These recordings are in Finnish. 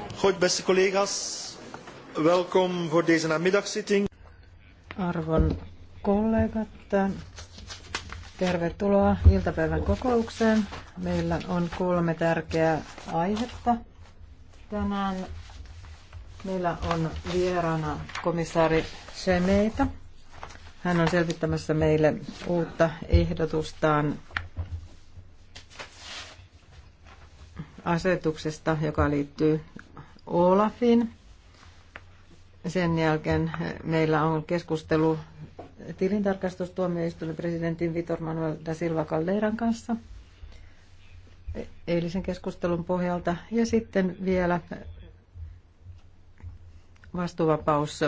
Goed, beste collega's. Welkom voor deze namiddagzitting. Arvon kollegat, tervetuloa iltapäivän kokoukseen. Meillä on kolme tärkeää aihetta. Tänään meillä on vieraana komissaari Semeita. Hän on selvittämässä meille uutta ehdotustaan asetuksesta, joka liittyy Olafin. Sen jälkeen meillä on keskustelu tilintarkastustuomioistuimen presidentin Vitor Manuel da Silva Caldeiran kanssa e-, e-, eilisen keskustelun pohjalta. Ja sitten vielä vastuuvapaus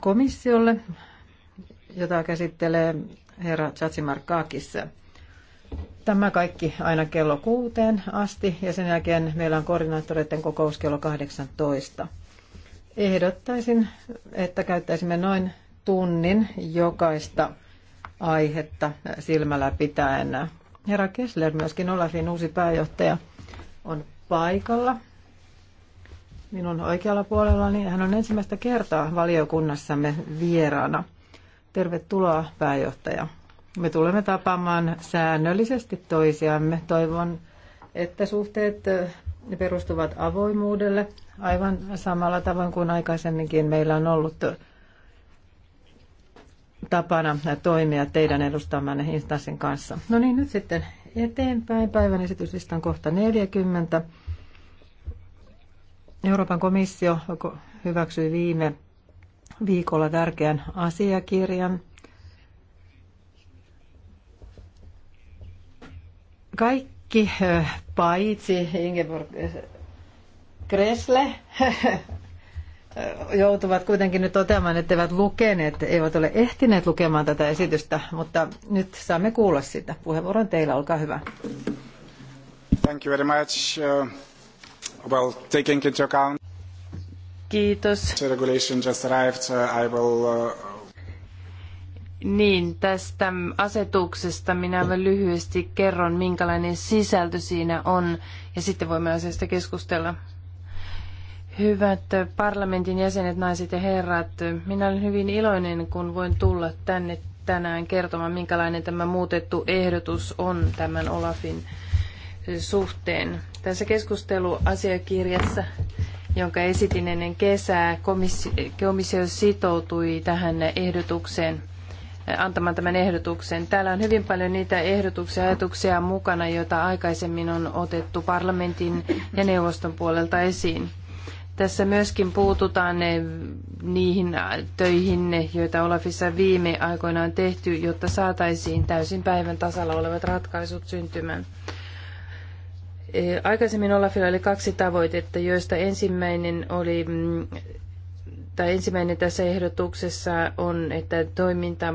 komissiolle, jota käsittelee herra Chatsimarkkaakissa. Tämä kaikki aina kello kuuteen asti ja sen jälkeen meillä on koordinaattoreiden kokous kello 18. Ehdottaisin, että käyttäisimme noin tunnin jokaista aihetta silmällä pitäen. Herra Kessler, myöskin Olafin uusi pääjohtaja, on paikalla. Minun oikealla puolellani hän on ensimmäistä kertaa valiokunnassamme vieraana. Tervetuloa pääjohtaja. Me tulemme tapaamaan säännöllisesti toisiamme. Toivon, että suhteet perustuvat avoimuudelle aivan samalla tavoin kuin aikaisemminkin meillä on ollut tapana toimia teidän edustamanne instanssin kanssa. No niin, nyt sitten eteenpäin. Päivän esityslistan kohta 40. Euroopan komissio hyväksyi viime viikolla tärkeän asiakirjan – Kaikki paitsi Ingeborg Kresle joutuvat kuitenkin nyt toteamaan, että eivät lukeneet, eivät ole ehtineet lukemaan tätä esitystä, mutta nyt saamme kuulla sitä. Puheenvuoron teillä, olkaa hyvä. Thank you very much. Uh, well, taking into account Kiitos. The regulation just arrived. Uh, I will uh, niin, tästä asetuksesta minä aivan lyhyesti kerron, minkälainen sisältö siinä on, ja sitten voimme asiasta keskustella. Hyvät parlamentin jäsenet, naiset ja herrat, minä olen hyvin iloinen, kun voin tulla tänne tänään kertomaan, minkälainen tämä muutettu ehdotus on tämän Olafin suhteen. Tässä keskusteluasiakirjassa, jonka esitin ennen kesää, komissio sitoutui tähän ehdotukseen antamaan tämän ehdotuksen. Täällä on hyvin paljon niitä ehdotuksia ja ajatuksia mukana, joita aikaisemmin on otettu parlamentin ja neuvoston puolelta esiin. Tässä myöskin puututaan niihin töihin, joita Olafissa viime aikoina on tehty, jotta saataisiin täysin päivän tasalla olevat ratkaisut syntymään. Aikaisemmin Olafilla oli kaksi tavoitetta, joista ensimmäinen oli mm, tai ensimmäinen tässä ehdotuksessa on, että toiminta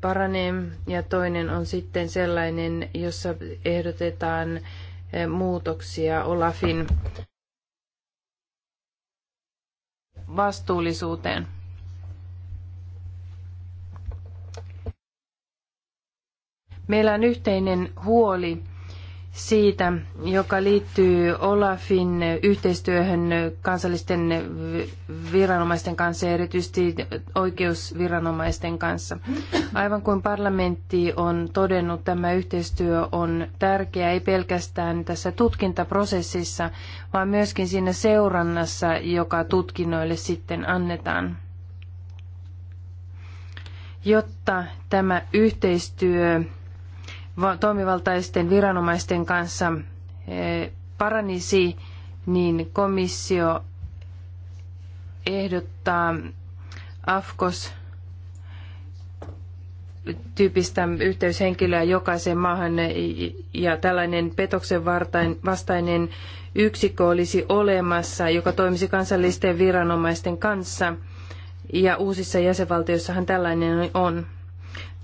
paranee ja toinen on sitten sellainen, jossa ehdotetaan eh, muutoksia Olafin vastuullisuuteen. Meillä on yhteinen huoli siitä, joka liittyy Olafin yhteistyöhön kansallisten viranomaisten kanssa ja erityisesti oikeusviranomaisten kanssa. Aivan kuin parlamentti on todennut, tämä yhteistyö on tärkeä ei pelkästään tässä tutkintaprosessissa, vaan myöskin siinä seurannassa, joka tutkinnoille sitten annetaan. Jotta tämä yhteistyö toimivaltaisten viranomaisten kanssa e, paranisi, niin komissio ehdottaa AFKOS tyyppistä yhteyshenkilöä jokaiseen maahan e, ja tällainen petoksen vastainen yksikkö olisi olemassa, joka toimisi kansallisten viranomaisten kanssa ja uusissa jäsenvaltioissahan tällainen on.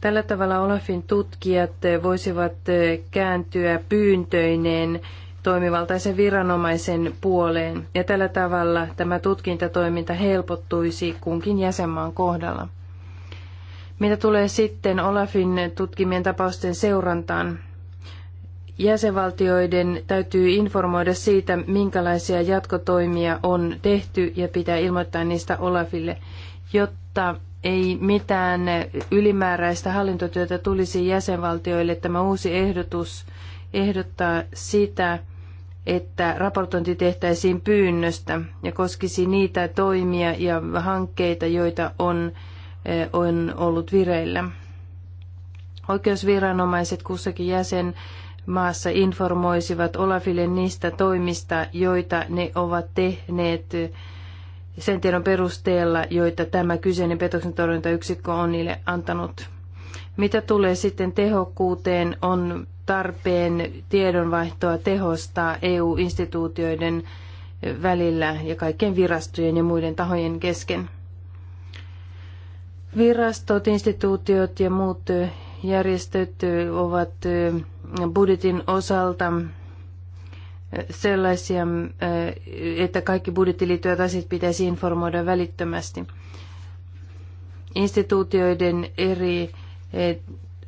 Tällä tavalla Olafin tutkijat voisivat kääntyä pyyntöineen toimivaltaisen viranomaisen puoleen, ja tällä tavalla tämä tutkintatoiminta helpottuisi kunkin jäsenmaan kohdalla. Mitä tulee sitten Olafin tutkimien tapausten seurantaan? Jäsenvaltioiden täytyy informoida siitä, minkälaisia jatkotoimia on tehty ja pitää ilmoittaa niistä Olafille, jotta ei mitään ylimääräistä hallintotyötä tulisi jäsenvaltioille. Tämä uusi ehdotus ehdottaa sitä, että raportointi tehtäisiin pyynnöstä ja koskisi niitä toimia ja hankkeita, joita on, eh, on ollut vireillä. Oikeusviranomaiset kussakin jäsenmaassa informoisivat Olafille niistä toimista, joita ne ovat tehneet sen tiedon perusteella, joita tämä kyseinen petoksen torjuntayksikkö on niille antanut. Mitä tulee sitten tehokkuuteen, on tarpeen tiedonvaihtoa tehostaa EU-instituutioiden välillä ja kaikkien virastojen ja muiden tahojen kesken. Virastot, instituutiot ja muut järjestöt ovat budjetin osalta sellaisia, että kaikki budjettiliittyvät asiat siis pitäisi informoida välittömästi. Instituutioiden eri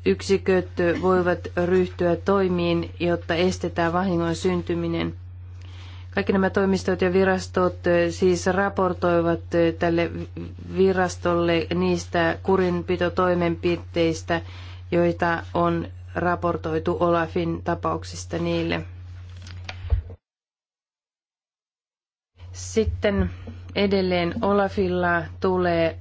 yksiköt voivat ryhtyä toimiin, jotta estetään vahingon syntyminen. Kaikki nämä toimistot ja virastot siis raportoivat tälle virastolle niistä kurinpitotoimenpiteistä, joita on raportoitu Olafin tapauksista niille. Sitten edelleen Olafilla tulee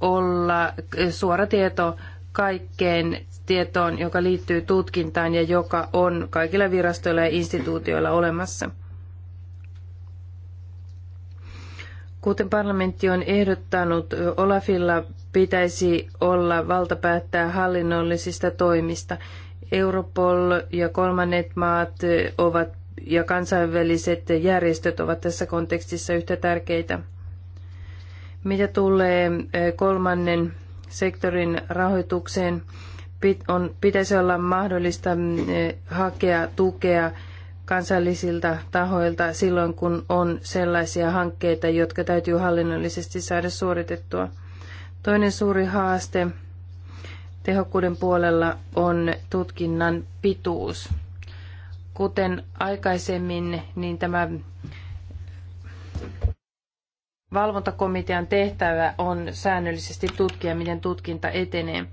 olla suora tieto kaikkeen tietoon, joka liittyy tutkintaan ja joka on kaikilla virastoilla ja instituutioilla olemassa. Kuten parlamentti on ehdottanut, Olafilla pitäisi olla valta päättää hallinnollisista toimista. Europol ja kolmannet maat ovat ja kansainväliset järjestöt ovat tässä kontekstissa yhtä tärkeitä. Mitä tulee kolmannen sektorin rahoitukseen, on, pitäisi olla mahdollista hakea tukea kansallisilta tahoilta silloin, kun on sellaisia hankkeita, jotka täytyy hallinnollisesti saada suoritettua. Toinen suuri haaste tehokkuuden puolella on tutkinnan pituus. Kuten aikaisemmin, niin tämä valvontakomitean tehtävä on säännöllisesti tutkia, miten tutkinta etenee.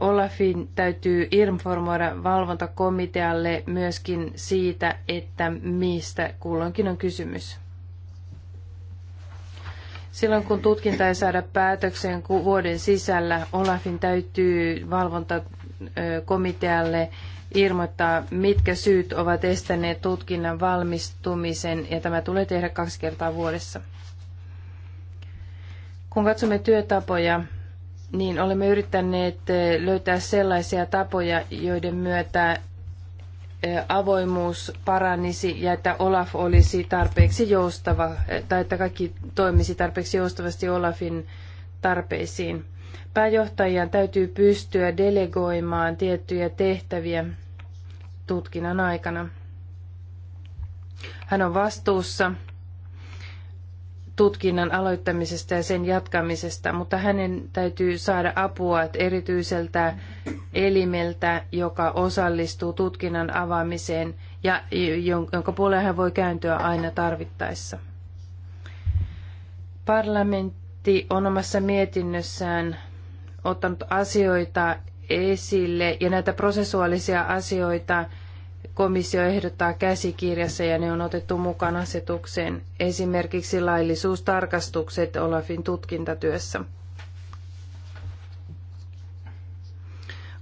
Olafin täytyy informoida valvontakomitealle myöskin siitä, että mistä kulloinkin on kysymys. Silloin kun tutkinta ei saada päätökseen vuoden sisällä, Olafin täytyy valvontakomitealle ilmoittaa, mitkä syyt ovat estäneet tutkinnan valmistumisen, ja tämä tulee tehdä kaksi kertaa vuodessa. Kun katsomme työtapoja, niin olemme yrittäneet eh, löytää sellaisia tapoja, joiden myötä eh, avoimuus paranisi ja että Olaf olisi tarpeeksi joustava, eh, tai että kaikki toimisi tarpeeksi joustavasti Olafin tarpeisiin. Pääjohtajan täytyy pystyä delegoimaan tiettyjä tehtäviä tutkinnan aikana. Hän on vastuussa tutkinnan aloittamisesta ja sen jatkamisesta, mutta hänen täytyy saada apua erityiseltä elimeltä, joka osallistuu tutkinnan avaamiseen ja jonka puoleen hän voi kääntyä aina tarvittaessa. Parlamentti parlamentti on omassa mietinnössään ottanut asioita esille ja näitä prosessuaalisia asioita komissio ehdottaa käsikirjassa ja ne on otettu mukaan asetukseen. Esimerkiksi laillisuustarkastukset Olafin tutkintatyössä.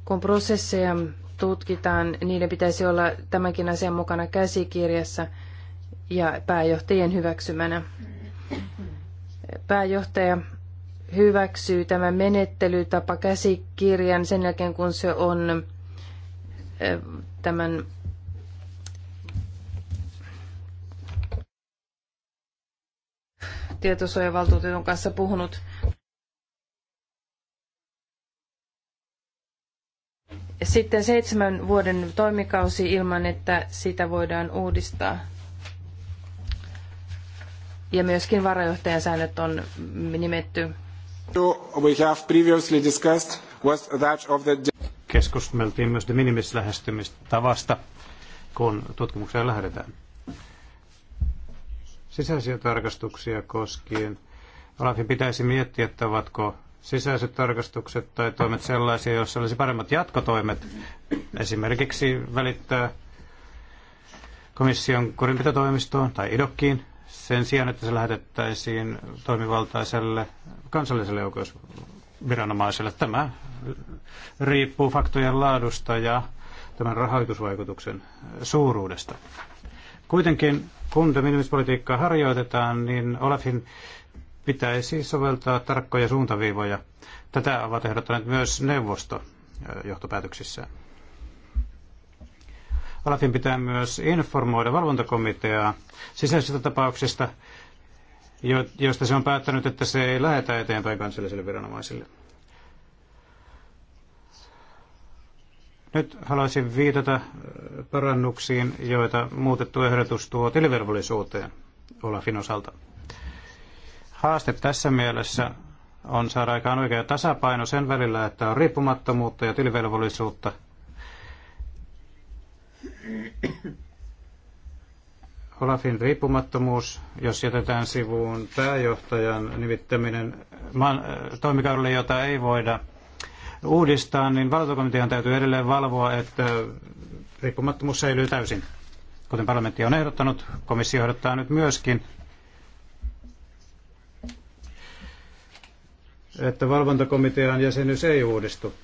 Kun prosesseja tutkitaan, niiden pitäisi olla tämänkin asian mukana käsikirjassa ja pääjohtajien hyväksymänä pääjohtaja hyväksyy tämän menettelytapa käsikirjan sen jälkeen, kun se on tämän tietosuojavaltuutetun kanssa puhunut. Sitten seitsemän vuoden toimikausi ilman, että sitä voidaan uudistaa ja myöskin varajohtajan säännöt on nimetty. We have previously discussed was that of the... Keskusteltiin myös de minimis lähestymistavasta, kun tutkimukseen lähdetään. Sisäisiä tarkastuksia koskien. Olafin pitäisi miettiä, että ovatko sisäiset tarkastukset tai toimet sellaisia, joissa olisi paremmat jatkotoimet. Esimerkiksi välittää komission kurinpitotoimistoon tai idokkiin sen sijaan, että se lähetettäisiin toimivaltaiselle kansalliselle oikeusviranomaiselle. Tämä riippuu faktojen laadusta ja tämän rahoitusvaikutuksen suuruudesta. Kuitenkin kun minimispolitiikkaa harjoitetaan, niin Olafin pitäisi soveltaa tarkkoja suuntaviivoja. Tätä ovat ehdottaneet myös neuvosto eh, johtopäätöksissään. Olafin pitää myös informoida valvontakomiteaa sisäisistä tapauksista, joista se on päättänyt, että se ei lähetä eteenpäin kansallisille viranomaisille. Nyt haluaisin viitata äh, parannuksiin, joita muutettu ehdotus tuo tilivelvollisuuteen Olafin osalta. Haaste tässä mielessä on saada aikaan oikea tasapaino sen välillä, että on riippumattomuutta ja tilivelvollisuutta – Olafin riippumattomuus, jos jätetään sivuun pääjohtajan nimittäminen maan, äh, toimikaudelle, jota ei voida uudistaa, niin valtuukomitean täytyy edelleen valvoa, että riippumattomuus säilyy täysin. Kuten parlamentti on ehdottanut, komissio ehdottaa nyt myöskin, että valvontakomitean jäsenyys ei uudistu.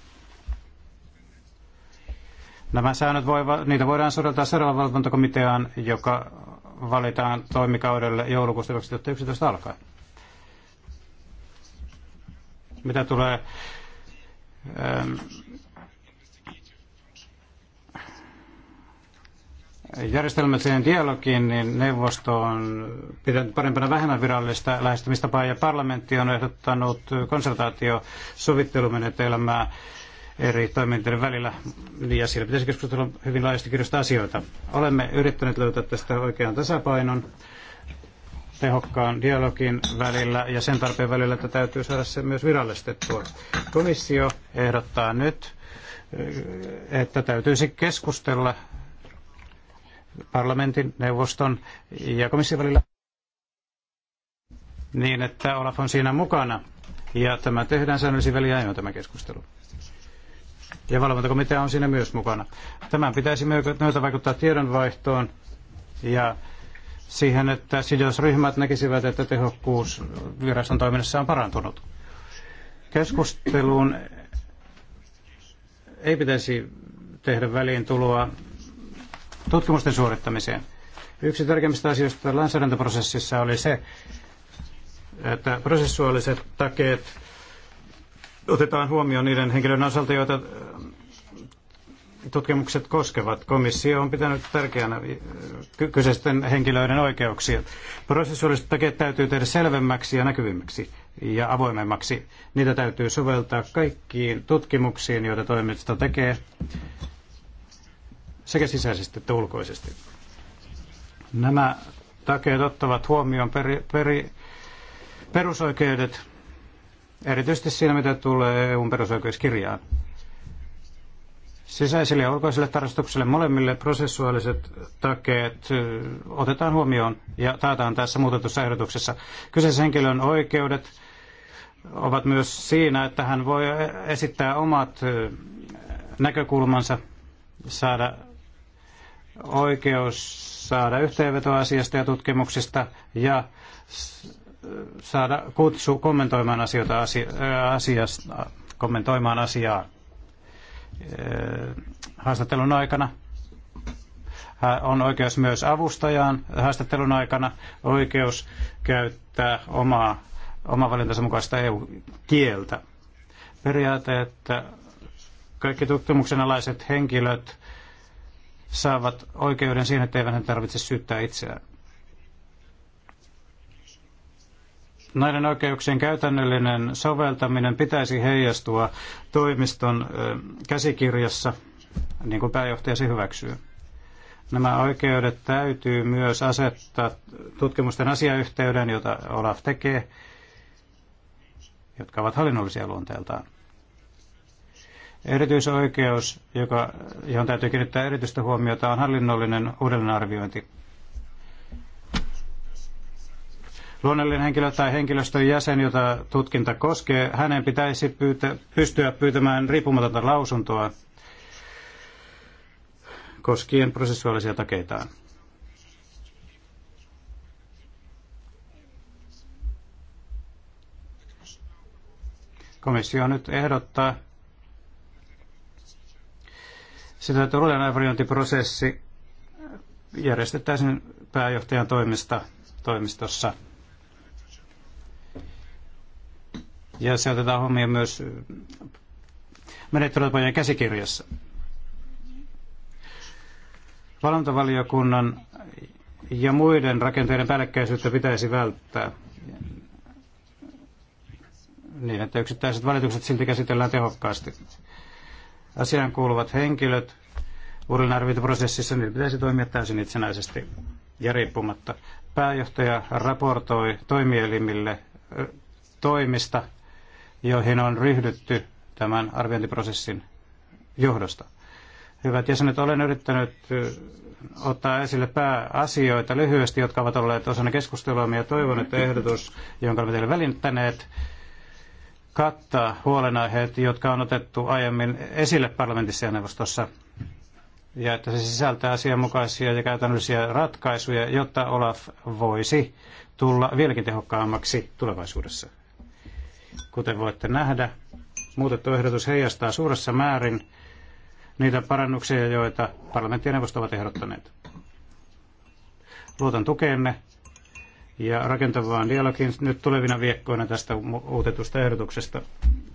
Nämä säännöt voi, niitä voidaan soveltaa seuraavan valvontakomiteaan, joka valitaan toimikaudelle joulukuusta 2011 alkaen. Mitä tulee ähm, järjestelmälliseen dialogiin, niin neuvosto on pitänyt parempana vähemmän virallista lähestymistapaa ja parlamentti on ehdottanut sovittelumenetelmää eri toimintojen välillä, ja siellä pitäisi keskustella hyvin laajasti kirjoista asioita. Olemme yrittäneet löytää tästä oikean tasapainon tehokkaan dialogin välillä ja sen tarpeen välillä, että täytyy saada se myös virallistettua. Komissio ehdottaa nyt, että täytyisi keskustella parlamentin, neuvoston ja komission välillä niin, että Olaf on siinä mukana. Ja tämä tehdään säännöllisin väliajoin tämä keskustelu. Ja valvontakomitea on siinä myös mukana. Tämän pitäisi myötä vaikuttaa tiedonvaihtoon ja siihen, että sidosryhmät näkisivät, että tehokkuus viraston toiminnassa on parantunut. Keskusteluun ei pitäisi tehdä väliin tuloa tutkimusten suorittamiseen. Yksi tärkeimmistä asioista lainsäädäntöprosessissa oli se, että prosessuaaliset takeet otetaan huomioon niiden henkilöiden osalta, joita äh, tutkimukset koskevat. Komissio on pitänyt tärkeänä äh, kyseisten henkilöiden oikeuksia. Prosessuaaliset takia täytyy tehdä selvemmäksi ja näkyvimmäksi ja avoimemmaksi. Niitä täytyy soveltaa kaikkiin tutkimuksiin, joita toimisto tekee, sekä sisäisesti että ulkoisesti. Nämä takeet ottavat huomioon peri, peri, perusoikeudet, erityisesti siinä, mitä tulee EUn perusoikeuskirjaan. Sisäisille ja ulkoisille tarkastuksille molemmille prosessuaaliset takeet otetaan huomioon ja taataan tässä muutetussa ehdotuksessa. Kyseisen henkilön oikeudet ovat myös siinä, että hän voi esittää omat näkökulmansa, saada oikeus saada yhteenvetoa asiasta ja tutkimuksista ja saada kutsu kommentoimaan asioita äh, asiasta, kommentoimaan asiaa äh, haastattelun aikana. Hän on oikeus myös avustajaan haastattelun aikana, oikeus käyttää omaa, omaa valintansa mukaista EU-kieltä. Periaate, että kaikki tutkimuksen alaiset henkilöt saavat oikeuden siihen, että eivät tarvitse syyttää itseään. Näiden oikeuksien käytännöllinen soveltaminen pitäisi heijastua toimiston käsikirjassa, niin kuin pääjohtajasi hyväksyy. Nämä oikeudet täytyy myös asettaa tutkimusten asiayhteyden, jota Olaf tekee, jotka ovat hallinnollisia luonteeltaan. Erityisoikeus, joka, johon täytyy kiinnittää erityistä huomiota, on hallinnollinen uudelleenarviointi. luonnollinen henkilö tai henkilöstön jäsen, jota tutkinta koskee, hänen pitäisi pyytä, pystyä pyytämään riippumatonta lausuntoa koskien prosessuaalisia takeitaan. Komissio nyt ehdottaa sitä, että uudelleenarviointiprosessi järjestettäisiin pääjohtajan toimista, toimistossa – Ja se otetaan huomioon myös menettelytapojen käsikirjassa. Valontavaliokunnan ja muiden rakenteiden päällekkäisyyttä pitäisi välttää niin, että yksittäiset valitukset silti käsitellään tehokkaasti. Asiaan kuuluvat henkilöt uudelleenarviointiprosessissa, niin pitäisi toimia täysin itsenäisesti ja riippumatta. Pääjohtaja raportoi toimielimille toimista, joihin on ryhdytty tämän arviointiprosessin johdosta. Hyvät jäsenet, olen yrittänyt ottaa esille pääasioita lyhyesti, jotka ovat olleet osana keskustelua, ja toivon, että ehdotus, jonka olemme teille välittäneet, kattaa huolenaiheet, jotka on otettu aiemmin esille parlamentissa ja neuvostossa, ja että se sisältää asianmukaisia ja käytännöllisiä ratkaisuja, jotta Olaf voisi tulla vieläkin tehokkaammaksi tulevaisuudessa. Kuten voitte nähdä, muutettu ehdotus heijastaa suuressa määrin niitä parannuksia, joita parlamentti ja neuvosto ovat ehdottaneet. Luotan tukeenne ja rakentavaan dialogiin nyt tulevina viikkoina tästä uutetusta ehdotuksesta.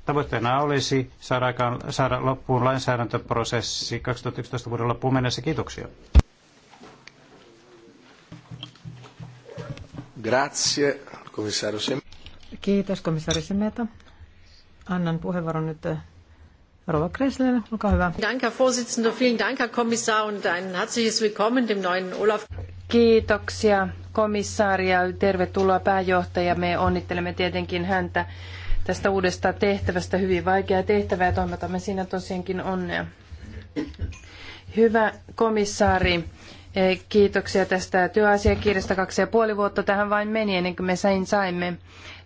Tavoitteena olisi saada, aikaan, saada loppuun lainsäädäntöprosessi 2011 vuoden loppuun mennessä. Kiitoksia. Grazie, komissario Kiitos komissaari Semeta. Annan puheenvuoron nyt eh, Rova Kressler, olkaa hyvä. Dank, Herr Vorsitzender, vielen Dank, Herr Kommissar, und ein herzliches Willkommen dem neuen Olaf. Kiitoksia komissaari ja tervetuloa pääjohtaja. Me onnittelemme tietenkin häntä tästä uudesta tehtävästä. Hyvin vaikea tehtävä ja toivotamme siinä tosiaankin onnea. Hyvä komissaari, eh, kiitoksia tästä työasiakirjasta. Kaksi ja puoli vuotta tähän vain meni ennen kuin me sain saimme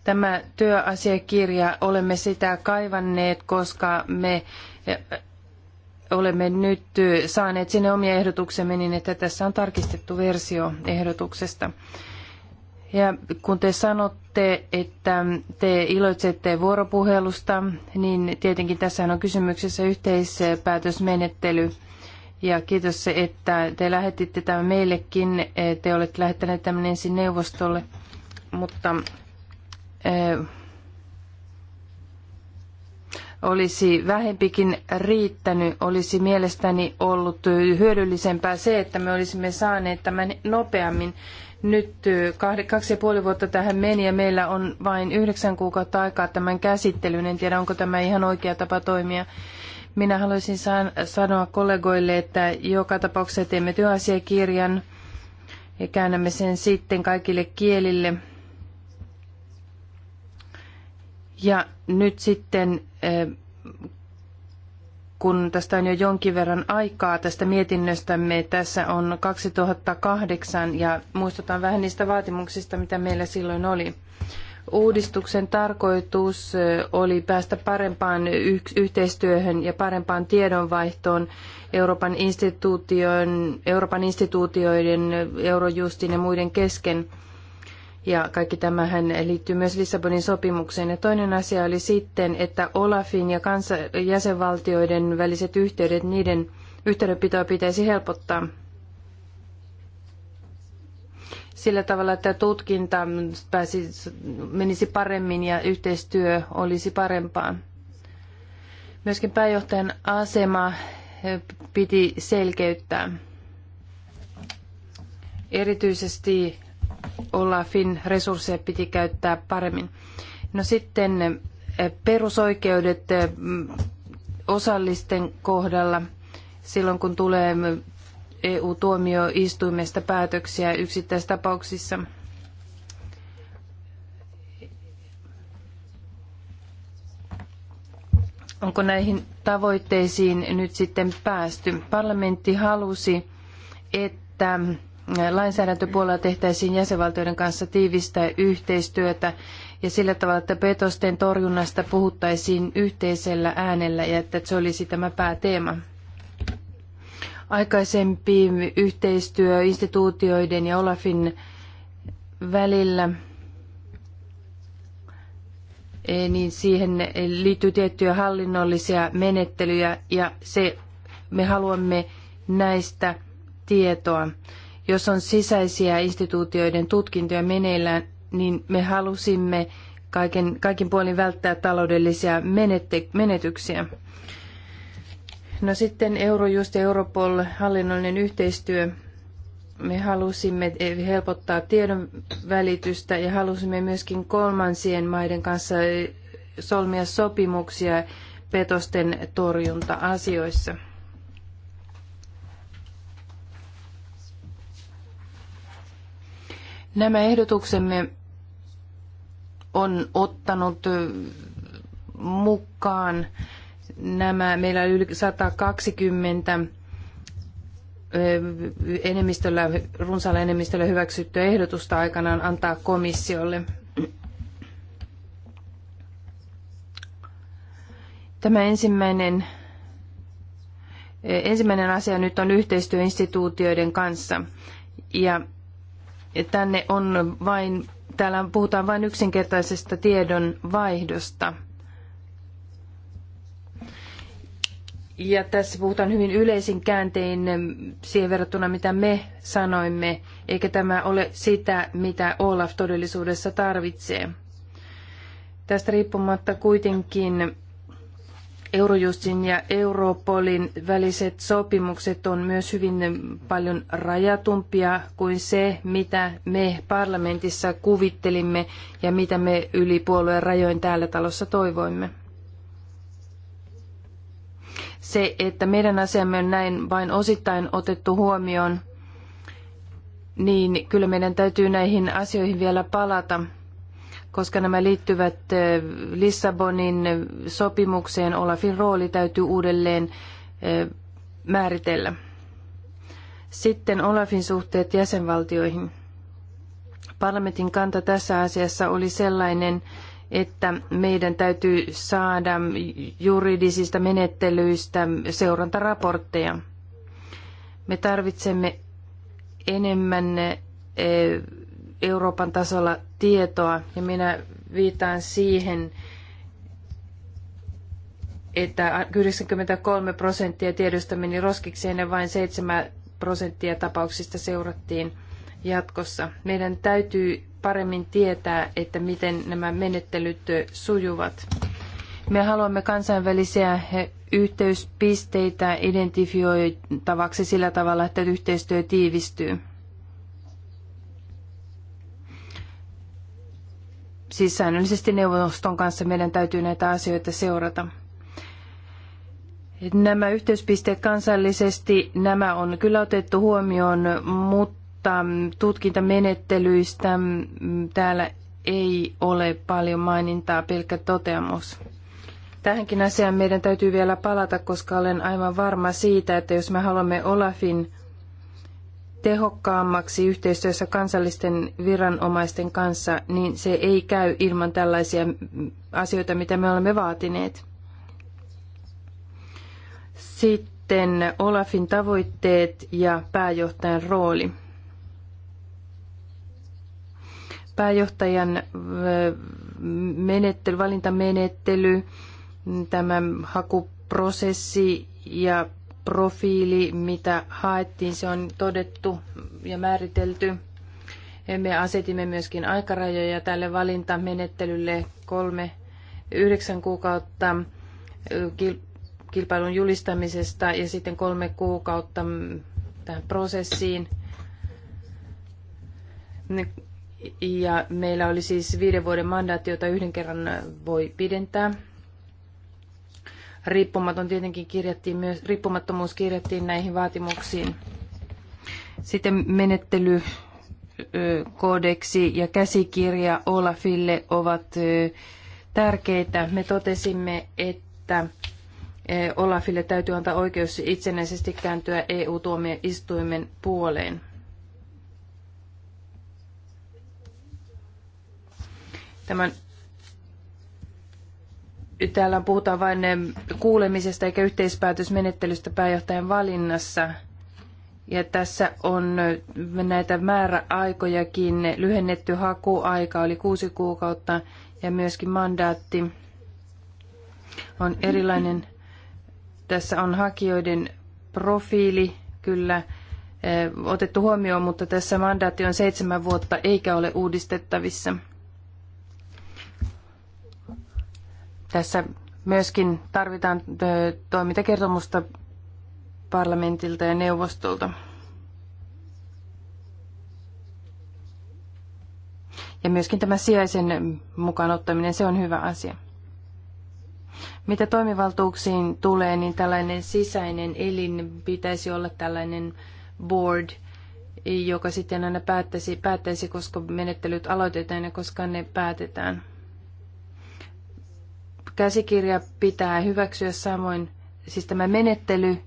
Tämä työasiakirja, olemme sitä kaivanneet, koska me eh, olemme nyt saaneet sinne omia ehdotuksemme niin, että tässä on tarkistettu versio ehdotuksesta. Ja kun te sanotte, että te iloitsette vuoropuhelusta, niin tietenkin tässä on kysymyksessä yhteispäätösmenettely. Ja kiitos, että te lähetitte tämän meillekin. Eh, te olette lähettäneet tämän ensin neuvostolle. Mutta olisi vähempikin riittänyt, olisi mielestäni ollut hyödyllisempää se, että me olisimme saaneet tämän nopeammin. Nyt kaksi ja puoli vuotta tähän meni ja meillä on vain yhdeksän kuukautta aikaa tämän käsittelyyn. En tiedä, onko tämä ihan oikea tapa toimia. Minä haluaisin sanoa kollegoille, että joka tapauksessa teemme työasiakirjan ja käännämme sen sitten kaikille kielille – ja nyt sitten, eh, kun tästä on jo jonkin verran aikaa tästä mietinnöstämme, tässä on 2008 ja muistutan vähän niistä vaatimuksista, mitä meillä silloin oli. Uudistuksen tarkoitus eh, oli päästä parempaan yhteistyöhön ja parempaan tiedonvaihtoon Euroopan, instituutioiden, Eurojustin ja muiden kesken – ja kaikki tämähän liittyy myös Lissabonin sopimukseen. Ja toinen asia oli sitten, että Olafin ja kansa- jäsenvaltioiden väliset yhteydet, niiden yhteydenpitoa pitäisi helpottaa sillä tavalla, että tutkinta pääsi, menisi paremmin ja yhteistyö olisi parempaa. Myöskin pääjohtajan asema eh, piti selkeyttää. Erityisesti Olafin resursseja piti käyttää paremmin. No sitten eh, perusoikeudet eh, mm, osallisten kohdalla silloin, kun tulee mm, EU-tuomioistuimesta päätöksiä yksittäistapauksissa. Onko näihin tavoitteisiin nyt sitten päästy? Parlamentti halusi, että mm, lainsäädäntöpuolella tehtäisiin jäsenvaltioiden kanssa tiivistä yhteistyötä ja sillä tavalla, että petosten torjunnasta puhuttaisiin yhteisellä äänellä ja että se olisi tämä pääteema. Aikaisempi yhteistyö instituutioiden ja Olafin välillä, e, niin siihen liittyy tiettyjä hallinnollisia menettelyjä ja se, me haluamme näistä tietoa. Jos on sisäisiä instituutioiden tutkintoja meneillään, niin me halusimme kaiken, kaikin puolin välttää taloudellisia menetyksiä. No sitten Eurojust ja Europol hallinnollinen yhteistyö. Me halusimme helpottaa tiedon välitystä ja halusimme myöskin kolmansien maiden kanssa solmia sopimuksia petosten torjunta-asioissa. Nämä ehdotuksemme on ottanut mukaan nämä, meillä on yli 120 enemmistöllä, runsaalla enemmistöllä hyväksyttyä ehdotusta aikanaan antaa komissiolle. Tämä ensimmäinen, ensimmäinen asia nyt on yhteistyöinstituutioiden kanssa. Ja tänne on vain, täällä puhutaan vain yksinkertaisesta tiedon vaihdosta. Ja tässä puhutaan hyvin yleisin kääntein siihen verrattuna, mitä me sanoimme, eikä tämä ole sitä, mitä Olaf todellisuudessa tarvitsee. Tästä riippumatta kuitenkin Eurojustin ja Europolin väliset sopimukset on myös hyvin paljon rajatumpia kuin se, mitä me parlamentissa kuvittelimme ja mitä me yli puolueen rajojen täällä talossa toivoimme. Se, että meidän asiamme on näin vain osittain otettu huomioon, niin kyllä meidän täytyy näihin asioihin vielä palata – koska nämä liittyvät eh, Lissabonin sopimukseen, Olafin rooli täytyy uudelleen eh, määritellä. Sitten Olafin suhteet jäsenvaltioihin. Parlamentin kanta tässä asiassa oli sellainen, että meidän täytyy saada juridisista menettelyistä seurantaraportteja. Me tarvitsemme enemmän eh, Euroopan tasolla tietoa ja minä viitaan siihen, että 93 prosenttia tiedosta meni roskikseen ja vain 7 prosenttia tapauksista seurattiin jatkossa. Meidän täytyy paremmin tietää, että miten nämä menettelyt sujuvat. Me haluamme kansainvälisiä yhteyspisteitä identifioitavaksi sillä tavalla, että yhteistyö tiivistyy. siis säännöllisesti neuvoston kanssa meidän täytyy näitä asioita seurata. Nämä yhteyspisteet kansallisesti, nämä on kyllä otettu huomioon, mutta tutkintamenettelyistä täällä ei ole paljon mainintaa, pelkkä toteamus. Tähänkin asiaan meidän täytyy vielä palata, koska olen aivan varma siitä, että jos me haluamme Olafin tehokkaammaksi yhteistyössä kansallisten viranomaisten kanssa, niin se ei käy ilman tällaisia asioita, mitä me olemme vaatineet. Sitten Olafin tavoitteet ja pääjohtajan rooli. Pääjohtajan menettely, valintamenettely, tämä hakuprosessi ja profiili, mitä haettiin, se on todettu ja määritelty. Me asetimme myöskin aikarajoja tälle valintamenettelylle kolme, yhdeksän kuukautta kilpailun julistamisesta ja sitten kolme kuukautta mm, tähän prosessiin. Ja meillä oli siis viiden vuoden mandaatti, jota yhden kerran voi pidentää riippumaton tietenkin kirjattiin myös, riippumattomuus kirjattiin näihin vaatimuksiin. Sitten menettely kodeksi ja käsikirja Olafille ovat tärkeitä. Me totesimme, että Olafille täytyy antaa oikeus itsenäisesti kääntyä EU-tuomioistuimen puoleen. Tämän täällä puhutaan vain kuulemisesta eikä yhteispäätösmenettelystä pääjohtajan valinnassa. Ja tässä on näitä määräaikojakin lyhennetty hakuaika oli kuusi kuukautta ja myöskin mandaatti on erilainen. Tässä on hakijoiden profiili kyllä eh, otettu huomioon, mutta tässä mandaatti on seitsemän vuotta eikä ole uudistettavissa. Tässä myöskin tarvitaan toimintakertomusta parlamentilta ja neuvostolta. Ja myöskin tämä sijaisen mukaan ottaminen, se on hyvä asia. Mitä toimivaltuuksiin tulee, niin tällainen sisäinen elin pitäisi olla tällainen board, joka sitten aina päättäisi, päättäisi koska menettelyt aloitetaan ja koska ne päätetään käsikirja pitää hyväksyä samoin, siis tämä menettely,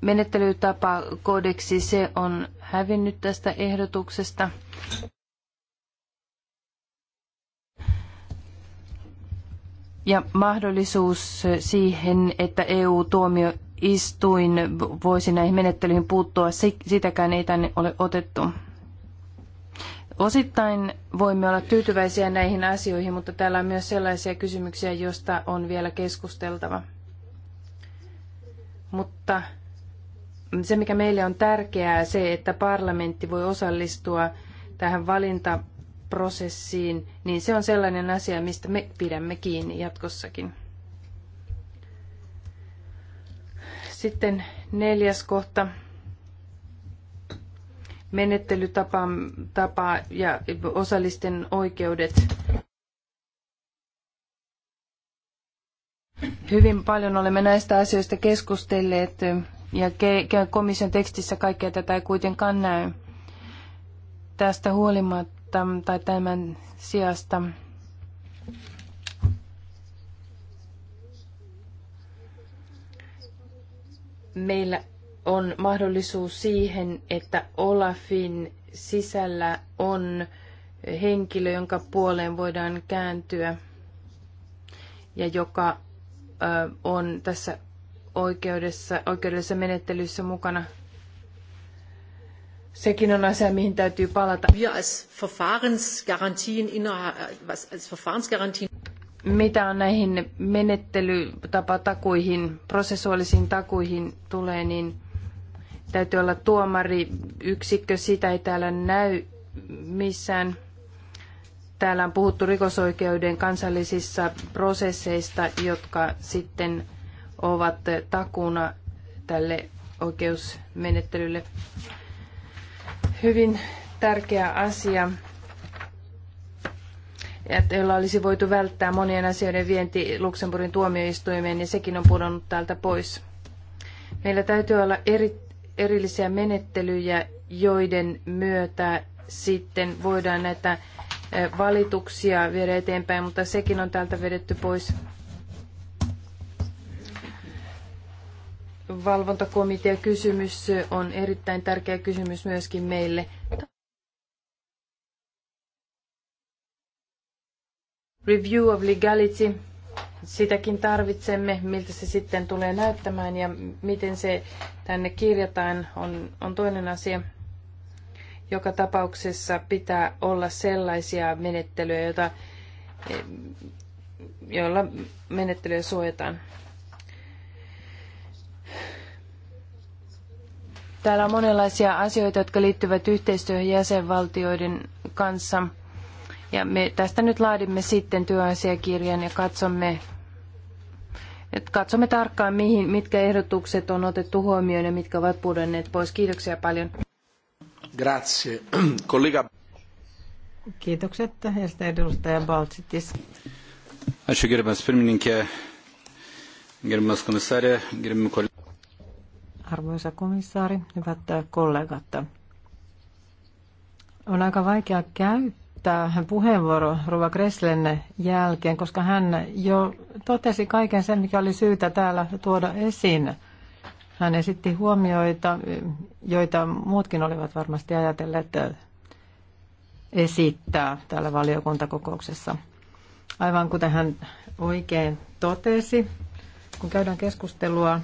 menettelytapa kodeksi, se on hävinnyt tästä ehdotuksesta. Ja mahdollisuus siihen, että EU-tuomioistuin voisi näihin menettelyihin puuttua, sitäkään ei tänne ole otettu. Osittain voimme olla tyytyväisiä näihin asioihin, mutta täällä on myös sellaisia kysymyksiä, joista on vielä keskusteltava. Mutta se, mikä meille on tärkeää, se, että parlamentti voi osallistua tähän valintaprosessiin, niin se on sellainen asia, mistä me pidämme kiinni jatkossakin. Sitten neljäs kohta menettelytapa tapa ja osallisten oikeudet. Hyvin paljon olemme näistä asioista keskustelleet ja komission tekstissä kaikkea tätä ei kuitenkaan näy. Tästä huolimatta tai tämän sijasta meillä on mahdollisuus siihen, että Olafin sisällä on henkilö, jonka puoleen voidaan kääntyä ja joka on tässä oikeudessa, oikeudellisessa menettelyssä mukana. Sekin on asia, mihin täytyy palata. Äh, Mitä on näihin menettelytapatakuihin, prosessuaalisiin takuihin tulee, niin täytyy olla tuomari yksikkö, sitä ei täällä näy missään. Täällä on puhuttu rikosoikeuden kansallisissa prosesseista, jotka sitten ovat takuna tälle oikeusmenettelylle. Hyvin tärkeä asia, että jolla olisi voitu välttää monien asioiden vienti Luxemburgin tuomioistuimeen, niin sekin on pudonnut täältä pois. Meillä täytyy olla erittäin erillisiä menettelyjä, joiden myötä sitten voidaan näitä eh, valituksia viedä eteenpäin, mutta sekin on täältä vedetty pois. Valvontakomitea kysymys on erittäin tärkeä kysymys myöskin meille. Review of legality sitäkin tarvitsemme, miltä se sitten tulee näyttämään ja miten se tänne kirjataan on, on toinen asia. Joka tapauksessa pitää olla sellaisia menettelyjä, joita, joilla menettelyjä suojataan. Täällä on monenlaisia asioita, jotka liittyvät yhteistyöhön jäsenvaltioiden kanssa – ja me tästä nyt laadimme sitten työasiakirjan ja katsomme, että katsomme tarkkaan, mihin, mitkä ehdotukset on otettu huomioon ja mitkä ovat pudonneet pois. Kiitoksia paljon. Grazie. Kollega. Kiitokset. Ja edustaja Baltsitis. Ačiū gerbiamas pirmininkė, gerbiamas komissaari, gerbiami Arvoisa komissaari, hyvät kollegat. On aika vaikea käy käyttää puheenvuoro Ruva Kreslen jälkeen, koska hän jo totesi kaiken sen, mikä oli syytä täällä tuoda esiin. Hän esitti huomioita, joita muutkin olivat varmasti ajatelleet esittää täällä valiokuntakokouksessa. Aivan kuten hän oikein totesi, kun käydään keskustelua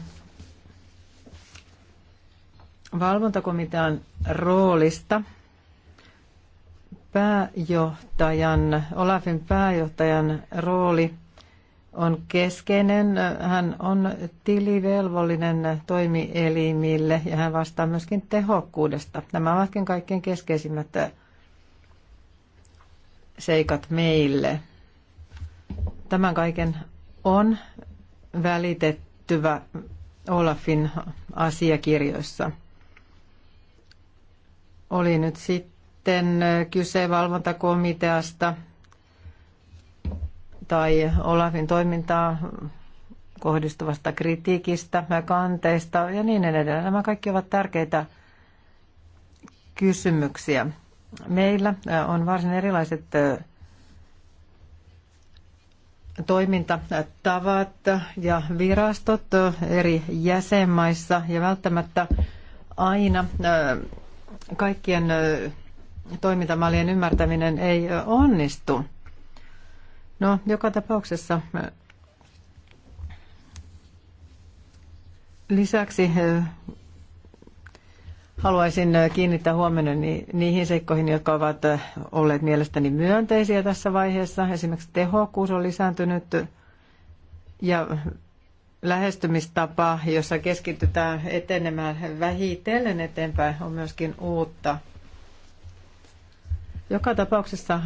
valvontakomitean roolista – pääjohtajan, Olafin pääjohtajan rooli on keskeinen. Hän on tilivelvollinen toimielimille ja hän vastaa myöskin tehokkuudesta. Nämä ovatkin kaikkein keskeisimmät seikat meille. Tämän kaiken on välitettyvä Olafin asiakirjoissa. Oli nyt sitten sitten kyse valvontakomiteasta tai Olafin toimintaa kohdistuvasta kritiikistä, kanteista ja niin edelleen. Nämä kaikki ovat tärkeitä kysymyksiä. Meillä on varsin erilaiset toimintatavat ja virastot eri jäsenmaissa ja välttämättä aina kaikkien toimintamallien ymmärtäminen ei onnistu. No, joka tapauksessa lisäksi haluaisin kiinnittää huomenna niihin seikkoihin, jotka ovat olleet mielestäni myönteisiä tässä vaiheessa. Esimerkiksi tehokkuus on lisääntynyt ja lähestymistapa, jossa keskitytään etenemään vähitellen eteenpäin, on myöskin uutta – joka tapauksessa äh,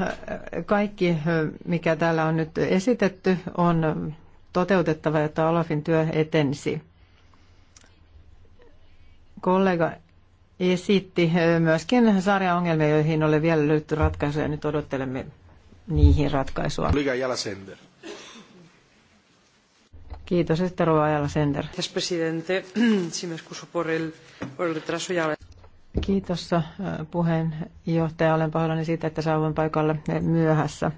kaikki, äh, mikä täällä on nyt esitetty, on toteutettava, jotta Olafin työ etenisi. Kollega esitti äh, myöskin ongelmia, joihin ole vielä löytynyt ratkaisuja. Nyt odottelemme niihin ratkaisua. Kiitos, Rova Ajala Sender. Presidente, si me excuso por el, por el retraso ya. Kiitos äh, puheenjohtaja. Olen pahoillani siitä, että saavuin paikalle äh, myöhässä. Äh,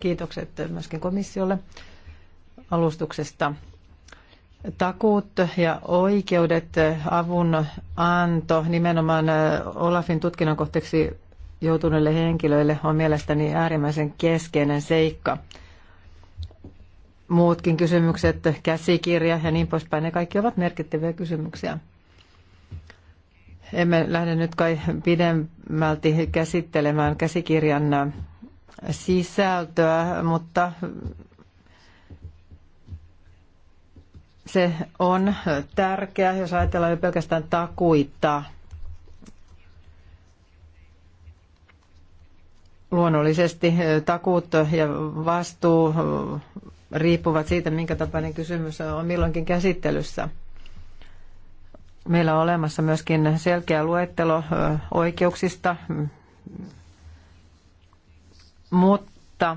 kiitokset myöskin komissiolle alustuksesta. Takuut ja oikeudet, avun anto nimenomaan Olafin tutkinnan kohteeksi joutuneille henkilöille on mielestäni äärimmäisen keskeinen seikka. Muutkin kysymykset, käsikirja ja niin poispäin, ne kaikki ovat merkittäviä kysymyksiä. Emme lähde nyt kai pidemmälti käsittelemään käsikirjan sisältöä, mutta se on tärkeä, jos ajatellaan jo pelkästään takuita. Luonnollisesti takuut ja vastuu riippuvat siitä, minkä tapainen kysymys on milloinkin käsittelyssä. Meillä on olemassa myöskin selkeä luettelo oikeuksista, mutta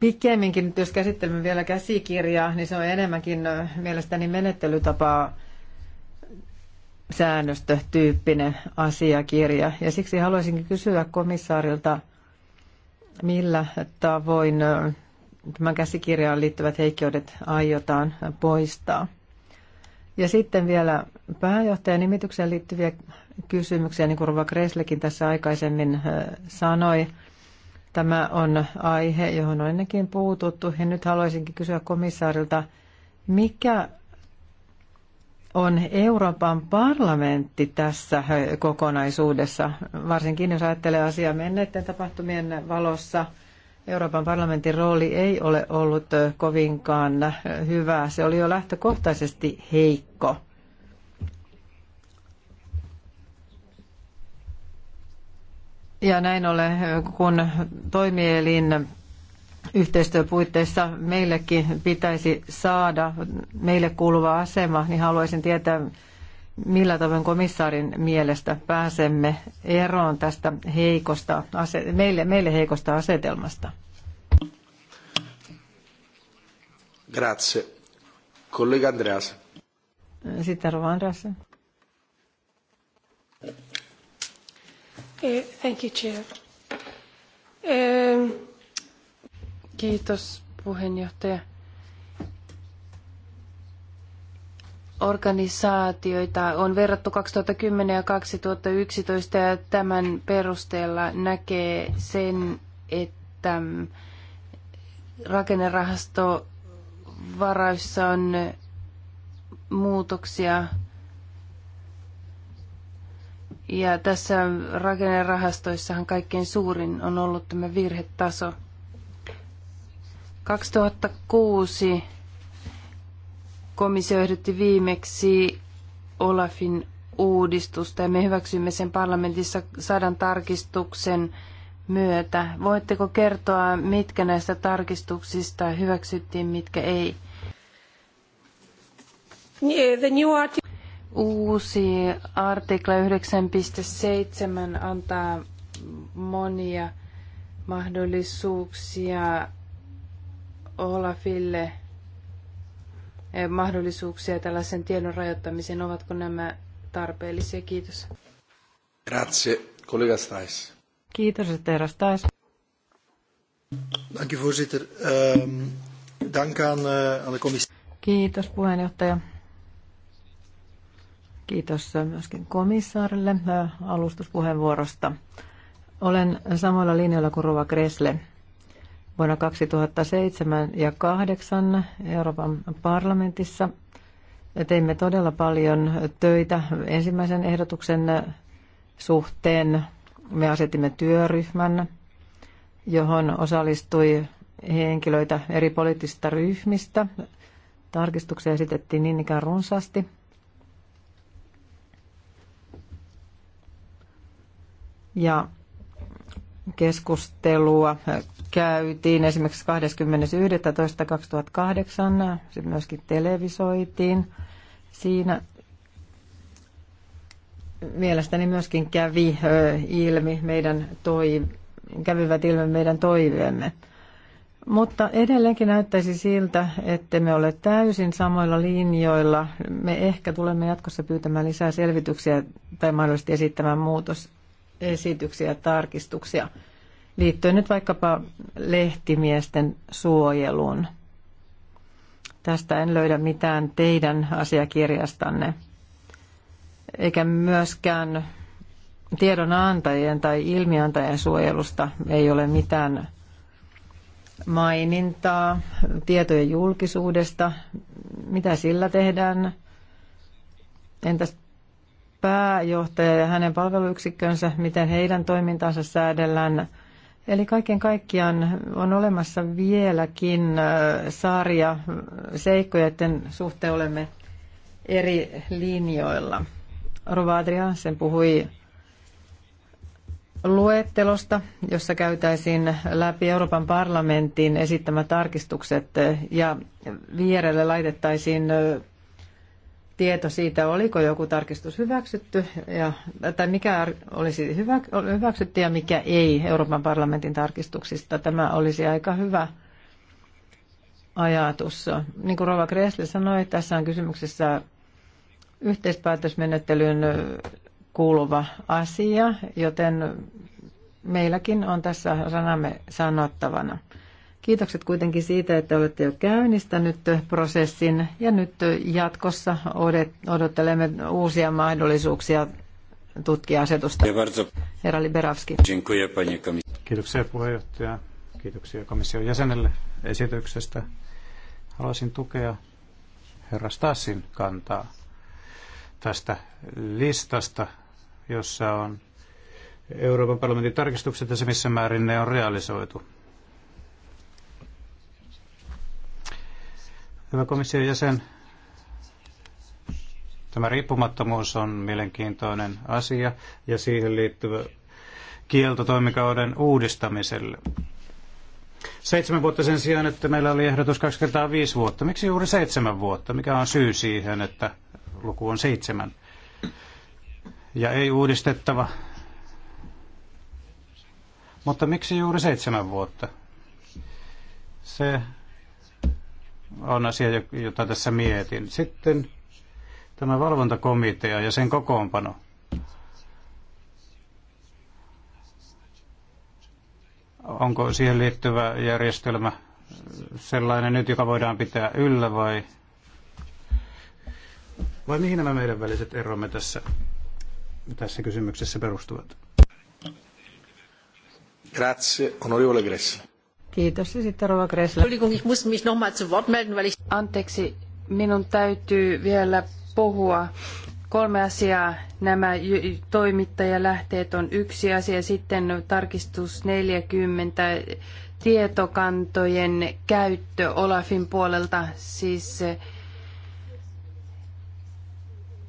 pikemminkin, nyt jos käsittelemme vielä käsikirjaa, niin se on enemmänkin mielestäni menettelytapaa säännöstötyyppinen asiakirja. Ja siksi haluaisinkin kysyä komissaarilta, millä tavoin tämän käsikirjaan liittyvät heikkoudet aiotaan poistaa. Ja sitten vielä pääjohtajan nimitykseen liittyviä kysymyksiä, niin kuin Rova Kreslekin tässä aikaisemmin äh, sanoi. Tämä on aihe, johon on ennenkin puututtu. Ja nyt haluaisinkin kysyä komissaarilta, mikä on Euroopan parlamentti tässä äh, kokonaisuudessa, varsinkin jos ajattelee asiaa menneiden tapahtumien valossa – Euroopan parlamentin rooli ei ole ollut kovinkaan hyvä. Se oli jo lähtökohtaisesti heikko. Ja näin ollen, kun toimielin yhteistyöpuitteissa meillekin pitäisi saada meille kuuluva asema, niin haluaisin tietää, millä tavoin komissaarin mielestä pääsemme eroon tästä heikosta, meille, meille heikosta asetelmasta? Grazie. Kollega Andreas. Sitten Rova Andreas. Eh, thank you, Chair. Eh, Kiitos puheenjohtaja. organisaatioita on verrattu 2010 ja 2011 ja tämän perusteella näkee sen, että rakennerahasto varaissa on muutoksia ja tässä rakennerahastoissahan kaikkein suurin on ollut tämä virhetaso. 2006 komissio ehdotti viimeksi Olafin uudistusta ja me hyväksymme sen parlamentissa sadan tarkistuksen myötä. Voitteko kertoa, mitkä näistä tarkistuksista hyväksyttiin, mitkä ei? Uusi artikla 9.7 antaa monia mahdollisuuksia Olafille – Eh, mahdollisuuksia tällaisen tiedon rajoittamiseen? Ovatko nämä tarpeellisia? Kiitos. Grazie, collega Stais. Kiitos, että herra Stais. Dank voorzitter. Ehm, dank aan, eh, aan de commissie. Kiitos, puheenjohtaja. Kiitos myöskin komissaarille eh, alustuspuheenvuorosta. Olen samoilla linjoilla kuin Rova Kresle vuonna 2007 ja 2008 Euroopan parlamentissa. Teimme todella paljon töitä ensimmäisen ehdotuksen suhteen. Me asetimme työryhmän, johon osallistui henkilöitä eri poliittisista ryhmistä. Tarkistuksia esitettiin niin ikään runsaasti. Ja keskustelua käytiin esimerkiksi 20.11.2008. Se myöskin televisoitiin. Siinä mielestäni myöskin kävi ilmi meidän toi, kävivät ilmi meidän toiveemme. Mutta edelleenkin näyttäisi siltä, että me ole täysin samoilla linjoilla. Me ehkä tulemme jatkossa pyytämään lisää selvityksiä tai mahdollisesti esittämään muutos esityksiä ja tarkistuksia liittyen nyt vaikkapa lehtimiesten suojeluun. Tästä en löydä mitään teidän asiakirjastanne, eikä myöskään tiedonantajien tai ilmiantajien suojelusta ei ole mitään mainintaa, tietojen julkisuudesta, mitä sillä tehdään, entäs pääjohtaja ja hänen palveluyksikkönsä, miten heidän toimintansa säädellään. Eli kaiken kaikkiaan on olemassa vieläkin saaria seikkoja, joiden suhteen olemme eri linjoilla. Rova Adriansen puhui luettelosta, jossa käytäisiin läpi Euroopan parlamentin esittämät tarkistukset ja vierelle laitettaisiin tieto siitä, oliko joku tarkistus hyväksytty, ja, tai mikä olisi hyvä, hyväksytty ja mikä ei Euroopan parlamentin tarkistuksista. Tämä olisi aika hyvä ajatus. Niin kuin Rova Kresli sanoi, tässä on kysymyksessä yhteispäätösmenettelyyn kuuluva asia, joten meilläkin on tässä sanamme sanottavana. Kiitokset kuitenkin siitä, että olette jo käynnistänyt prosessin ja nyt jatkossa odottelemme uusia mahdollisuuksia tutkia asetusta. Herra Liberavski. Kiitoksia puheenjohtaja. Kiitoksia komission jäsenelle esityksestä. Haluaisin tukea herra Stassin kantaa tästä listasta, jossa on Euroopan parlamentin tarkistukset ja se missä määrin ne on realisoitu. Hyvä komission jäsen, tämä riippumattomuus on mielenkiintoinen asia ja siihen liittyvä kielto toimikauden uudistamiselle. Seitsemän vuotta sen sijaan, että meillä oli ehdotus kaksi kertaa viisi vuotta. Miksi juuri seitsemän vuotta? Mikä on syy siihen, että luku on seitsemän? Ja ei uudistettava. Mutta miksi juuri seitsemän vuotta? Se on asia, jota tässä mietin. Sitten tämä valvontakomitea ja sen kokoonpano. Onko siihen liittyvä järjestelmä sellainen nyt, joka voidaan pitää yllä vai, vai mihin nämä meidän väliset eromme tässä, tässä kysymyksessä perustuvat? Grazie, onorevole Gressi. Kiitos. Ja sitten Rova Gressler. Anteeksi, minun täytyy vielä puhua. Kolme asiaa. Nämä toimittajalähteet on yksi asia. Sitten tarkistus 40 tietokantojen käyttö Olafin puolelta. Siis eh,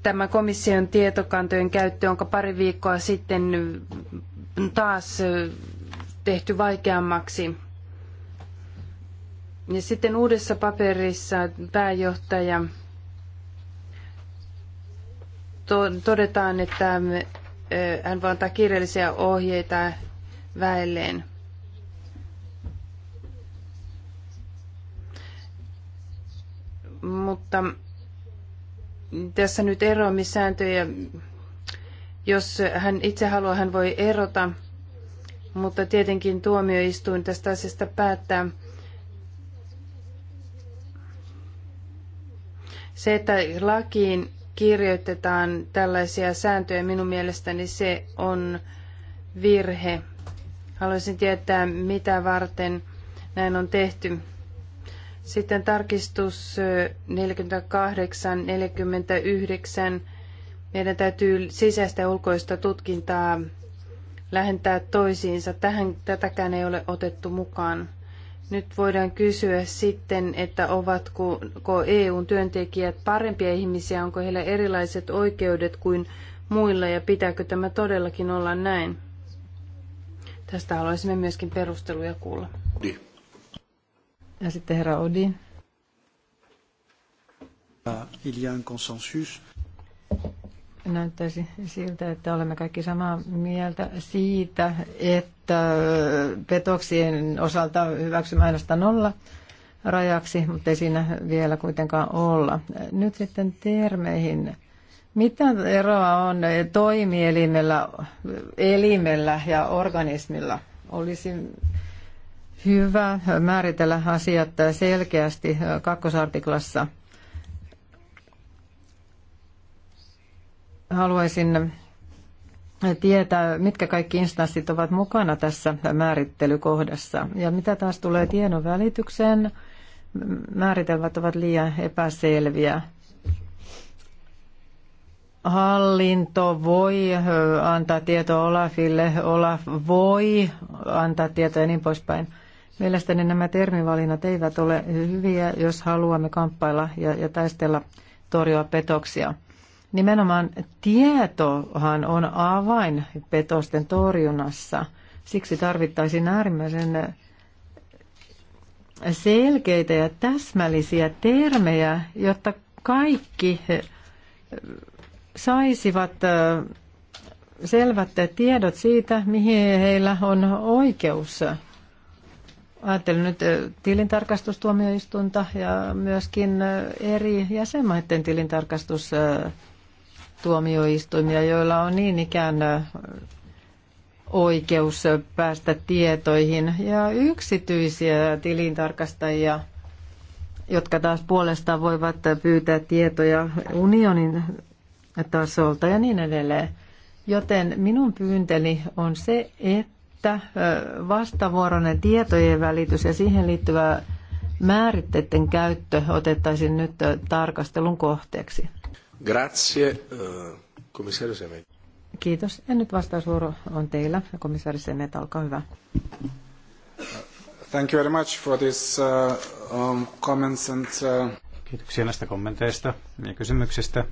tämä komission tietokantojen käyttö, jonka pari viikkoa sitten taas eh, tehty vaikeammaksi ja sitten uudessa paperissa pääjohtaja todetaan, että hän voi antaa kirjallisia ohjeita väelleen. Mutta tässä nyt eroamissääntöjä, jos hän itse haluaa, hän voi erota, mutta tietenkin tuomioistuin tästä asiasta päättää. Se, että lakiin kirjoitetaan tällaisia sääntöjä, minun mielestäni se on virhe. Haluaisin tietää, mitä varten näin on tehty. Sitten tarkistus 48, 49. Meidän täytyy sisäistä ja ulkoista tutkintaa lähentää toisiinsa. Tähän, tätäkään ei ole otettu mukaan. Nyt voidaan kysyä sitten, että ovatko EUn työntekijät parempia ihmisiä, onko heillä erilaiset oikeudet kuin muilla ja pitääkö tämä todellakin olla näin. Tästä haluaisimme myöskin perusteluja kuulla. Ja sitten herra Odin. Ah, il y a un consensus näyttäisi siltä, että olemme kaikki samaa mieltä siitä, että petoksien osalta hyväksymme ainoastaan nolla rajaksi, mutta ei siinä vielä kuitenkaan olla. Nyt sitten termeihin. Mitä eroa on toimielimellä, elimellä ja organismilla? Olisi hyvä määritellä asiat selkeästi kakkosartiklassa – haluaisin tietää, mitkä kaikki instanssit ovat mukana tässä määrittelykohdassa. Ja mitä taas tulee tiedon välitykseen, määritelmät ovat liian epäselviä. Hallinto voi antaa tietoa Olafille, Olaf voi antaa tietoa ja niin poispäin. Mielestäni nämä termivalinnat eivät ole hyviä, jos haluamme kamppailla ja, ja taistella torjua petoksia. Nimenomaan tietohan on avain petosten torjunnassa. Siksi tarvittaisiin äärimmäisen selkeitä ja täsmällisiä termejä, jotta kaikki saisivat selvät tiedot siitä, mihin heillä on oikeus. Ajattelen nyt tilintarkastustuomioistunta ja myöskin eri jäsenmaiden tilintarkastus tuomioistuimia, joilla on niin ikään oikeus päästä tietoihin ja yksityisiä tilintarkastajia, jotka taas puolestaan voivat pyytää tietoja unionin tasolta ja niin edelleen. Joten minun pyynteni on se, että vastavuoroinen tietojen välitys ja siihen liittyvä määritteiden käyttö otettaisiin nyt tarkastelun kohteeksi. Grazie, komissario eh, Semet. Kiitos. Ja nyt vastausvuoro on teillä. Komissaari Semet, olkaa hyvä. Thank you very much for this uh, um, comments and, uh... Kiitoksia näistä kommenteista ja kysymyksistä.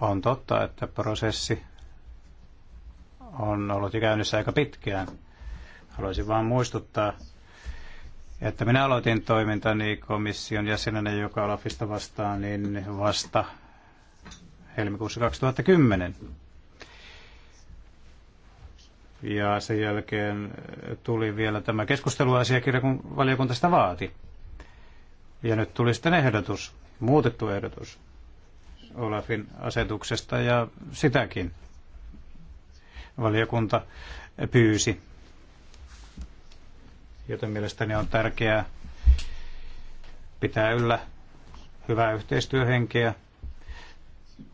On totta, että prosessi on ollut jo käynnissä aika pitkään. Haluaisin vain muistuttaa, että minä aloitin toimintani komission jäsenenä, joka Olafista vastaa, niin vasta helmikuussa 2010. Ja sen jälkeen tuli vielä tämä keskusteluasiakirja, kun valiokunta sitä vaati. Ja nyt tuli sitten ehdotus, muutettu ehdotus Olafin asetuksesta ja sitäkin valiokunta pyysi joten mielestäni on tärkeää pitää yllä hyvää yhteistyöhenkeä,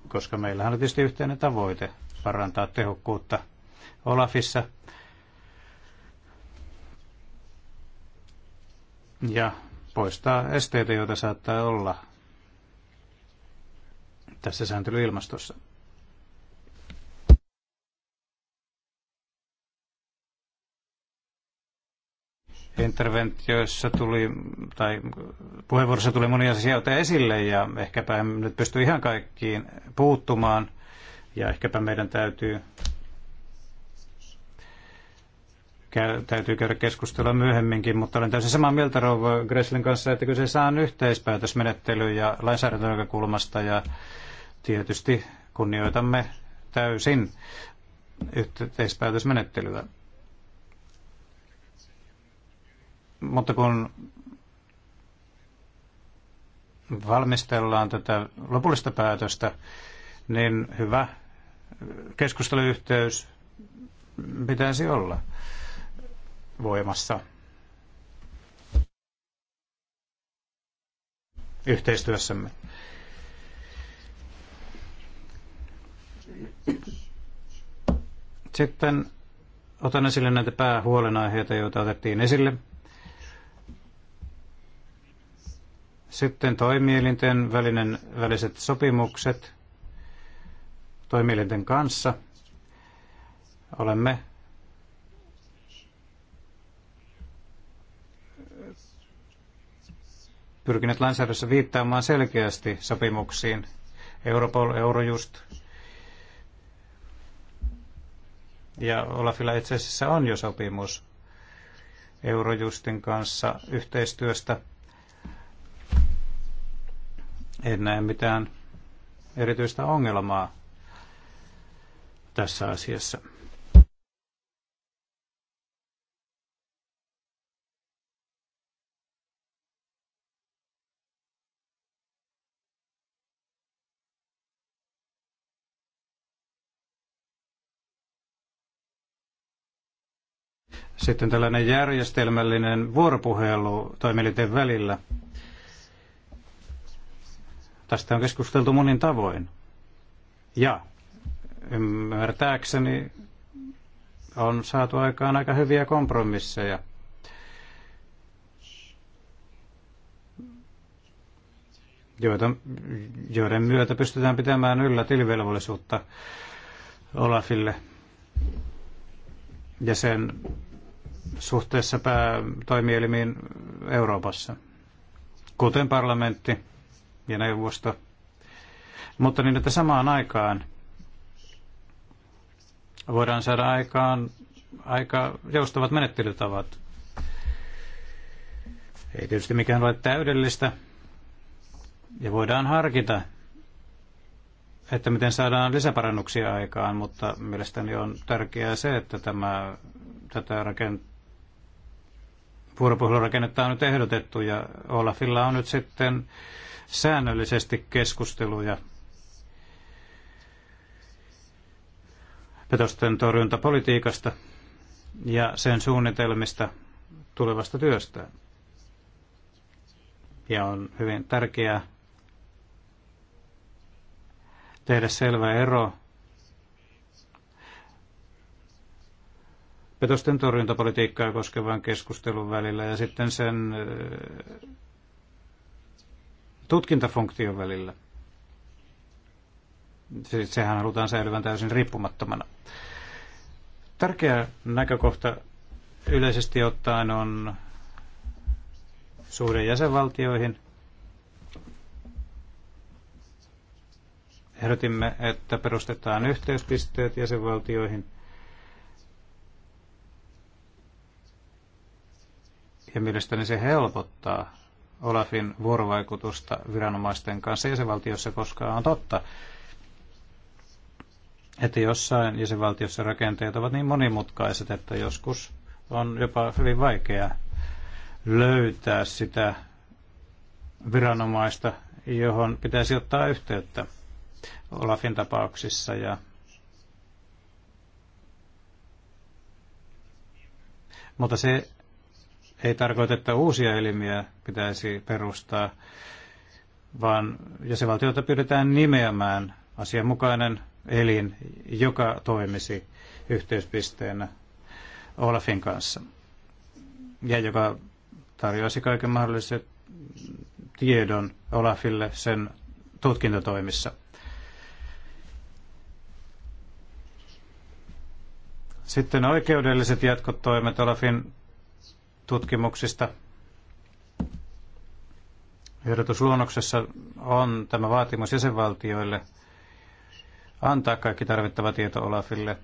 koska meillähän on tietysti yhteinen tavoite parantaa tehokkuutta Olafissa. Ja poistaa esteitä, joita saattaa olla tässä sääntelyilmastossa. interventioissa tuli, tai puheenvuorossa tuli monia asioita esille ja ehkäpä en nyt pysty ihan kaikkiin puuttumaan ja ehkäpä meidän täytyy käy, täytyy käydä keskustella myöhemminkin, mutta olen täysin samaa mieltä Rouva Gresslin kanssa, että kyseessä on yhteispäätösmenettely ja näkökulmasta, ja tietysti kunnioitamme täysin yhteispäätösmenettelyä. Mutta kun valmistellaan tätä lopullista päätöstä, niin hyvä keskusteluyhteys pitäisi olla voimassa. yhteistyössämme. Sitten otan esille näitä päähuolenaiheita, joita otettiin esille. Sitten toimielinten välinen, väliset sopimukset toimielinten kanssa. Olemme pyrkineet lainsäädännössä viittaamaan selkeästi sopimuksiin. Europol, Eurojust. Ja Olafilla itse asiassa on jo sopimus Eurojustin kanssa yhteistyöstä – en näe mitään erityistä ongelmaa tässä asiassa. Sitten tällainen järjestelmällinen vuoropuhelu toimielinten välillä – Tästä on keskusteltu monin tavoin. Ja ymmärtääkseni on saatu aikaan aika hyviä kompromisseja. Joita, joiden myötä pystytään pitämään yllä tilivelvollisuutta Olafille ja sen suhteessa päätoimielimiin Euroopassa, kuten parlamentti ja neuvosto. Mutta niin, että samaan aikaan voidaan saada aikaan aika joustavat menettelytavat. Ei tietysti mikään ole täydellistä. Ja voidaan harkita, että miten saadaan lisäparannuksia aikaan, mutta mielestäni on tärkeää se, että tämä, tätä rakent- vuoropuhelurakennetta on nyt ehdotettu ja Olafilla on nyt sitten säännöllisesti keskusteluja petosten torjuntapolitiikasta ja sen suunnitelmista tulevasta työstä, Ja on hyvin tärkeää tehdä selvä ero petosten torjuntapolitiikkaa koskevan keskustelun välillä ja sitten sen tutkintafunktion välillä. Siis sehän halutaan säilyvän täysin riippumattomana. Tärkeä näkökohta yleisesti ottaen on suhde jäsenvaltioihin. Ehdotimme, että perustetaan yhteyspisteet jäsenvaltioihin – ja mielestäni se helpottaa Olafin vuorovaikutusta viranomaisten kanssa jäsenvaltiossa, koska on totta, että jossain jäsenvaltiossa rakenteet ovat niin monimutkaiset, että joskus on jopa hyvin vaikea löytää sitä viranomaista, johon pitäisi ottaa yhteyttä Olafin tapauksissa ja mutta se ei tarkoita, että uusia elimiä pitäisi perustaa, vaan jäsenvaltiota pyydetään nimeämään asianmukainen elin, joka toimisi yhteyspisteenä Olafin kanssa ja joka tarjoaisi kaiken mahdollisen tiedon Olafille sen tutkintatoimissa. Sitten oikeudelliset jatkotoimet Olafin tutkimuksista. Ehdotusluonnoksessa on tämä vaatimus jäsenvaltioille antaa kaikki tarvittava tieto Olafille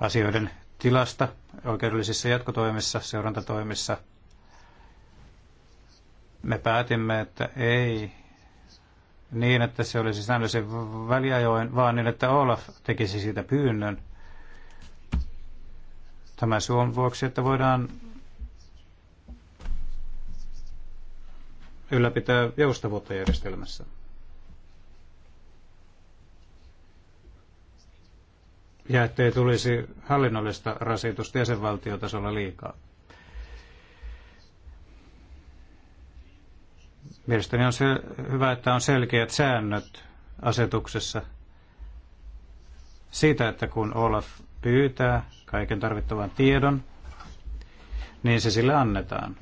asioiden tilasta oikeudellisissa jatkotoimissa, seurantatoimissa. Me päätimme, että ei niin, että se olisi säännöllisen väliajoin, vaan niin, että Olaf tekisi siitä pyynnön Tämä suon vuoksi, että voidaan ylläpitää joustavuutta järjestelmässä. Ja ettei tulisi hallinnollista rasitusta jäsenvaltiotasolla liikaa. Mielestäni on se hyvä, että on selkeät säännöt asetuksessa siitä, että kun Olaf pyytää kaiken tarvittavan tiedon, niin se sille annetaan.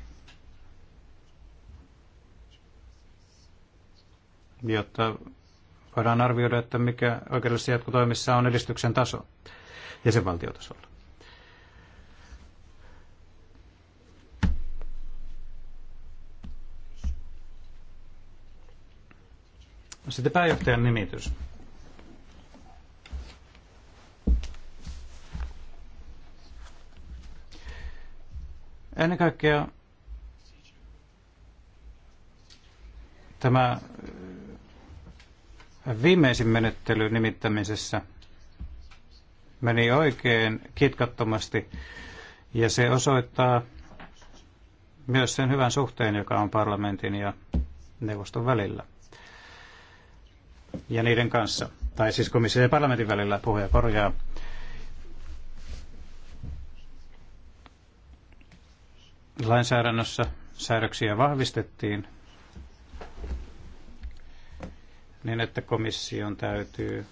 Jotta voidaan arvioida, että mikä oikeudellisessa jatkotoimissa on edistyksen taso jäsenvaltiotasolla. Sitten pääjohtajan nimitys. Ennen kaikkea tämä äh, viimeisin menettely nimittämisessä meni oikein kitkattomasti ja se osoittaa myös sen hyvän suhteen, joka on parlamentin ja neuvoston välillä ja niiden kanssa, tai siis komission ja parlamentin välillä, puhuja korjaa. lainsäädännössä säädöksiä vahvistettiin niin, että komission täytyy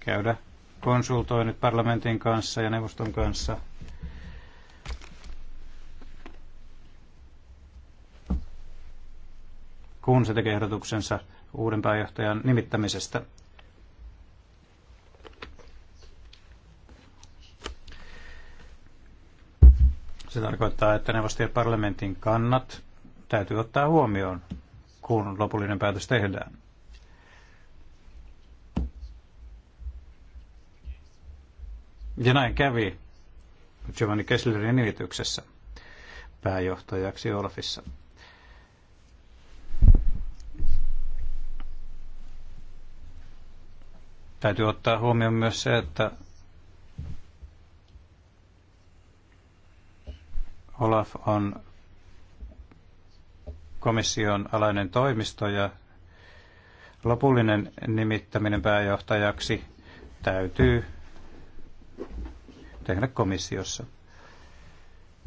käydä konsultoinnit parlamentin kanssa ja neuvoston kanssa kun se tekee ehdotuksensa uuden pääjohtajan nimittämisestä. Se tarkoittaa, että neuvoston ja parlamentin kannat täytyy ottaa huomioon, kun lopullinen päätös tehdään. Ja näin kävi Giovanni Kesslerin nimityksessä pääjohtajaksi Olafissa. Täytyy ottaa huomioon myös se, että Olaf on komission alainen toimisto ja lopullinen nimittäminen pääjohtajaksi täytyy tehdä komissiossa.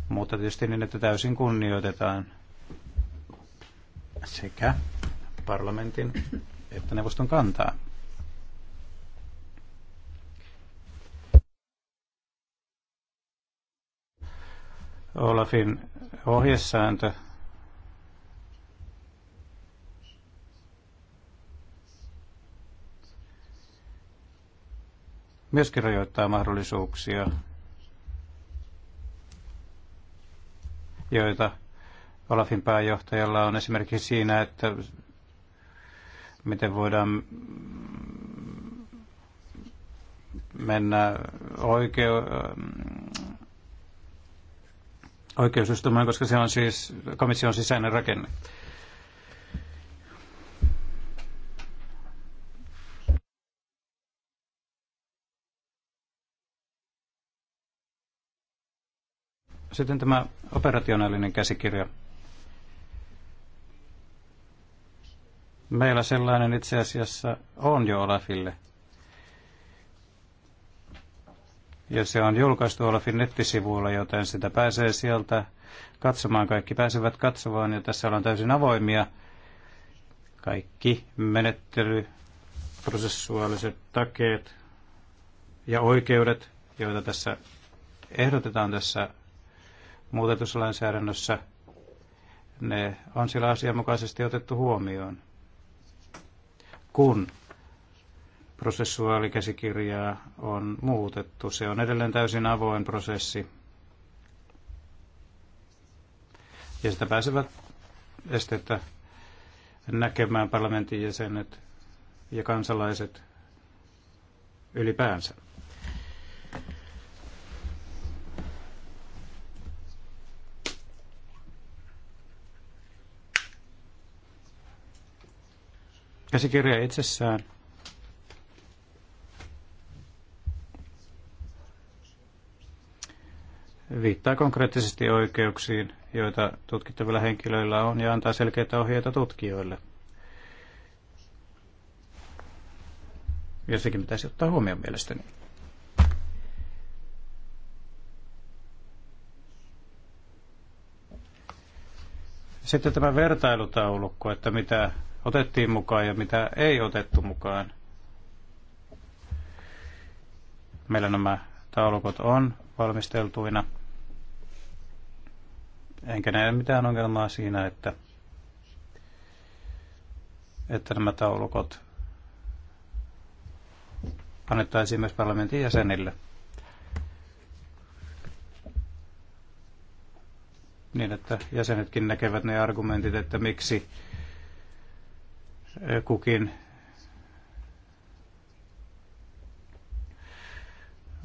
Mutta tietysti niin, että täysin kunnioitetaan sekä parlamentin että neuvoston kantaa. Olafin ohjesääntö myöskin rajoittaa mahdollisuuksia, joita Olafin pääjohtajalla on esimerkiksi siinä, että miten voidaan mennä oikeu- oikeusistumaan, koska se on siis komission sisäinen rakenne. Sitten tämä operationaalinen käsikirja. Meillä sellainen itse asiassa on jo Olafille – Ja se on julkaistu Olafin nettisivuilla, joten sitä pääsee sieltä katsomaan. Kaikki pääsevät katsomaan ja tässä ollaan täysin avoimia. Kaikki menettely, prosessuaaliset takeet ja oikeudet, joita tässä ehdotetaan tässä muutetussa lainsäädännössä, ne on sillä asianmukaisesti otettu huomioon. Kun prosessuaalikäsikirjaa on muutettu. Se on edelleen täysin avoin prosessi. Ja sitä pääsevät estettä näkemään parlamentin jäsenet ja kansalaiset ylipäänsä. Käsikirja itsessään viittaa konkreettisesti oikeuksiin, joita tutkittavilla henkilöillä on ja antaa selkeitä ohjeita tutkijoille. Ja sekin pitäisi ottaa huomioon mielestäni. Sitten tämä vertailutaulukko, että mitä otettiin mukaan ja mitä ei otettu mukaan. Meillä nämä taulukot on valmisteltuina. Enkä näe mitään ongelmaa siinä, että, että nämä taulukot annettaisiin myös parlamentin jäsenille. Niin, että jäsenetkin näkevät ne argumentit, että miksi kukin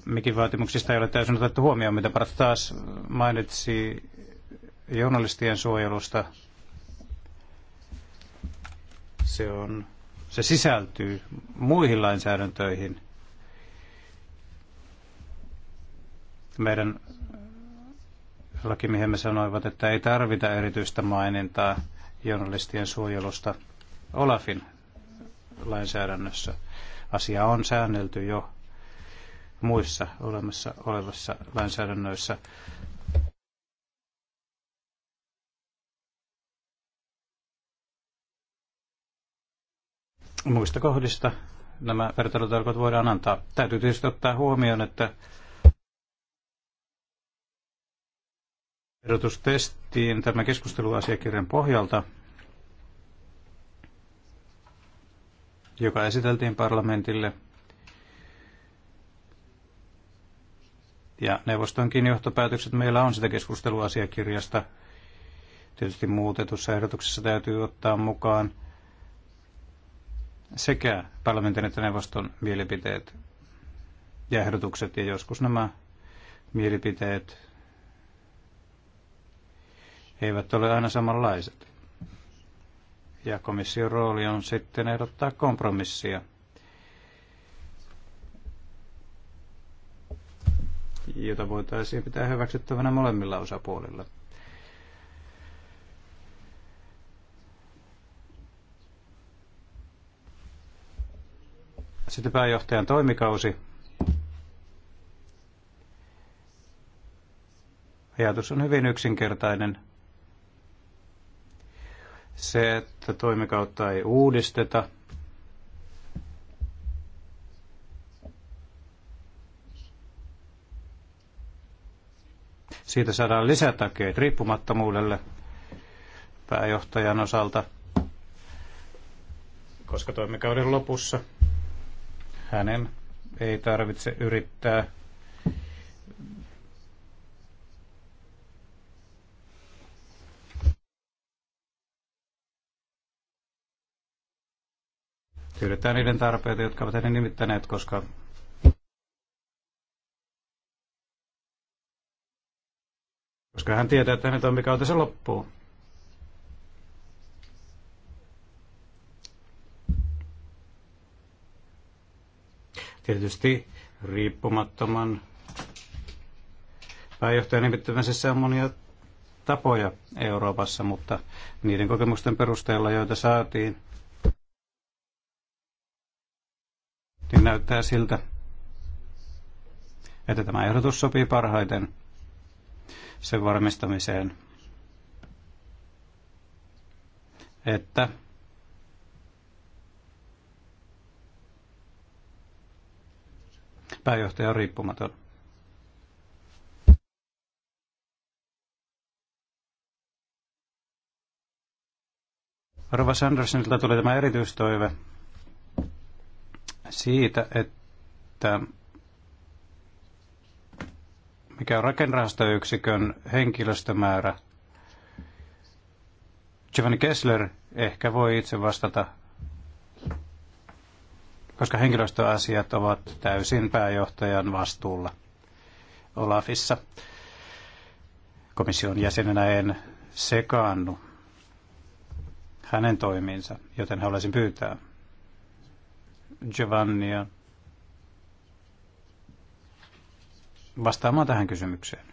mikin vaatimuksista ei ole täysin otettu huomioon, mitä Bart taas mainitsi journalistien suojelusta. Se, on, se sisältyy muihin lainsäädäntöihin. Meidän lakimiehemme sanoivat, että ei tarvita erityistä mainintaa journalistien suojelusta Olafin lainsäädännössä. Asia on säännelty jo muissa olemassa olevissa lainsäädännöissä. muista kohdista nämä vertailutarkot voidaan antaa. Täytyy tietysti ottaa huomioon, että verotustestiin tämän keskusteluasiakirjan pohjalta, joka esiteltiin parlamentille, ja neuvostonkin johtopäätökset meillä on sitä keskusteluasiakirjasta. Tietysti muutetussa ehdotuksessa täytyy ottaa mukaan – sekä parlamentin että neuvoston mielipiteet ja ehdotukset ja joskus nämä mielipiteet eivät ole aina samanlaiset. Ja komission rooli on sitten ehdottaa kompromissia. jota voitaisiin pitää hyväksyttävänä molemmilla osapuolilla. Sitten pääjohtajan toimikausi. Ajatus on hyvin yksinkertainen. Se, että toimikautta ei uudisteta, siitä saadaan lisätakeet riippumattomuudelle pääjohtajan osalta, koska toimikauden lopussa – hänen ei tarvitse yrittää tyydyttää niiden tarpeita, jotka ovat hänen nimittäneet, koska koska hän tietää, että hänen toimikautensa loppuu. Tietysti riippumattoman pääjohtajan nimittämisessä on monia tapoja Euroopassa, mutta niiden kokemusten perusteella, joita saatiin, niin näyttää siltä, että tämä ehdotus sopii parhaiten sen varmistamiseen, että pääjohtaja on riippumaton. Rova Sandersonilta tuli tämä erityistoive siitä, että mikä on rakennerahastoyksikön henkilöstömäärä. Giovanni Kessler ehkä voi itse vastata koska henkilöstöasiat ovat täysin pääjohtajan vastuulla Olafissa. Komission jäsenenä en sekaannu hänen toimiinsa, joten haluaisin pyytää Giovannia vastaamaan tähän kysymykseen.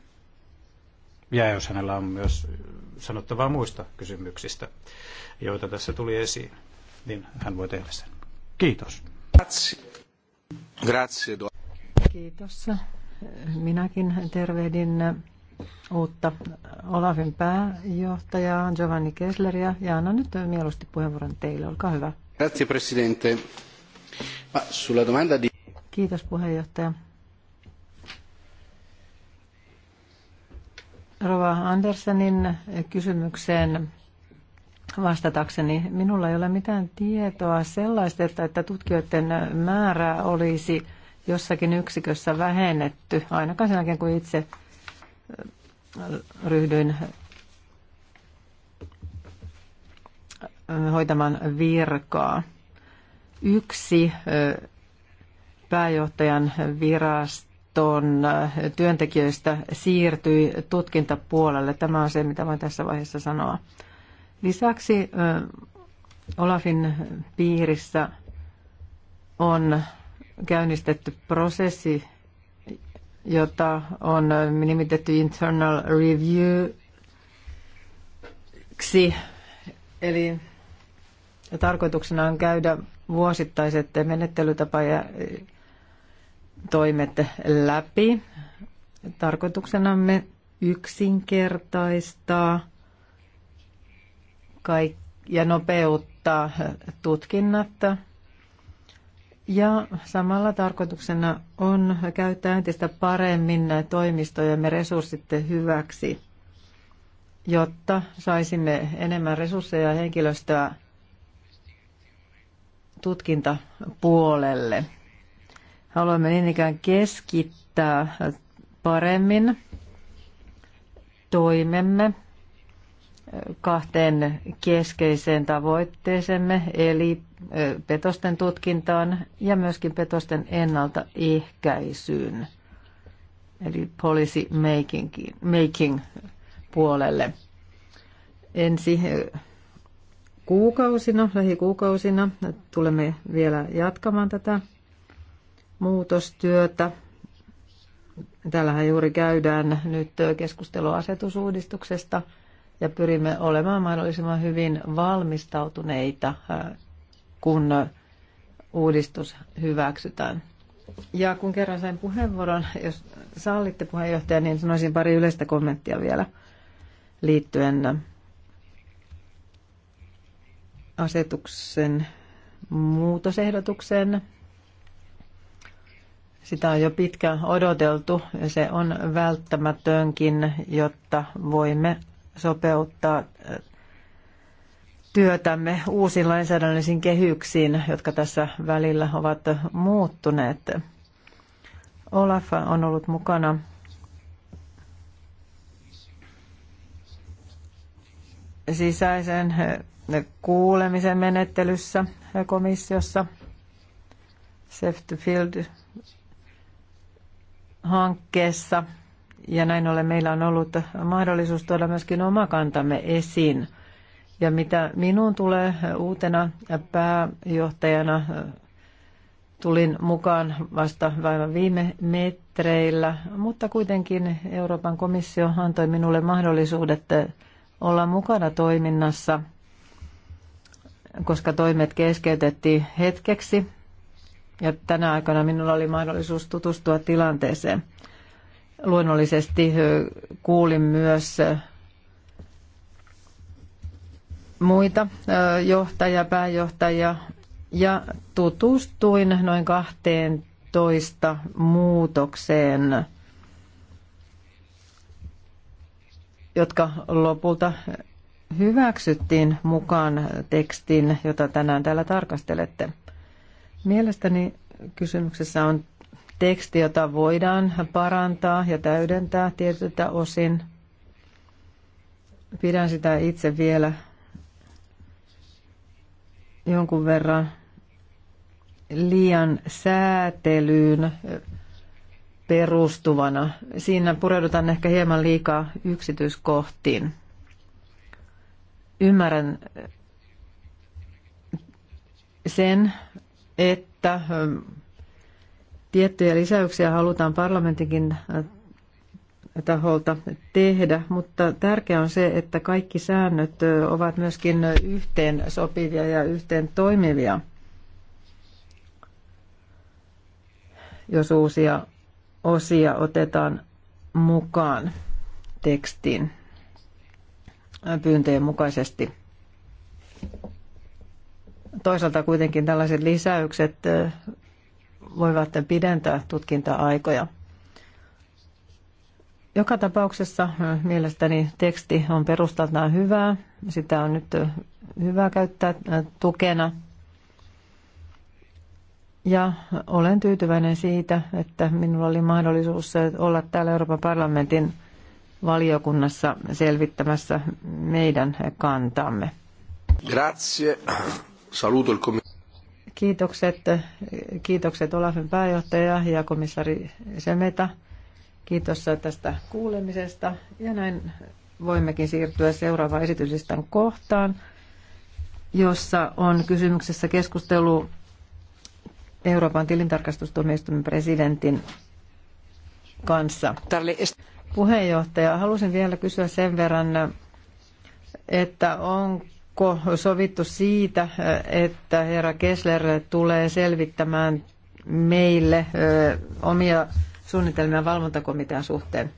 Ja jos hänellä on myös sanottavaa muista kysymyksistä, joita tässä tuli esiin, niin hän voi tehdä sen. Kiitos. Grazie. Kiitos. Minäkin tervehdin uutta Olafin pääjohtajaa Giovanni Kessleria ja annan nyt mieluusti puheenvuoron teille. Olkaa hyvä. Grazie Presidente. Ma sulla domanda di... Kiitos puheenjohtaja. Rova Anderssonin kysymykseen vastatakseni. Minulla ei ole mitään tietoa sellaista, että tutkijoiden määrää olisi jossakin yksikössä vähennetty, ainakaan sen jälkeen kun itse äh, ryhdyin äh, hoitamaan virkaa. Yksi äh, pääjohtajan viraston työntekijöistä siirtyi tutkintapuolelle. Tämä on se, mitä voin tässä vaiheessa sanoa. Lisäksi Olafin piirissä on käynnistetty prosessi, jota on nimitetty internal reviewksi. Eli tarkoituksena on käydä vuosittaiset menettelytapa ja toimet läpi. me yksinkertaistaa – kaik- ja nopeuttaa tutkinnat. Ja samalla tarkoituksena on käyttää entistä paremmin toimistojemme resurssit hyväksi, jotta saisimme enemmän resursseja ja henkilöstöä tutkintapuolelle. Haluamme niin ikään keskittää paremmin toimemme kahteen keskeiseen tavoitteeseemme, eli petosten tutkintaan ja myöskin petosten ennaltaehkäisyyn, eli policy making, making puolelle. Ensi kuukausina, lähikuukausina tulemme vielä jatkamaan tätä muutostyötä. Täällähän juuri käydään nyt keskustelua asetusuudistuksesta – ja pyrimme olemaan mahdollisimman hyvin valmistautuneita, äh, kun uudistus hyväksytään. Ja kun kerran sain puheenvuoron, jos sallitte puheenjohtaja, niin sanoisin pari yleistä kommenttia vielä liittyen asetuksen muutosehdotukseen. Sitä on jo pitkään odoteltu ja se on välttämätönkin, jotta voimme sopeuttaa työtämme uusiin lainsäädännöllisiin kehyksiin, jotka tässä välillä ovat muuttuneet. Olaf on ollut mukana sisäisen kuulemisen menettelyssä komissiossa. Safe to Field hankkeessa – ja näin ollen meillä on ollut mahdollisuus tuoda myöskin oma kantamme esiin. Ja mitä minun tulee uutena pääjohtajana, tulin mukaan vasta vaivan viime metreillä, mutta kuitenkin Euroopan komissio antoi minulle mahdollisuudet olla mukana toiminnassa, koska toimet keskeytettiin hetkeksi. Ja tänä aikana minulla oli mahdollisuus tutustua tilanteeseen. Luonnollisesti kuulin myös muita johtajia, pääjohtajia ja tutustuin noin 12 muutokseen, jotka lopulta hyväksyttiin mukaan tekstin, jota tänään täällä tarkastelette. Mielestäni kysymyksessä on teksti, jota voidaan parantaa ja täydentää tietyltä osin. Pidän sitä itse vielä jonkun verran liian säätelyyn perustuvana. Siinä pureudutaan ehkä hieman liikaa yksityiskohtiin. Ymmärrän sen, että Tiettyjä lisäyksiä halutaan parlamentinkin äh, taholta tehdä, mutta tärkeää on se, että kaikki säännöt äh, ovat myöskin yhteen sopivia ja yhteen toimivia. Jos uusia osia otetaan mukaan tekstiin äh, pyyntöjen mukaisesti. Toisaalta kuitenkin tällaiset lisäykset voivat pidentää tutkinta-aikoja. Joka tapauksessa mielestäni teksti on perustaltaan hyvää. Sitä on nyt hyvä käyttää tukena. Ja olen tyytyväinen siitä, että minulla oli mahdollisuus olla täällä Euroopan parlamentin valiokunnassa selvittämässä meidän kantamme. Grazie. Saluto il Kiitokset, kiitokset Olafin pääjohtaja ja komissari Semeta. Kiitos tästä kuulemisesta. Ja näin voimmekin siirtyä seuraavaan esityslistan kohtaan, jossa on kysymyksessä keskustelu Euroopan tilintarkastustuomioistuimen presidentin kanssa. Puheenjohtaja, halusin vielä kysyä sen verran, että onko onko sovittu siitä, että herra Kessler tulee selvittämään meille omia suunnitelmia valvontakomitean suhteen.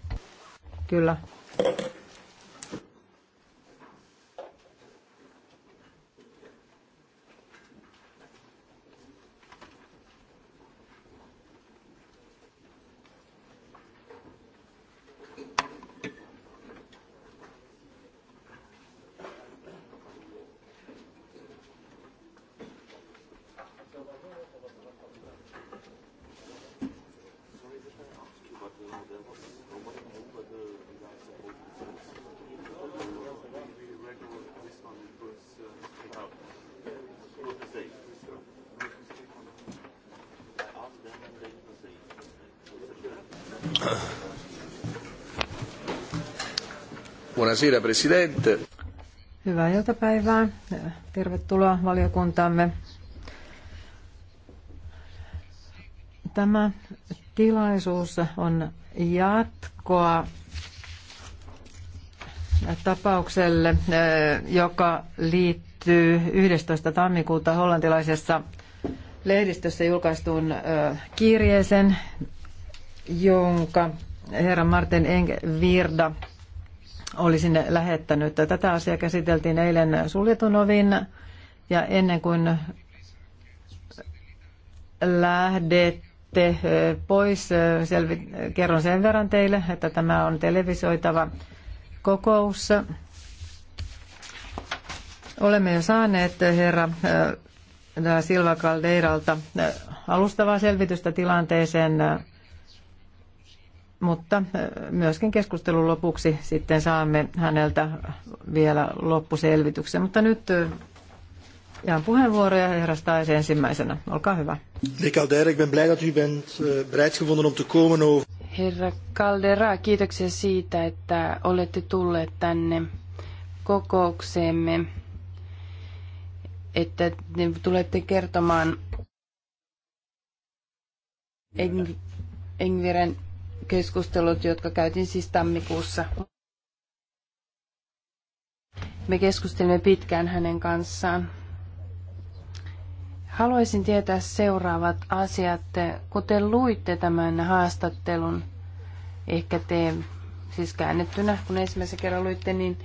Kyllä. Buonasera, Presidente. Hyvää iltapäivää. Tervetuloa valiokuntaamme. Tämä tilaisuus on jatkoa tapaukselle, joka liittyy 11. tammikuuta hollantilaisessa lehdistössä julkaistuun kirjeeseen, jonka herra Martin Engvirda olisin lähettänyt. Tätä asiaa käsiteltiin eilen suljetun ovin ja ennen kuin lähdette eh, pois, eh, selvi, kerron sen verran teille, että tämä on televisoitava kokous. Olemme jo saaneet eh, herra Silva Caldeiralta alustavaa selvitystä tilanteeseen mutta myöskin keskustelun lopuksi sitten saamme häneltä vielä loppuselvityksen. Mutta nyt jaan puheenvuoroja herra Staes ensimmäisenä. Olkaa hyvä. Herra Caldera, kiitoksia siitä, että olette tulleet tänne kokoukseemme, että tulette kertomaan Engviren keskustelut, jotka käytiin siis tammikuussa. Me keskustelimme pitkään hänen kanssaan. Haluaisin tietää seuraavat asiat. Kun te luitte tämän haastattelun, ehkä te siis käännettynä, kun ensimmäisen kerran luitte, niin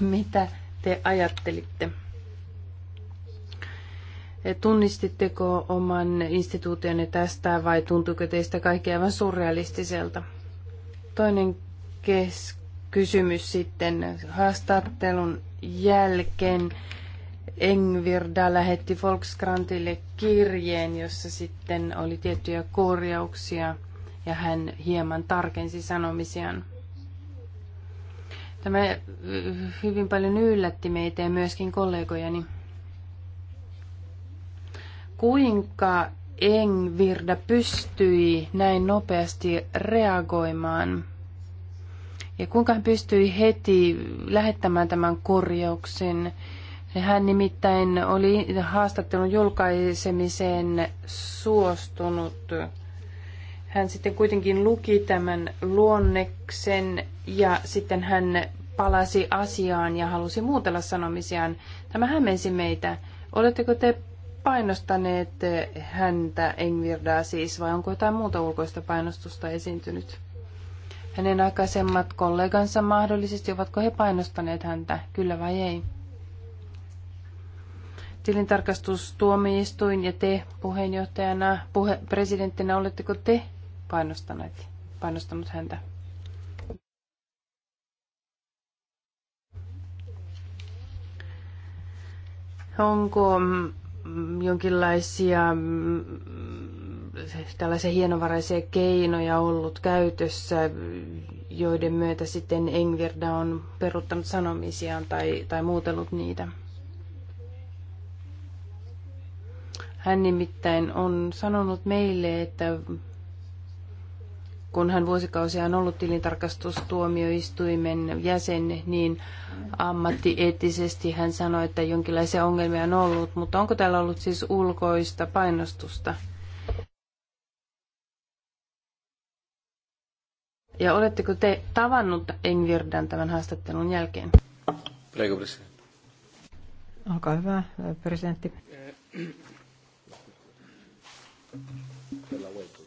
mitä te ajattelitte? Tunnistitteko oman instituutionne tästä vai tuntuiko teistä kaikki aivan surrealistiselta? Toinen kes- kysymys sitten haastattelun jälkeen. Engvirda lähetti Volkskrantille kirjeen, jossa sitten oli tiettyjä korjauksia ja hän hieman tarkensi sanomisiaan. Tämä äh, hyvin paljon yllätti meitä ja myöskin kollegojani. Kuinka Engvirda pystyi näin nopeasti reagoimaan? Ja kuinka hän pystyi heti lähettämään tämän korjauksen? Hän nimittäin oli haastattelun julkaisemiseen suostunut. Hän sitten kuitenkin luki tämän luonneksen ja sitten hän palasi asiaan ja halusi muutella sanomisiaan. Tämä hämmensi meitä. Oletteko te painostaneet häntä Engvirdaa siis, vai onko jotain muuta ulkoista painostusta esiintynyt? Hänen aikaisemmat kollegansa mahdollisesti, ovatko he painostaneet häntä, kyllä vai ei? Tilintarkastustuomioistuin ja te puheenjohtajana, puhe, presidenttinä, oletteko te painostaneet, painostanut häntä? Onko mm, jonkinlaisia mm, tällaisia hienovaraisia keinoja ollut käytössä, joiden myötä sitten Engvirda on peruttanut sanomisiaan tai, tai muutellut niitä. Hän nimittäin on sanonut meille, että kun hän vuosikausia on ollut tilintarkastustuomioistuimen jäsen, niin ammattieettisesti hän sanoi, että jonkinlaisia ongelmia on ollut, mutta onko täällä ollut siis ulkoista painostusta? Ja oletteko te tavannut Engvirdan tämän haastattelun jälkeen? Prego, presidentti. Olkaa hyvä, presidentti. Eh,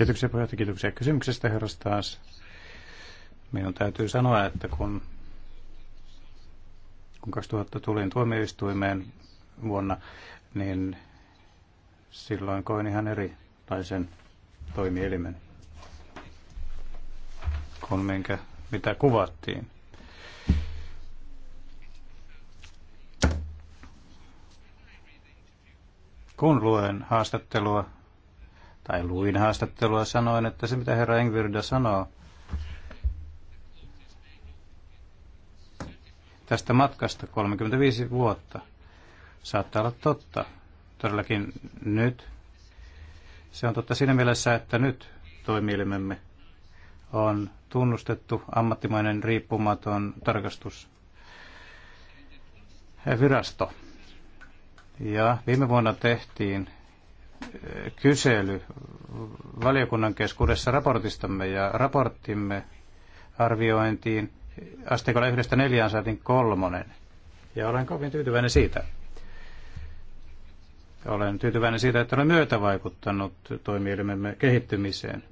Kiitoksia puheenjohtaja, kiitoksia kysymyksestä herra taas. Minun täytyy sanoa, että kun, kun 2000 tulin tuomioistuimeen vuonna, niin silloin koin ihan erilaisen toimielimen kuin minkä, mitä kuvattiin. Kun luen haastattelua, tai luin haastattelua, sanoin, että se mitä herra Engvirda sanoo tästä matkasta 35 vuotta, saattaa olla totta. Todellakin nyt se on totta siinä mielessä, että nyt toimielimemme on tunnustettu ammattimainen riippumaton tarkastusvirasto. Ja viime vuonna tehtiin eh, kysely valiokunnan keskuudessa raportistamme ja raporttimme arviointiin asteikolla yhdestä neljään saatiin kolmonen. Ja olen kovin tyytyväinen siitä. Olen tyytyväinen siitä, että olen vaikuttanut toimielimemme kehittymiseen,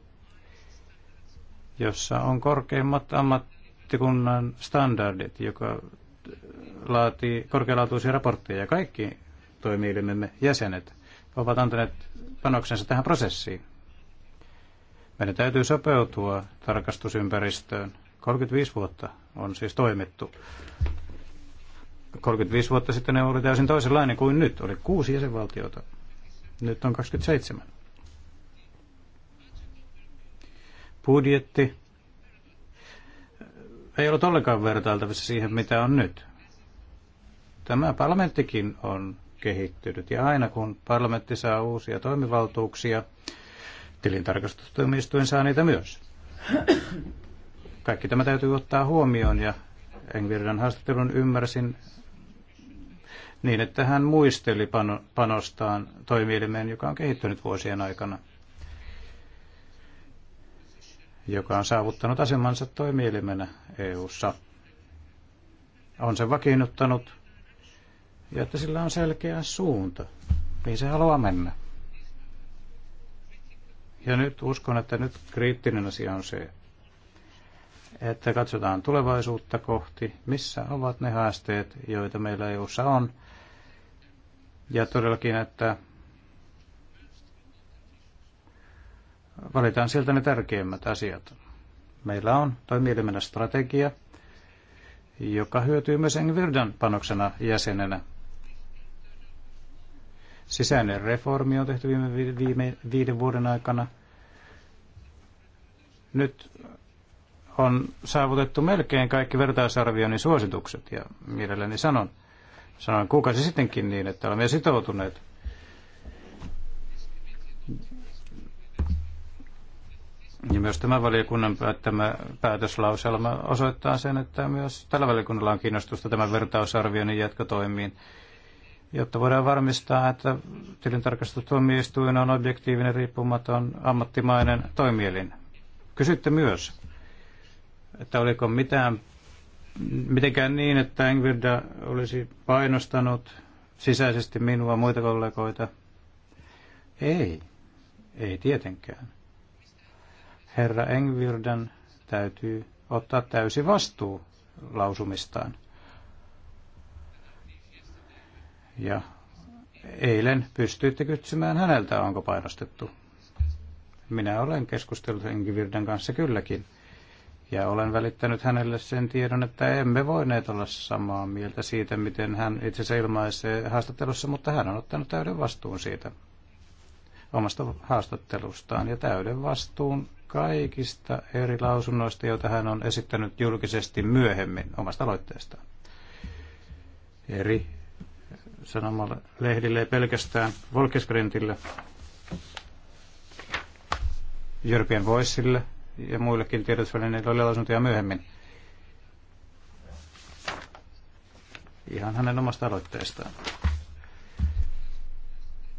jossa on korkeimmat ammattikunnan standardit, joka laatii korkealaatuisia raportteja. Kaikki toimielimemme jäsenet ovat antaneet panoksensa tähän prosessiin. Meidän täytyy sopeutua tarkastusympäristöön. 35 vuotta on siis toimittu. 35 vuotta sitten ne oli täysin toisenlainen kuin nyt. Oli kuusi jäsenvaltiota. Nyt on 27. Budjetti ei ollut ollenkaan vertailtavissa siihen, mitä on nyt. Tämä parlamenttikin on kehittynyt. Ja aina kun parlamentti saa uusia toimivaltuuksia, tilintarkastustoimistuin saa niitä myös. Kaikki tämä täytyy ottaa huomioon ja Engvirdan haastattelun ymmärsin niin, että hän muisteli panostaan toimielimeen, joka on kehittynyt vuosien aikana, joka on saavuttanut asemansa toimielimenä EU-ssa. On se vakiinnuttanut ja että sillä on selkeä suunta, mihin se haluaa mennä. Ja nyt uskon, että nyt kriittinen asia on se, että katsotaan tulevaisuutta kohti, missä ovat ne haasteet, joita meillä EU:ssa on. Ja todellakin, että valitaan sieltä ne tärkeimmät asiat. Meillä on toimielimenä strategia, joka hyötyy myös Engvirdan panoksena jäsenenä Sisäinen reformi on tehty viime, viime viiden vuoden aikana. Nyt on saavutettu melkein kaikki vertaisarvioinnin suositukset, ja mielelläni sanon, sanon kuukausi sittenkin niin, että olemme sitoutuneet Ja myös tämä valiokunnan päättämä päätöslauselma osoittaa sen, että myös tällä valiokunnalla on kiinnostusta tämän vertausarvioinnin jatkotoimiin jotta voidaan varmistaa, että tilintarkastustuomioistuin on objektiivinen, riippumaton, ammattimainen toimielin. Kysytte myös, että oliko mitään, mitenkään niin, että Engvirda olisi painostanut sisäisesti minua muita kollegoita. Ei, ei tietenkään. Herra Engvirdan täytyy ottaa täysi vastuu lausumistaan. Ja eilen pystyitte kysymään häneltä, onko painostettu. Minä olen keskustellut Enkivirden kanssa kylläkin. Ja olen välittänyt hänelle sen tiedon, että emme voineet olla samaa mieltä siitä, miten hän itse asiassa ilmaisee haastattelussa, mutta hän on ottanut täyden vastuun siitä omasta haastattelustaan ja täyden vastuun kaikista eri lausunnoista, joita hän on esittänyt julkisesti myöhemmin omasta aloitteestaan. Eri sanomalle lehdille, ei pelkästään Volkesprintille, European Voiceille ja muillekin tiedotusvälineille oli lausuntoja myöhemmin. Ihan hänen omasta aloitteestaan.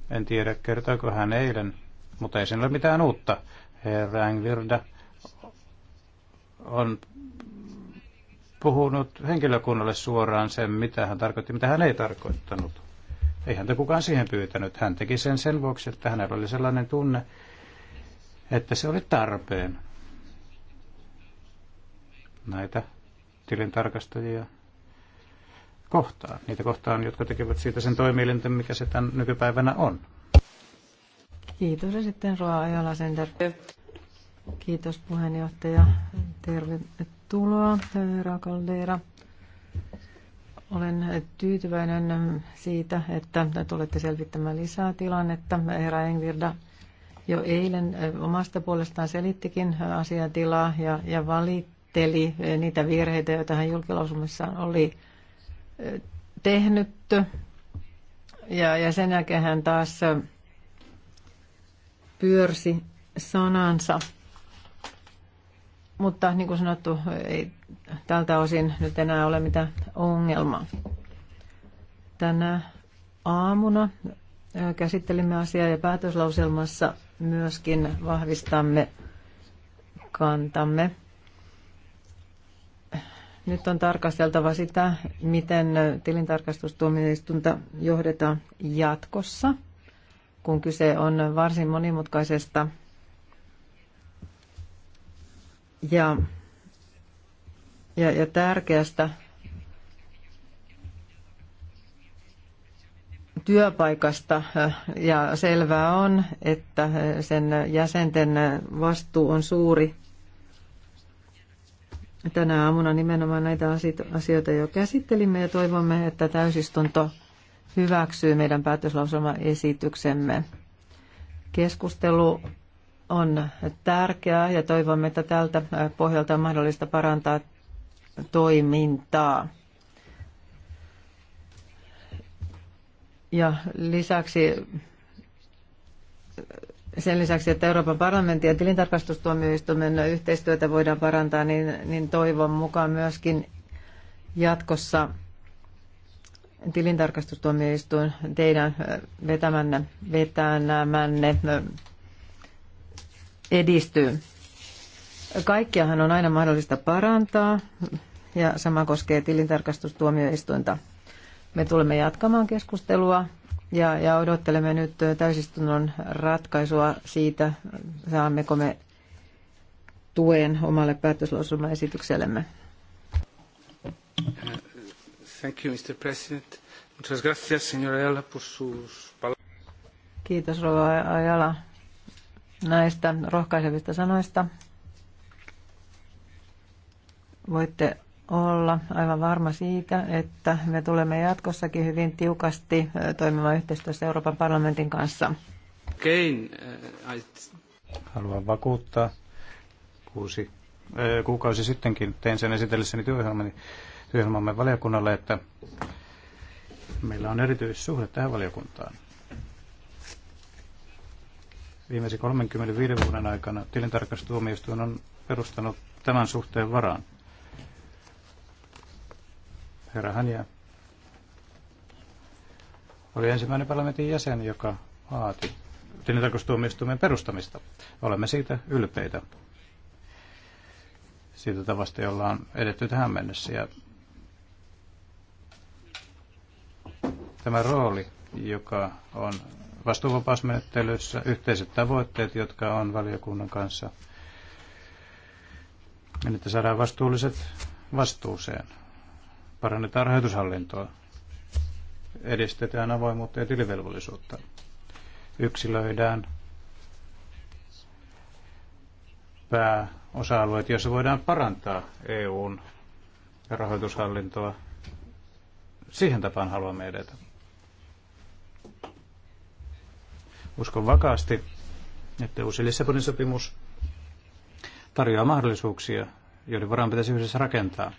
En tiedä, kertoiko hän eilen, mutta ei siinä ole mitään uutta. Herra Englirda on puhunut henkilökunnalle suoraan sen, mitä hän tarkoitti, mitä hän ei tarkoittanut. Ei häntä kukaan siihen pyytänyt. Hän teki sen sen vuoksi, että hänellä oli sellainen tunne, että se oli tarpeen. Näitä tilintarkastajia kohtaan. Niitä kohtaan, jotka tekevät siitä sen toimielinten, mikä se tämän nykypäivänä on. Kiitos ja sitten Roa Ajala Sender. Kiitos puheenjohtaja. Tervetuloa, Töyra Caldera. Olen tyytyväinen siitä, että tulette selvittämään lisää tilannetta. Herra Engvirda jo eilen omasta puolestaan selittikin asiatilaa ja, ja valitteli niitä virheitä, joita hän julkilausumassaan oli tehnyt. Ja, ja sen jälkeen hän taas pyörsi sanansa mutta niin kuin sanottu, ei tältä osin nyt enää ole mitään ongelmaa. Tänä aamuna käsittelimme asiaa ja päätöslauselmassa myöskin vahvistamme kantamme. Nyt on tarkasteltava sitä, miten tilintarkastustuomioistunta johdetaan jatkossa, kun kyse on varsin monimutkaisesta ja, ja, ja tärkeästä työpaikasta äh, ja selvää on, että äh, sen jäsenten vastuu on suuri. Tänä aamuna nimenomaan näitä asioita jo käsittelimme ja toivomme, että täysistunto hyväksyy meidän päätöslauselmaesityksemme. Keskustelu on tärkeää ja toivomme, että tältä pohjalta on mahdollista parantaa toimintaa. Ja lisäksi sen lisäksi, että Euroopan parlamentin ja tilintarkastustuomioistuimen yhteistyötä voidaan parantaa, niin, niin toivon mukaan myöskin jatkossa tilintarkastustuomioistuin teidän vetämänne, vetämänne edistyy. Kaikkiahan on aina mahdollista parantaa ja sama koskee tilintarkastustuomioistuinta. Me tulemme jatkamaan keskustelua ja, ja odottelemme nyt täysistunnon ratkaisua siitä, saammeko me tuen omalle päätöslausumaesityksellemme. Thank you, Mr. President. Muchas gracias, señora Ayala, por sus palabras. Kiitos, Rova Ayala, näistä rohkaisevista sanoista. Voitte olla aivan varma siitä, että me tulemme jatkossakin hyvin tiukasti toimimaan yhteistyössä Euroopan parlamentin kanssa. Kein, äh, Haluan vakuuttaa. Kuusi äh, kuukausi sittenkin tein sen esitellessäni työohjelmani, työohjelmamme valiokunnalle, että meillä on erityissuhde tähän valiokuntaan viimeisen 35 vuoden aikana tilintarkastustuomioistuin on perustanut tämän suhteen varaan. Herra Hania oli ensimmäinen parlamentin jäsen, joka vaati tilintarkastustuomioistuimen perustamista. Olemme siitä ylpeitä siitä tavasta, jolla on edetty tähän mennessä. Ja tämä rooli, joka on vastuuvapausmenettelyssä yhteiset tavoitteet, jotka on valiokunnan kanssa, niin että saadaan vastuulliset vastuuseen. Parannetaan rahoitushallintoa, edistetään avoimuutta ja tilivelvollisuutta, yksilöidään pääosa-alueet, joissa voidaan parantaa EUn rahoitushallintoa. Siihen tapaan haluamme edetä. Uskon vakaasti, että uusi Lissabonin sopimus tarjoaa mahdollisuuksia, joiden varaan pitäisi yhdessä rakentaa.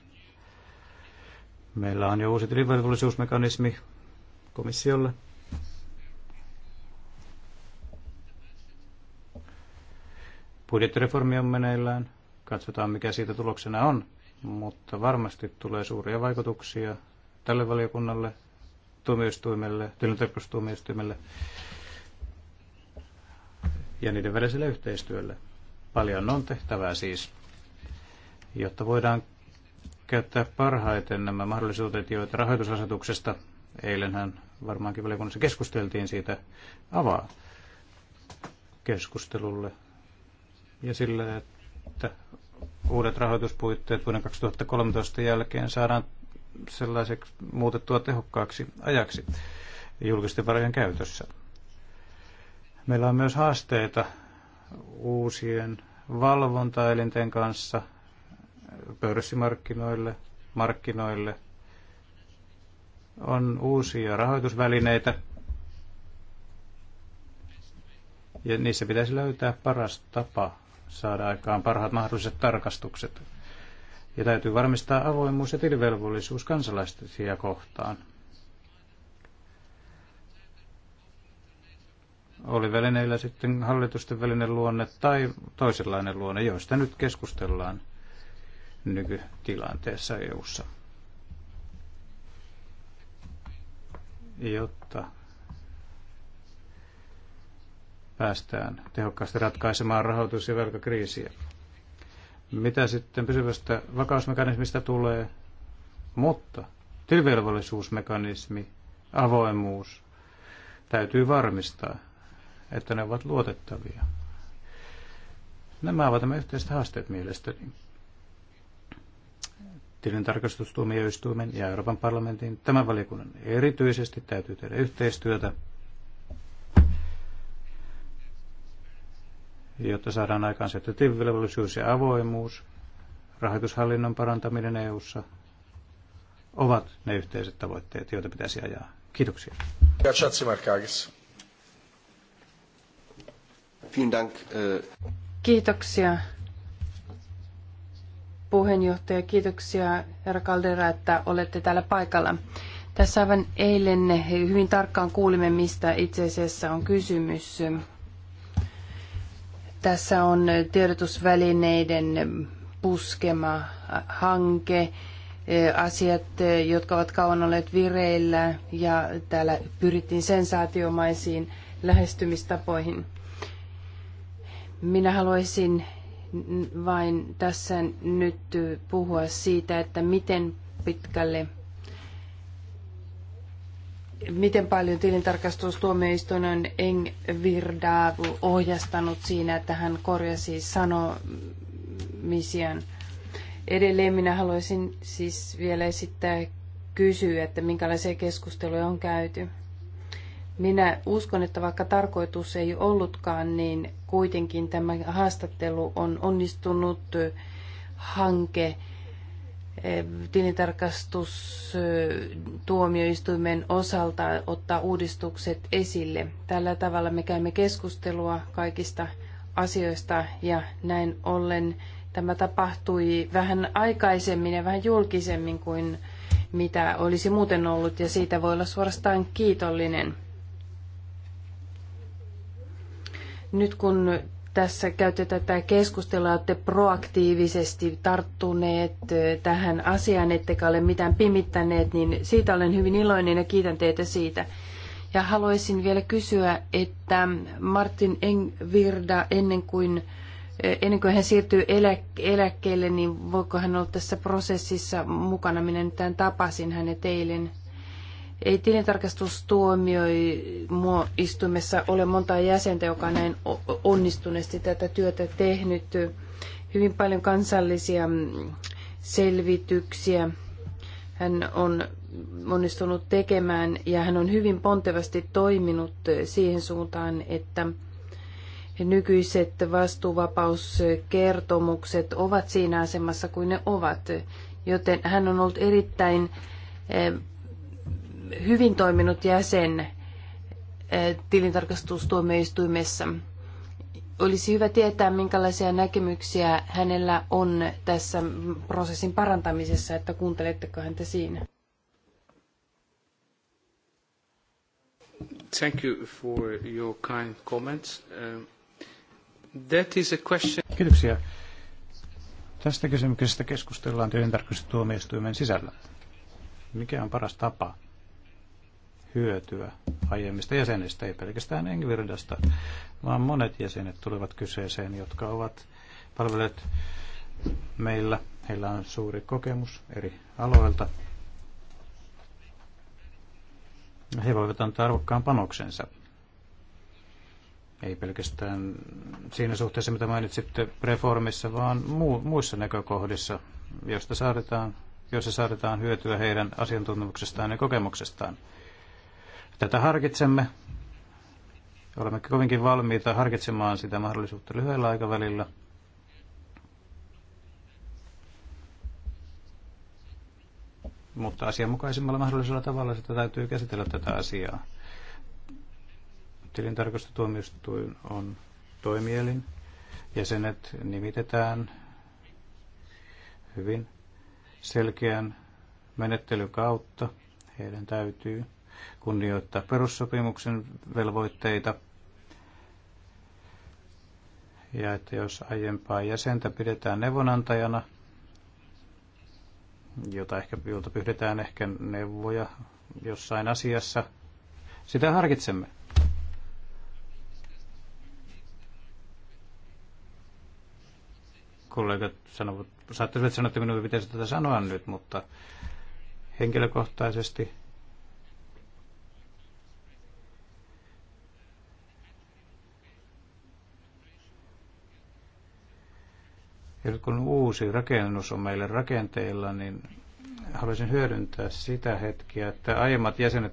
Meillä on jo uusi tilivelvollisuusmekanismi komissiolle. Budjettireformi on meneillään. Katsotaan, mikä siitä tuloksena on. Mutta varmasti tulee suuria vaikutuksia tälle valiokunnalle, tuomioistuimelle, tilintarkastustuomioistuimelle ja niiden väliselle yhteistyölle. Paljon on tehtävää siis, jotta voidaan käyttää parhaiten nämä mahdollisuudet, joita rahoitusasetuksesta, eilenhän varmaankin valiokunnassa keskusteltiin siitä, avaa keskustelulle ja sille, että uudet rahoituspuitteet vuoden 2013 jälkeen saadaan sellaiseksi muutettua tehokkaaksi ajaksi julkisten varojen käytössä. Meillä on myös haasteita uusien valvontaelinten kanssa pörssimarkkinoille, markkinoille. On uusia rahoitusvälineitä, ja niissä pitäisi löytää paras tapa saada aikaan parhaat mahdolliset tarkastukset. Ja täytyy varmistaa avoimuus ja tilivelvollisuus kansalaisia kohtaan. oli välineillä sitten hallitusten välinen luonne tai toisenlainen luonne, joista nyt keskustellaan nykytilanteessa EU-ssa. Jotta päästään tehokkaasti ratkaisemaan rahoitus- ja velkakriisiä. Mitä sitten pysyvästä vakausmekanismista tulee, mutta tilivelvollisuusmekanismi, avoimuus täytyy varmistaa että ne ovat luotettavia. Nämä ovat nämä yhteiset haasteet mielestäni. Tilintarkastustuomioistuimen ja Euroopan parlamentin tämän valiokunnan erityisesti täytyy tehdä yhteistyötä, jotta saadaan aikaan se, että tilivelvollisuus ja avoimuus, rahoitushallinnon parantaminen EU:ssa ovat ne yhteiset tavoitteet, joita pitäisi ajaa. Kiitoksia. Ja Äh, Kiitoksia puheenjohtaja. Kiitoksia herra Caldera, että olette täällä paikalla. Tässä aivan eilen hyvin tarkkaan kuulimme, mistä itse asiassa on kysymys. Tässä on tiedotusvälineiden puskema hanke, asiat, jotka ovat kauan olleet vireillä ja täällä pyrittiin sensaatiomaisiin lähestymistapoihin. Minä haluaisin vain tässä nyt puhua siitä, että miten pitkälle, miten paljon tilintarkastustuomioistuin on Engvirdaa ohjastanut siinä, että hän korjasi sanomisiaan. Edelleen minä haluaisin siis vielä esittää kysyä, että minkälaisia keskusteluja on käyty. Minä uskon, että vaikka tarkoitus ei ollutkaan, niin kuitenkin tämä haastattelu on onnistunut hanke eh, tilintarkastustuomioistuimen osalta ottaa uudistukset esille. Tällä tavalla me käymme keskustelua kaikista asioista ja näin ollen tämä tapahtui vähän aikaisemmin ja vähän julkisemmin kuin mitä olisi muuten ollut ja siitä voi olla suorastaan kiitollinen. Nyt kun tässä käytte tätä keskustelua, olette proaktiivisesti tarttuneet tähän asiaan, ettekä ole mitään pimittäneet, niin siitä olen hyvin iloinen ja kiitän teitä siitä. Ja haluaisin vielä kysyä, että Martin Engvirda ennen kuin, ennen kuin hän siirtyy eläkkeelle, niin voiko hän olla tässä prosessissa mukana? Minä nyt tapasin hänet eilen ei tilintarkastustuomioistuimessa ole montaa jäsentä, joka on näin onnistuneesti tätä työtä tehnyt. Hyvin paljon kansallisia mm, selvityksiä hän on onnistunut tekemään ja hän on hyvin pontevasti toiminut siihen suuntaan, että nykyiset vastuuvapauskertomukset ovat siinä asemassa kuin ne ovat, joten hän on ollut erittäin eh, hyvin toiminut jäsen eh, tilintarkastustuomioistuimessa. Olisi hyvä tietää, minkälaisia näkemyksiä hänellä on tässä prosessin parantamisessa, että kuunteletteko häntä siinä. Thank you for your kind comments. Um, that is a question. Kiitoksia. Tästä kysymyksestä keskustellaan tilintarkastustuomioistuimen sisällä. Mikä on paras tapa hyötyä aiemmista jäsenistä, ei pelkästään Engvirdasta, vaan monet jäsenet tulevat kyseeseen, jotka ovat palvelleet meillä. Heillä on suuri kokemus eri aloilta. He voivat antaa arvokkaan panoksensa. Ei pelkästään siinä suhteessa, mitä mainitsitte reformissa, vaan muu, muissa näkökohdissa, joista saadaan, joissa saadaan hyötyä heidän asiantuntemuksestaan ja kokemuksestaan. Tätä harkitsemme. Olemme kovinkin valmiita harkitsemaan sitä mahdollisuutta lyhyellä aikavälillä. Mutta asianmukaisimmalla mahdollisella tavalla sitä täytyy käsitellä tätä asiaa. Tilintarkastustuomioistuin on toimielin. Jäsenet nimitetään hyvin selkeän menettelyn kautta. Heidän täytyy kunnioittaa perussopimuksen velvoitteita. Ja että jos aiempaa jäsentä pidetään neuvonantajana, jota ehkä, jolta pyydetään ehkä neuvoja jossain asiassa, sitä harkitsemme. kollegat sanovat, saattaisivat sanoa, että minun pitäisi tätä sanoa nyt, mutta henkilökohtaisesti Ja nyt kun uusi rakennus on meille rakenteilla, niin haluaisin hyödyntää sitä hetkiä, että aiemmat jäsenet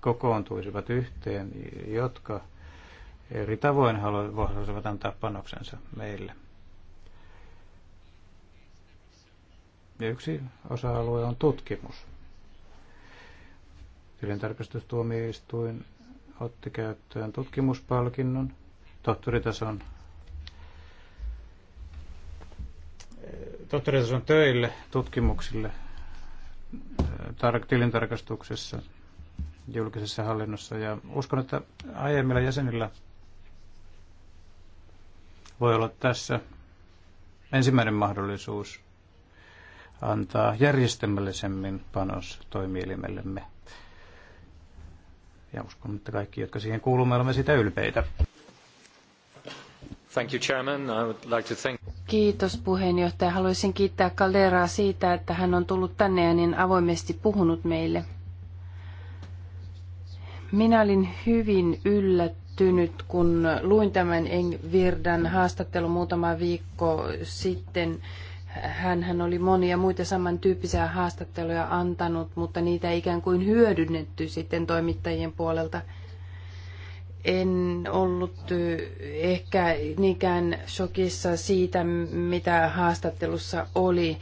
kokoontuisivat yhteen, jotka eri tavoin haluaisivat antaa panoksensa meille. Ja yksi osa-alue on tutkimus. Tilintarkastustuomioistuin otti käyttöön tutkimuspalkinnon tohtoritason tohtoritason töille, tutkimuksille äh, tar- tilintarkastuksessa, julkisessa hallinnossa. Ja uskon, että aiemmilla jäsenillä voi olla tässä ensimmäinen mahdollisuus antaa järjestelmällisemmin panos toimielimellemme. Ja uskon, että kaikki, jotka siihen kuulumme, olemme sitä ylpeitä. Thank you, Chairman. I would like to thank... Kiitos puheenjohtaja. Haluaisin kiittää Calderaa siitä, että hän on tullut tänne ja niin avoimesti puhunut meille. Minä olin hyvin yllättynyt, kun luin tämän Engvirdan haastattelun muutama viikko sitten. Hän, hän oli monia muita samantyyppisiä haastatteluja antanut, mutta niitä ei ikään kuin hyödynnetty sitten toimittajien puolelta en ollut ehkä niinkään shokissa siitä, mitä haastattelussa oli,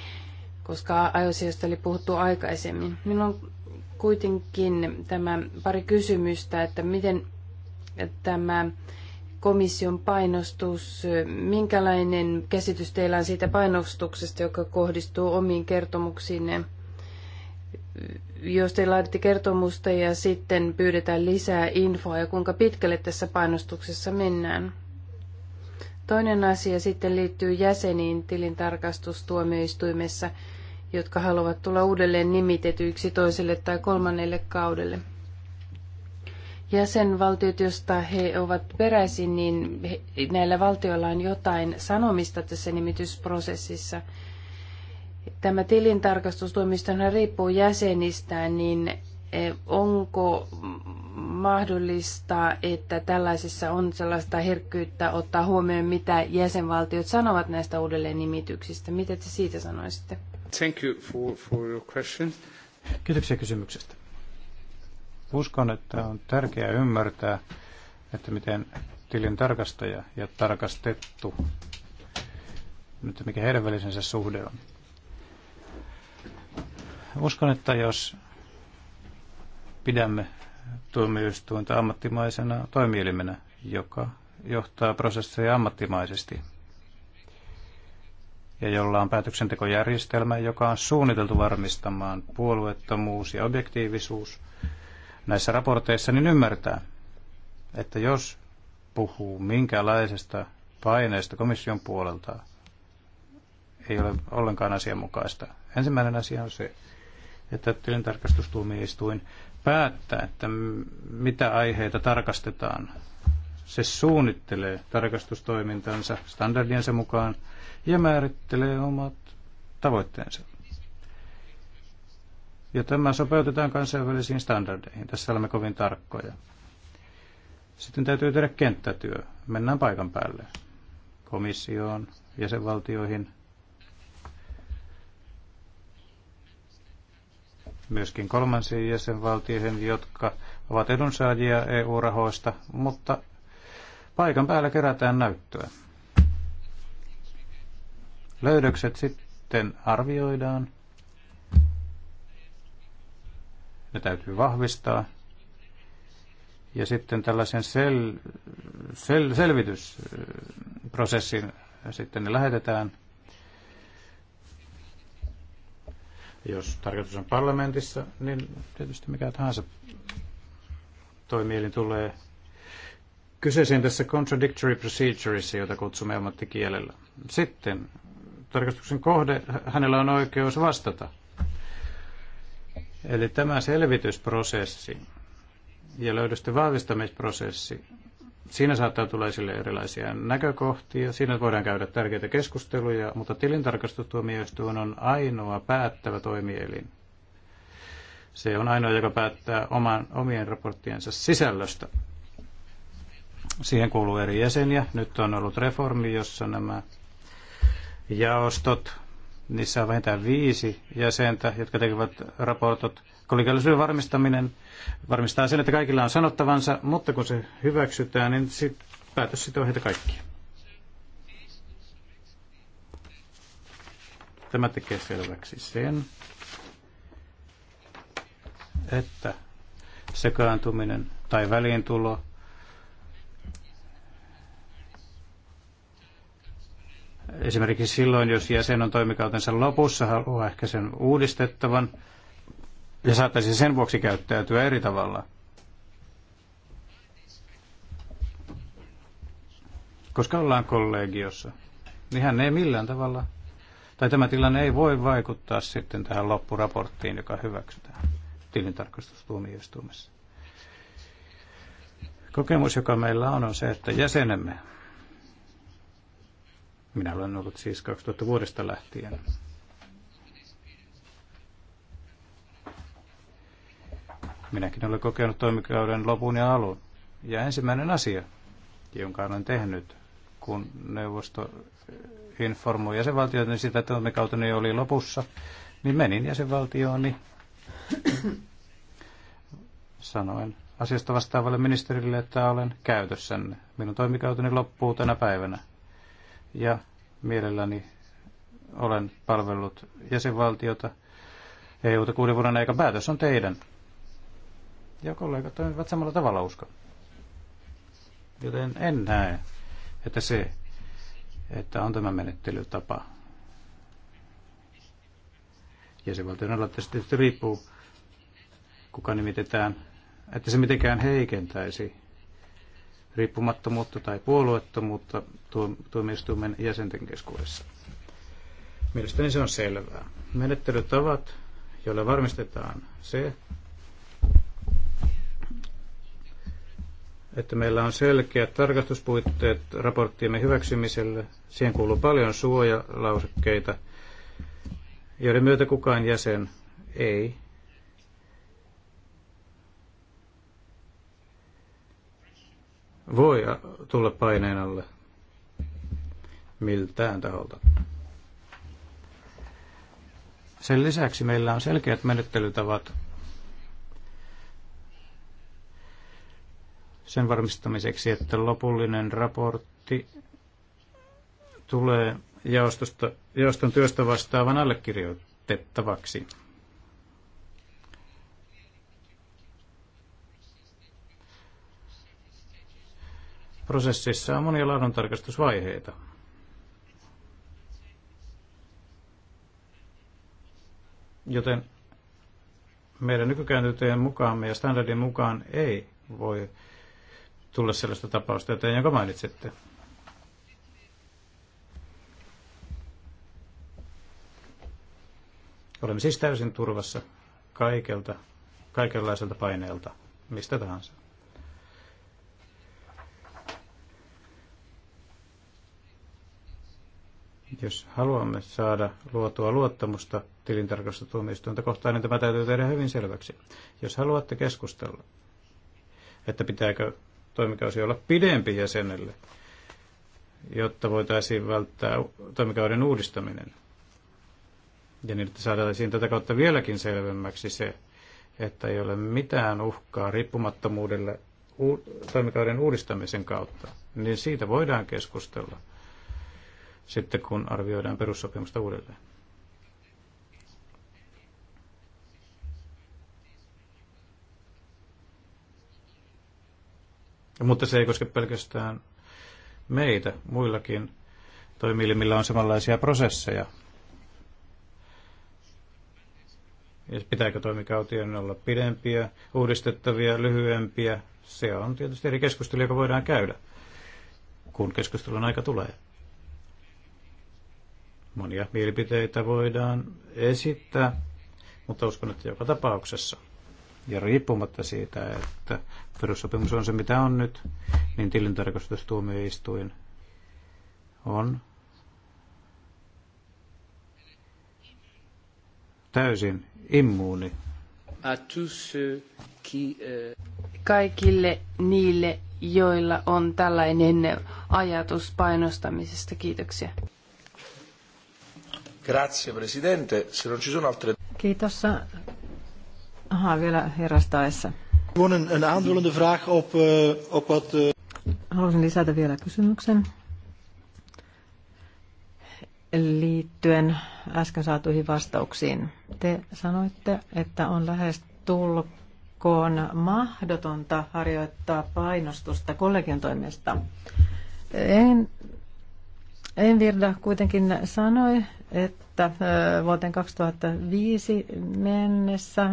koska ajoisijoista oli puhuttu aikaisemmin. Minulla on kuitenkin tämä pari kysymystä, että miten tämä komission painostus, minkälainen käsitys teillä on siitä painostuksesta, joka kohdistuu omiin kertomuksiinne? jos te laaditte kertomusta ja sitten pyydetään lisää infoa ja kuinka pitkälle tässä painostuksessa mennään. Toinen asia sitten liittyy jäseniin tilintarkastustuomioistuimessa, jotka haluavat tulla uudelleen nimitetyiksi toiselle tai kolmannelle kaudelle. Jäsenvaltiot, joista he ovat peräisin, niin näillä valtioilla on jotain sanomista tässä nimitysprosessissa – tämä tilintarkastustuomioistuin riippuu jäsenistään, niin e, onko mahdollista, että tällaisessa on sellaista herkkyyttä ottaa huomioon, mitä jäsenvaltiot sanovat näistä uudelleen nimityksistä? Mitä te siitä sanoisitte? Thank you for, for your question. Kiitoksia kysymyksestä. Uskon, että on tärkeää ymmärtää, että miten tilin tarkastaja ja tarkastettu, että mikä heidän välisensä suhde on Uskon, että jos pidämme tuomioistuinta ammattimaisena toimielimenä, joka johtaa prosesseja ammattimaisesti ja jolla on päätöksentekojärjestelmä, joka on suunniteltu varmistamaan puolueettomuus ja objektiivisuus näissä raporteissa, niin ymmärtää, että jos puhuu minkälaisesta paineesta komission puolelta, ei ole ollenkaan asianmukaista. Ensimmäinen asia on se, että tilintarkastustuomioistuin päättää, että mitä aiheita tarkastetaan. Se suunnittelee tarkastustoimintansa standardiensa mukaan ja määrittelee omat tavoitteensa. Ja tämä sopeutetaan kansainvälisiin standardeihin. Tässä olemme kovin tarkkoja. Sitten täytyy tehdä kenttätyö. Mennään paikan päälle. Komissioon, jäsenvaltioihin, myöskin kolmansiin jäsenvaltioihin, jotka ovat edunsaajia EU-rahoista, mutta paikan päällä kerätään näyttöä. Löydökset sitten arvioidaan. Ne täytyy vahvistaa. Ja sitten tällaisen sel, sel, selvitysprosessin sitten ne lähetetään – Jos tarkoitus on parlamentissa, niin tietysti mikä tahansa toimielin tulee kyseeseen tässä contradictory procedureissa, jota kutsumme ammattikielellä. Sitten tarkastuksen kohde, hänellä on oikeus vastata. Eli tämä selvitysprosessi ja löydösten vahvistamisprosessi Siinä saattaa tulla esille erilaisia näkökohtia, siinä voidaan käydä tärkeitä keskusteluja, mutta tilintarkastustuomioistuin on ainoa päättävä toimielin. Se on ainoa, joka päättää oman, omien raporttiensa sisällöstä. Siihen kuuluu eri jäseniä. Nyt on ollut reformi, jossa nämä jaostot, niissä on vähintään viisi jäsentä, jotka tekevät raportot. Kollegiallisuuden varmistaminen – varmistaa sen, että kaikilla on sanottavansa, mutta kun se hyväksytään, niin sit päätös on heitä kaikkia. Tämä tekee selväksi sen, että sekaantuminen tai väliintulo Esimerkiksi silloin, jos jäsen on toimikautensa lopussa, haluaa ehkä sen uudistettavan, ja saattaisi sen vuoksi käyttäytyä eri tavalla. Koska ollaan kollegiossa, niin hän ei millään tavalla, tai tämä tilanne ei voi vaikuttaa sitten tähän loppuraporttiin, joka hyväksytään tilintarkastustuomioistuimessa. Kokemus, joka meillä on, on se, että jäsenemme, minä olen ollut siis 2000 vuodesta lähtien Minäkin olen kokenut toimikauden lopun ja alun. Ja ensimmäinen asia, jonka olen tehnyt, kun neuvosto informoi jäsenvaltioita niin sitä, että toimikauteni oli lopussa, niin menin jäsenvaltiooni sanoen asiasta vastaavalle ministerille, että olen käytössänne. Minun toimikauteni loppuu tänä päivänä. Ja mielelläni olen palvellut jäsenvaltiota EU-ta kuuden vuoden aika. Päätös on teidän ja kollegat toimivat samalla tavalla usko. Joten en näe, että se, että on tämä menettelytapa. Jäsenvaltion aloitteesta tietysti riippuu, kuka nimitetään, että se mitenkään heikentäisi riippumattomuutta tai puolueettomuutta tuomioistuimen jäsenten keskuudessa. Mielestäni se on selvää. Menettelytavat, joilla varmistetaan se, että meillä on selkeät tarkastuspuitteet raporttiimme hyväksymiselle. Siihen kuuluu paljon suojalausekkeita, joiden myötä kukaan jäsen ei voi tulla paineen alle miltään taholta. Sen lisäksi meillä on selkeät menettelytavat sen varmistamiseksi, että lopullinen raportti tulee jaostosta, jaoston työstä vastaavan allekirjoitettavaksi. Prosessissa on monia laaduntarkastusvaiheita. Joten meidän nykykäytäntöjen mukaan ja standardin mukaan ei voi tulla sellaista tapausta eteen, jonka mainitsette. Olemme siis täysin turvassa kaikelta, kaikenlaiselta paineelta, mistä tahansa. Jos haluamme saada luotua luottamusta tilintarkastustuomioistuinta kohtaan, niin tämä täytyy tehdä hyvin selväksi. Jos haluatte keskustella, että pitääkö toimikausi olla pidempi jäsenelle, jotta voitaisiin välttää toimikauden uudistaminen. Ja niin, että saataisiin tätä kautta vieläkin selvemmäksi se, että ei ole mitään uhkaa riippumattomuudelle u- toimikauden uudistamisen kautta, niin siitä voidaan keskustella sitten, kun arvioidaan perussopimusta uudelleen. Mutta se ei koske pelkästään meitä. Muillakin toimielimillä on samanlaisia prosesseja. Ja pitääkö toimikautien olla pidempiä, uudistettavia, lyhyempiä? Se on tietysti eri keskustelu, joka voidaan käydä, kun keskustelun aika tulee. Monia mielipiteitä voidaan esittää, mutta uskon, että joka tapauksessa – ja riippumatta siitä, että perussopimus on se mitä on nyt, niin tilintarkastustuomioistuin on täysin immuuni. Euh, Kaikille niille, joilla on tällainen ajatus painostamisesta. Kiitoksia. Grazie, Presidente. Se non ci sono altre... Kiitos. Aha, vielä Een aanvullende vraag op, eh, op wat... Eh, Haluaisin lisätä vielä kysymyksen liittyen äsken saatuihin vastauksiin. Te sanoitte, että on lähes tulkoon mahdotonta harjoittaa painostusta kollegion toimesta. En, en Virda kuitenkin sanoi, että eh, vuoteen 2005 mennessä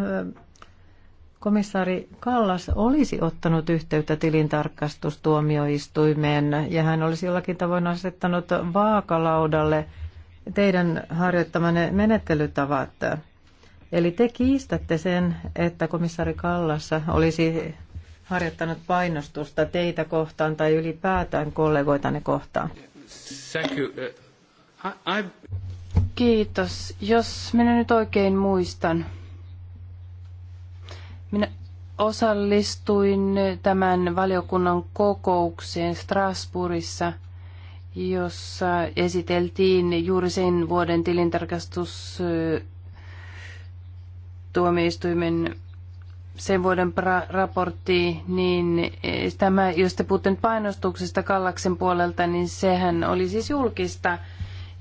komissaari Kallas olisi ottanut yhteyttä tilintarkastustuomioistuimeen ja hän olisi jollakin tavoin asettanut vaakalaudalle teidän harjoittamanne menettelytavat. Eli te kiistätte sen, että komissaari Kallas olisi harjoittanut painostusta teitä kohtaan tai ylipäätään kollegoitanne kohtaan. Thank you. Uh, Kiitos. Jos minä nyt oikein muistan, minä osallistuin tämän valiokunnan kokoukseen Strasbourgissa, jossa esiteltiin juuri sen vuoden tilintarkastus tuomioistuimen sen vuoden raportti, niin e, tämä, jos te puhutte painostuksesta Kallaksen puolelta, niin sehän oli siis julkista.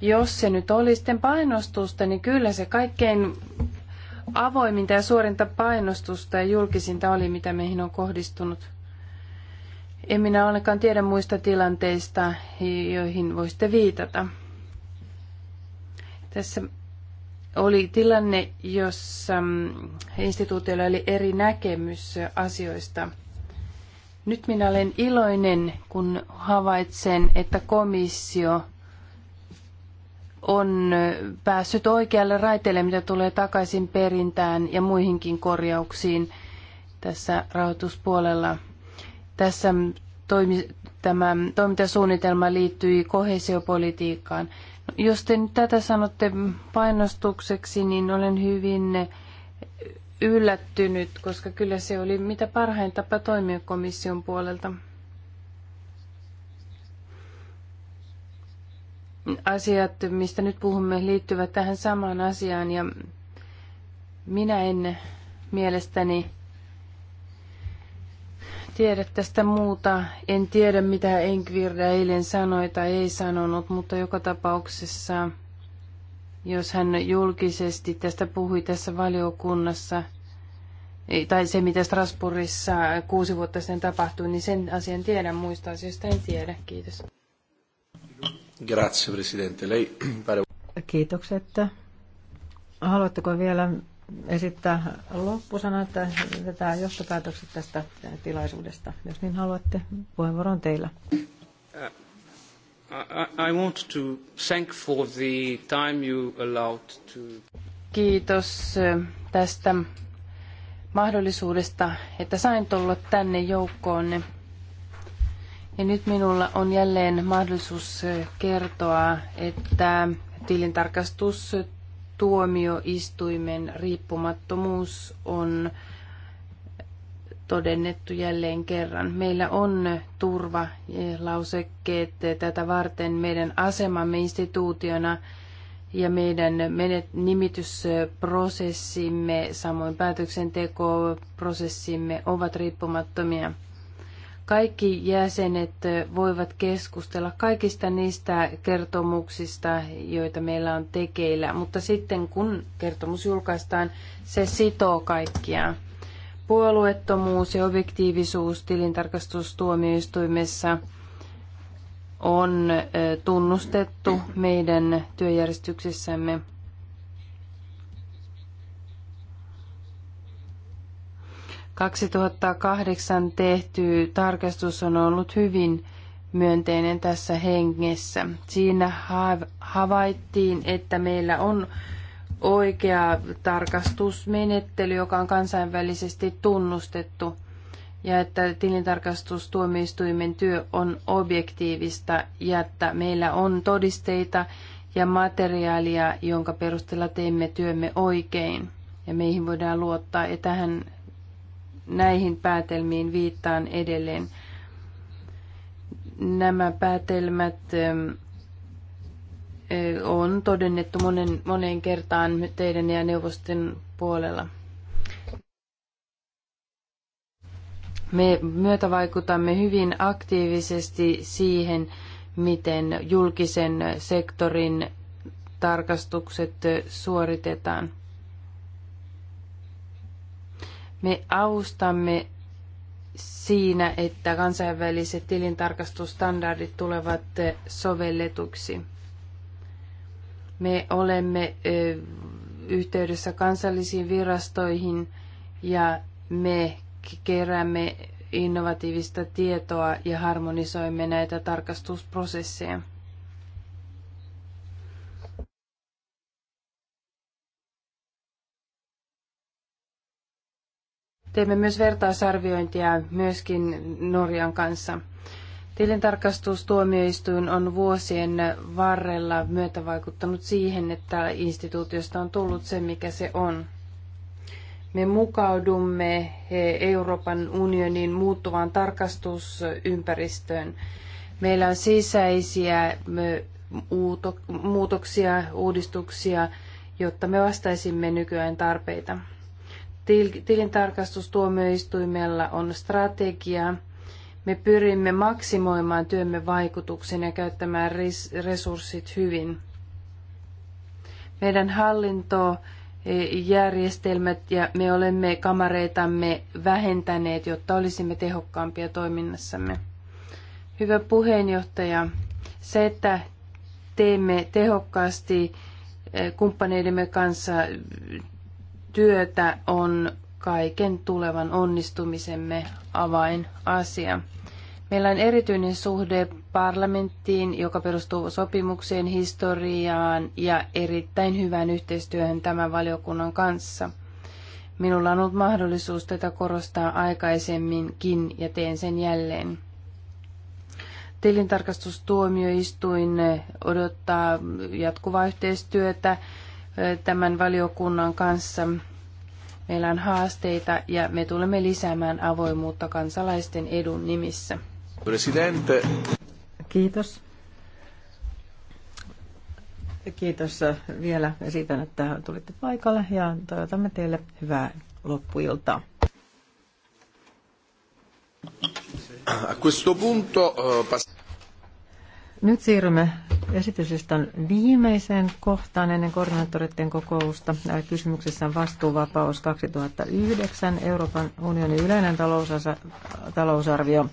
Jos se nyt oli sitten painostusta, niin kyllä se kaikkein avoiminta ja suorinta painostusta ja julkisinta oli, mitä meihin on kohdistunut. En minä ollenkaan tiedä muista tilanteista, joihin voisitte viitata. Tässä oli tilanne, jossa mm, instituutioilla oli eri näkemys asioista. Nyt minä olen iloinen, kun havaitsen, että komissio – on päässyt oikealle raiteelle, mitä tulee takaisin perintään ja muihinkin korjauksiin tässä rahoituspuolella. Tässä toimi, tämä toimintasuunnitelma liittyi kohesiopolitiikkaan. No, jos te nyt tätä sanotte painostukseksi, niin olen hyvin yllättynyt, koska kyllä se oli mitä parhain tapa toimia komission puolelta. asiat, mistä nyt puhumme, liittyvät tähän samaan asiaan ja minä en mielestäni tiedä tästä muuta. En tiedä, mitä Enkvirda eilen sanoi tai ei sanonut, mutta joka tapauksessa, jos hän julkisesti tästä puhui tässä valiokunnassa, tai se, mitä Strasbourgissa kuusi vuotta sitten tapahtui, niin sen asian tiedän muista asioista en tiedä. Kiitos. Grazie, presidente. Lei pare... Kiitokset. Haluatteko vielä esittää loppusanat tätä johtopäätökset tästä tilaisuudesta, jos niin haluatte. Puheenvuoro on teillä. Uh, I want to thank for the time you allowed to... Kiitos uh, tästä mahdollisuudesta, että sain tulla tänne joukkoonne. Ja nyt minulla on jälleen mahdollisuus kertoa, että tilintarkastustuomioistuimen riippumattomuus on todennettu jälleen kerran. Meillä on turva lausekkeet tätä varten meidän asemamme instituutiona ja meidän nimitysprosessimme, samoin päätöksentekoprosessimme ovat riippumattomia kaikki jäsenet voivat keskustella kaikista niistä kertomuksista, joita meillä on tekeillä, mutta sitten kun kertomus julkaistaan, se sitoo kaikkia. Puolueettomuus ja objektiivisuus tilintarkastustuomioistuimessa on tunnustettu meidän työjärjestyksessämme. 2008 tehty tarkastus on ollut hyvin myönteinen tässä hengessä. Siinä havaittiin, että meillä on oikea tarkastusmenettely, joka on kansainvälisesti tunnustettu, ja että tilintarkastustuomioistuimen työ on objektiivista ja että meillä on todisteita ja materiaalia, jonka perusteella teemme työmme oikein ja meihin voidaan luottaa. Ja tähän näihin päätelmiin viittaan edelleen. Nämä päätelmät ähm, äh, on todennettu monen, moneen kertaan teidän ja neuvosten puolella. Me myötävaikutamme hyvin aktiivisesti siihen, miten julkisen sektorin tarkastukset suoritetaan. Me avustamme siinä, että kansainväliset tilintarkastustandardit tulevat eh, sovelletuksi. Me olemme eh, yhteydessä kansallisiin virastoihin ja me keräämme innovatiivista tietoa ja harmonisoimme näitä tarkastusprosesseja. Teemme myös vertaisarviointia myöskin Norjan kanssa. Tilintarkastustuomioistuin on vuosien varrella myötävaikuttanut siihen, että instituutiosta on tullut se, mikä se on. Me mukaudumme Euroopan unionin muuttuvaan tarkastusympäristöön. Meillä on sisäisiä muutoksia, uudistuksia, jotta me vastaisimme nykyään tarpeita til, tilintarkastustuomioistuimella on strategia. Me pyrimme maksimoimaan työmme vaikutuksen ja käyttämään res, resurssit hyvin. Meidän hallintojärjestelmät ja me olemme kamareitamme vähentäneet, jotta olisimme tehokkaampia toiminnassamme. Hyvä puheenjohtaja, se, että teemme tehokkaasti eh, kumppaneidemme kanssa työtä on kaiken tulevan onnistumisemme avainasia. Meillä on erityinen suhde parlamenttiin, joka perustuu sopimukseen, historiaan ja erittäin hyvään yhteistyöhön tämän valiokunnan kanssa. Minulla on ollut mahdollisuus tätä korostaa aikaisemminkin ja teen sen jälleen. Tilintarkastustuomioistuin odottaa jatkuvaa yhteistyötä tämän valiokunnan kanssa. Meillä on haasteita ja me tulemme lisäämään avoimuutta kansalaisten edun nimissä. Presidente. Kiitos. Kiitos vielä siitä, että tulitte paikalle ja toivotamme teille hyvää loppuiltaa. A questo punto, uh, nyt siirrymme esityslistan viimeiseen kohtaan ennen koordinaattoreiden kokousta. Kysymyksessä on vastuuvapaus 2009, Euroopan unionin yleinen talousarvio,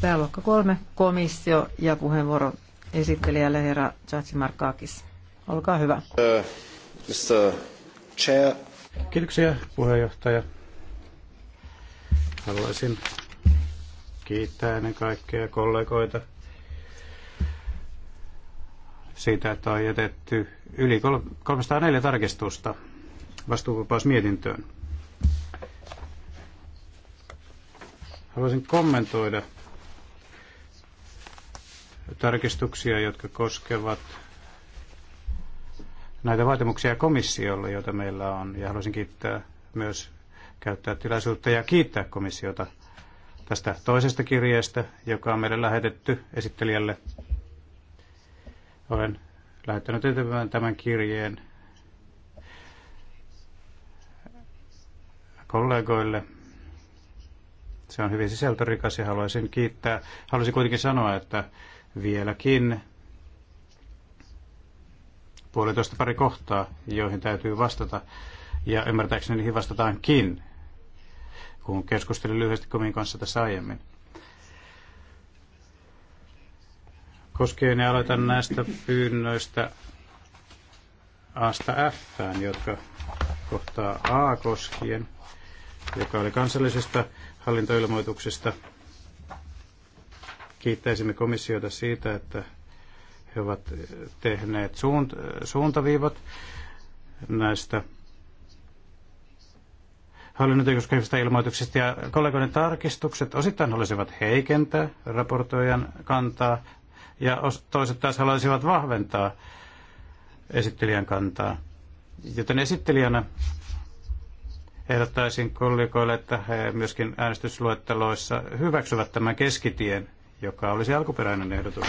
pääluokka 3, komissio ja puheenvuoro esittelijälle herra Markakis. Olkaa hyvä. Uh, Mr. Chair. Kiitoksia puheenjohtaja. Haluaisin kiittää ennen kaikkea kollegoita siitä, että on jätetty yli 304 tarkistusta vastuuvapausmietintöön. Haluaisin kommentoida tarkistuksia, jotka koskevat näitä vaatimuksia komissiolle, joita meillä on. Ja haluaisin kiittää myös käyttää tilaisuutta ja kiittää komissiota tästä toisesta kirjeestä, joka on meille lähetetty esittelijälle olen lähettänyt eteenpäin tämän kirjeen kollegoille. Se on hyvin sisältörikas ja haluaisin kiittää. Haluaisin kuitenkin sanoa, että vieläkin puolitoista pari kohtaa, joihin täytyy vastata. Ja ymmärtääkseni niihin vastataankin, kun keskustelin lyhyesti kumin kanssa tässä aiemmin. koskien niin ja aloitan näistä pyynnöistä Asta F, jotka kohtaa A koskien, joka oli kansallisesta hallintoilmoituksesta. Kiittäisimme komissiota siitä, että he ovat tehneet suunt- suuntaviivat näistä hallinnointikoskevista ilmoituksista ja kollegoiden tarkistukset osittain olisivat heikentää raportoijan kantaa ja toiset taas haluaisivat vahventaa esittelijän kantaa. Joten esittelijänä ehdottaisin kollegoille, että he myöskin äänestysluetteloissa hyväksyvät tämän keskitien, joka olisi alkuperäinen ehdotus.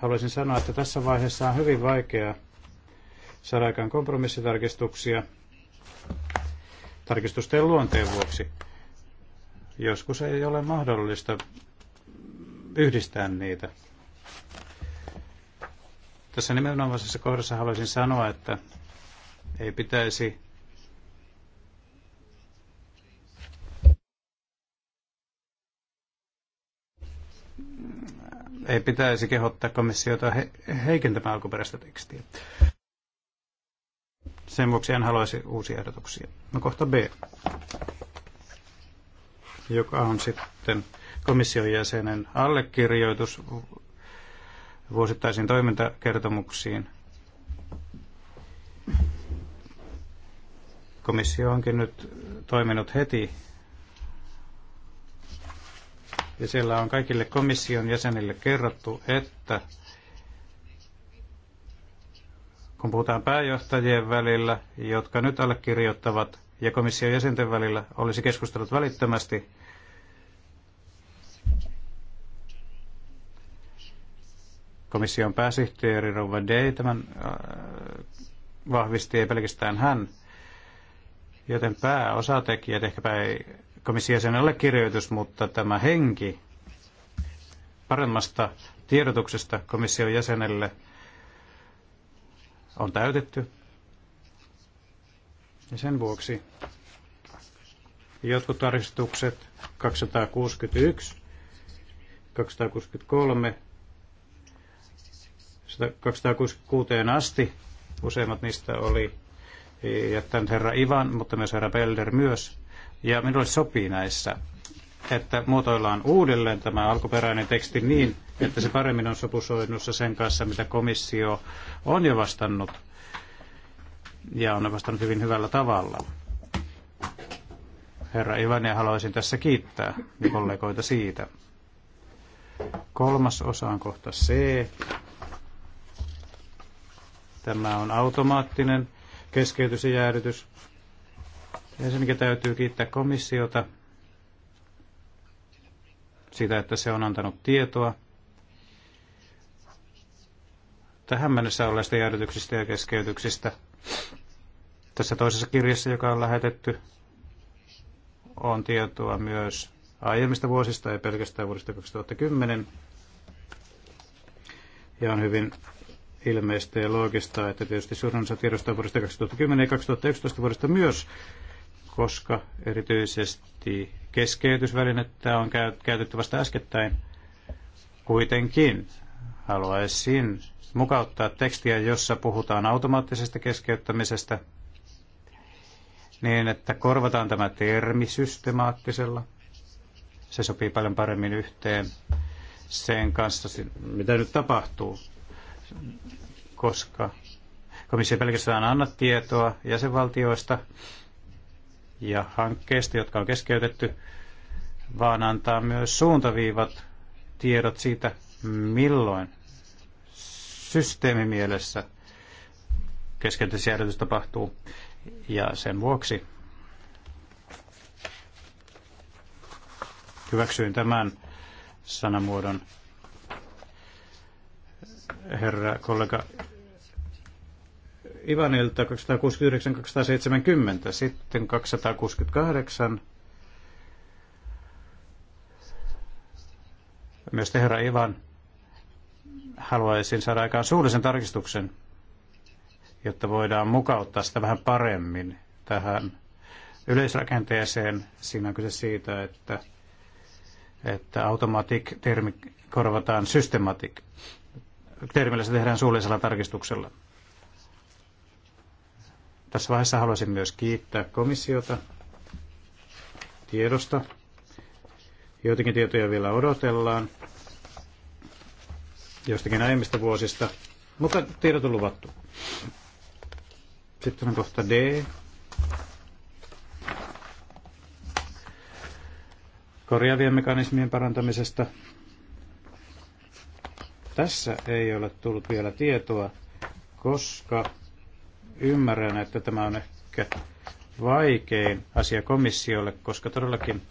Haluaisin sanoa, että tässä vaiheessa on hyvin vaikea saada aikaan kompromissitarkistuksia tarkistusten luonteen vuoksi. Joskus ei ole mahdollista yhdistää niitä. Tässä nimenomaisessa kohdassa haluaisin sanoa, että ei pitäisi ei pitäisi kehottaa komissiota he, heikentämään alkuperäistä tekstiä. Sen vuoksi en haluaisi uusia ehdotuksia. No kohta B, joka on sitten komission jäsenen allekirjoitus vuosittaisiin toimintakertomuksiin. Komissio onkin nyt toiminut heti ja siellä on kaikille komission jäsenille kerrottu, että kun puhutaan pääjohtajien välillä, jotka nyt allekirjoittavat, ja komission jäsenten välillä olisi keskustelut välittömästi, Komission pääsihteeri Rova Day tämän äh, vahvisti, ei pelkästään hän. Joten pääosatekijät, ehkäpä ei komission sen allekirjoitus, mutta tämä henki paremmasta tiedotuksesta komission jäsenelle on täytetty. Ja sen vuoksi jotkut tarkistukset 261, 263, 266 asti. Useimmat niistä oli jättänyt herra Ivan, mutta myös herra Belder myös. Ja minulle sopii näissä, että muotoillaan uudelleen tämä alkuperäinen teksti niin, että se paremmin on sopusoinnussa sen kanssa, mitä komissio on jo vastannut ja on vastannut hyvin hyvällä tavalla. Herra Ivania haluaisin tässä kiittää kollegoita siitä. Kolmas osa on kohta C. Tämä on automaattinen keskeytys ja jäädytys. Ensinnäkin täytyy kiittää komissiota siitä, että se on antanut tietoa tähän mennessä olleista jäädytyksistä ja keskeytyksistä. Tässä toisessa kirjassa, joka on lähetetty, on tietoa myös aiemmista vuosista, ei pelkästään vuodesta 2010. Ja on hyvin ilmeistä ja loogista, että tietysti suurin osa tiedosta vuodesta 2010 ja 2011 vuodesta myös, koska erityisesti keskeytysvälinettä on käytetty vasta äskettäin. Kuitenkin haluaisin mukauttaa tekstiä, jossa puhutaan automaattisesta keskeyttämisestä, niin että korvataan tämä termi systemaattisella. Se sopii paljon paremmin yhteen sen kanssa, mitä nyt tapahtuu koska komissio pelkästään anna tietoa jäsenvaltioista ja hankkeista, jotka on keskeytetty, vaan antaa myös suuntaviivat tiedot siitä, milloin systeemimielessä keskeytysjärjestys tapahtuu. Ja sen vuoksi hyväksyin tämän sanamuodon herra kollega Ivanilta 269-270, sitten 268. Myös te, herra Ivan, haluaisin saada aikaan suullisen tarkistuksen, jotta voidaan mukauttaa sitä vähän paremmin tähän yleisrakenteeseen. Siinä on kyse siitä, että, että automatic-termi korvataan systematic termillä se tehdään suullisella tarkistuksella. Tässä vaiheessa haluaisin myös kiittää komissiota tiedosta. Joitakin tietoja vielä odotellaan jostakin aiemmista vuosista, mutta tiedot on luvattu. Sitten on kohta D. Korjaavien mekanismien parantamisesta tässä ei ole tullut vielä tietoa, koska ymmärrän, että tämä on ehkä vaikein asia komissiolle, koska todellakin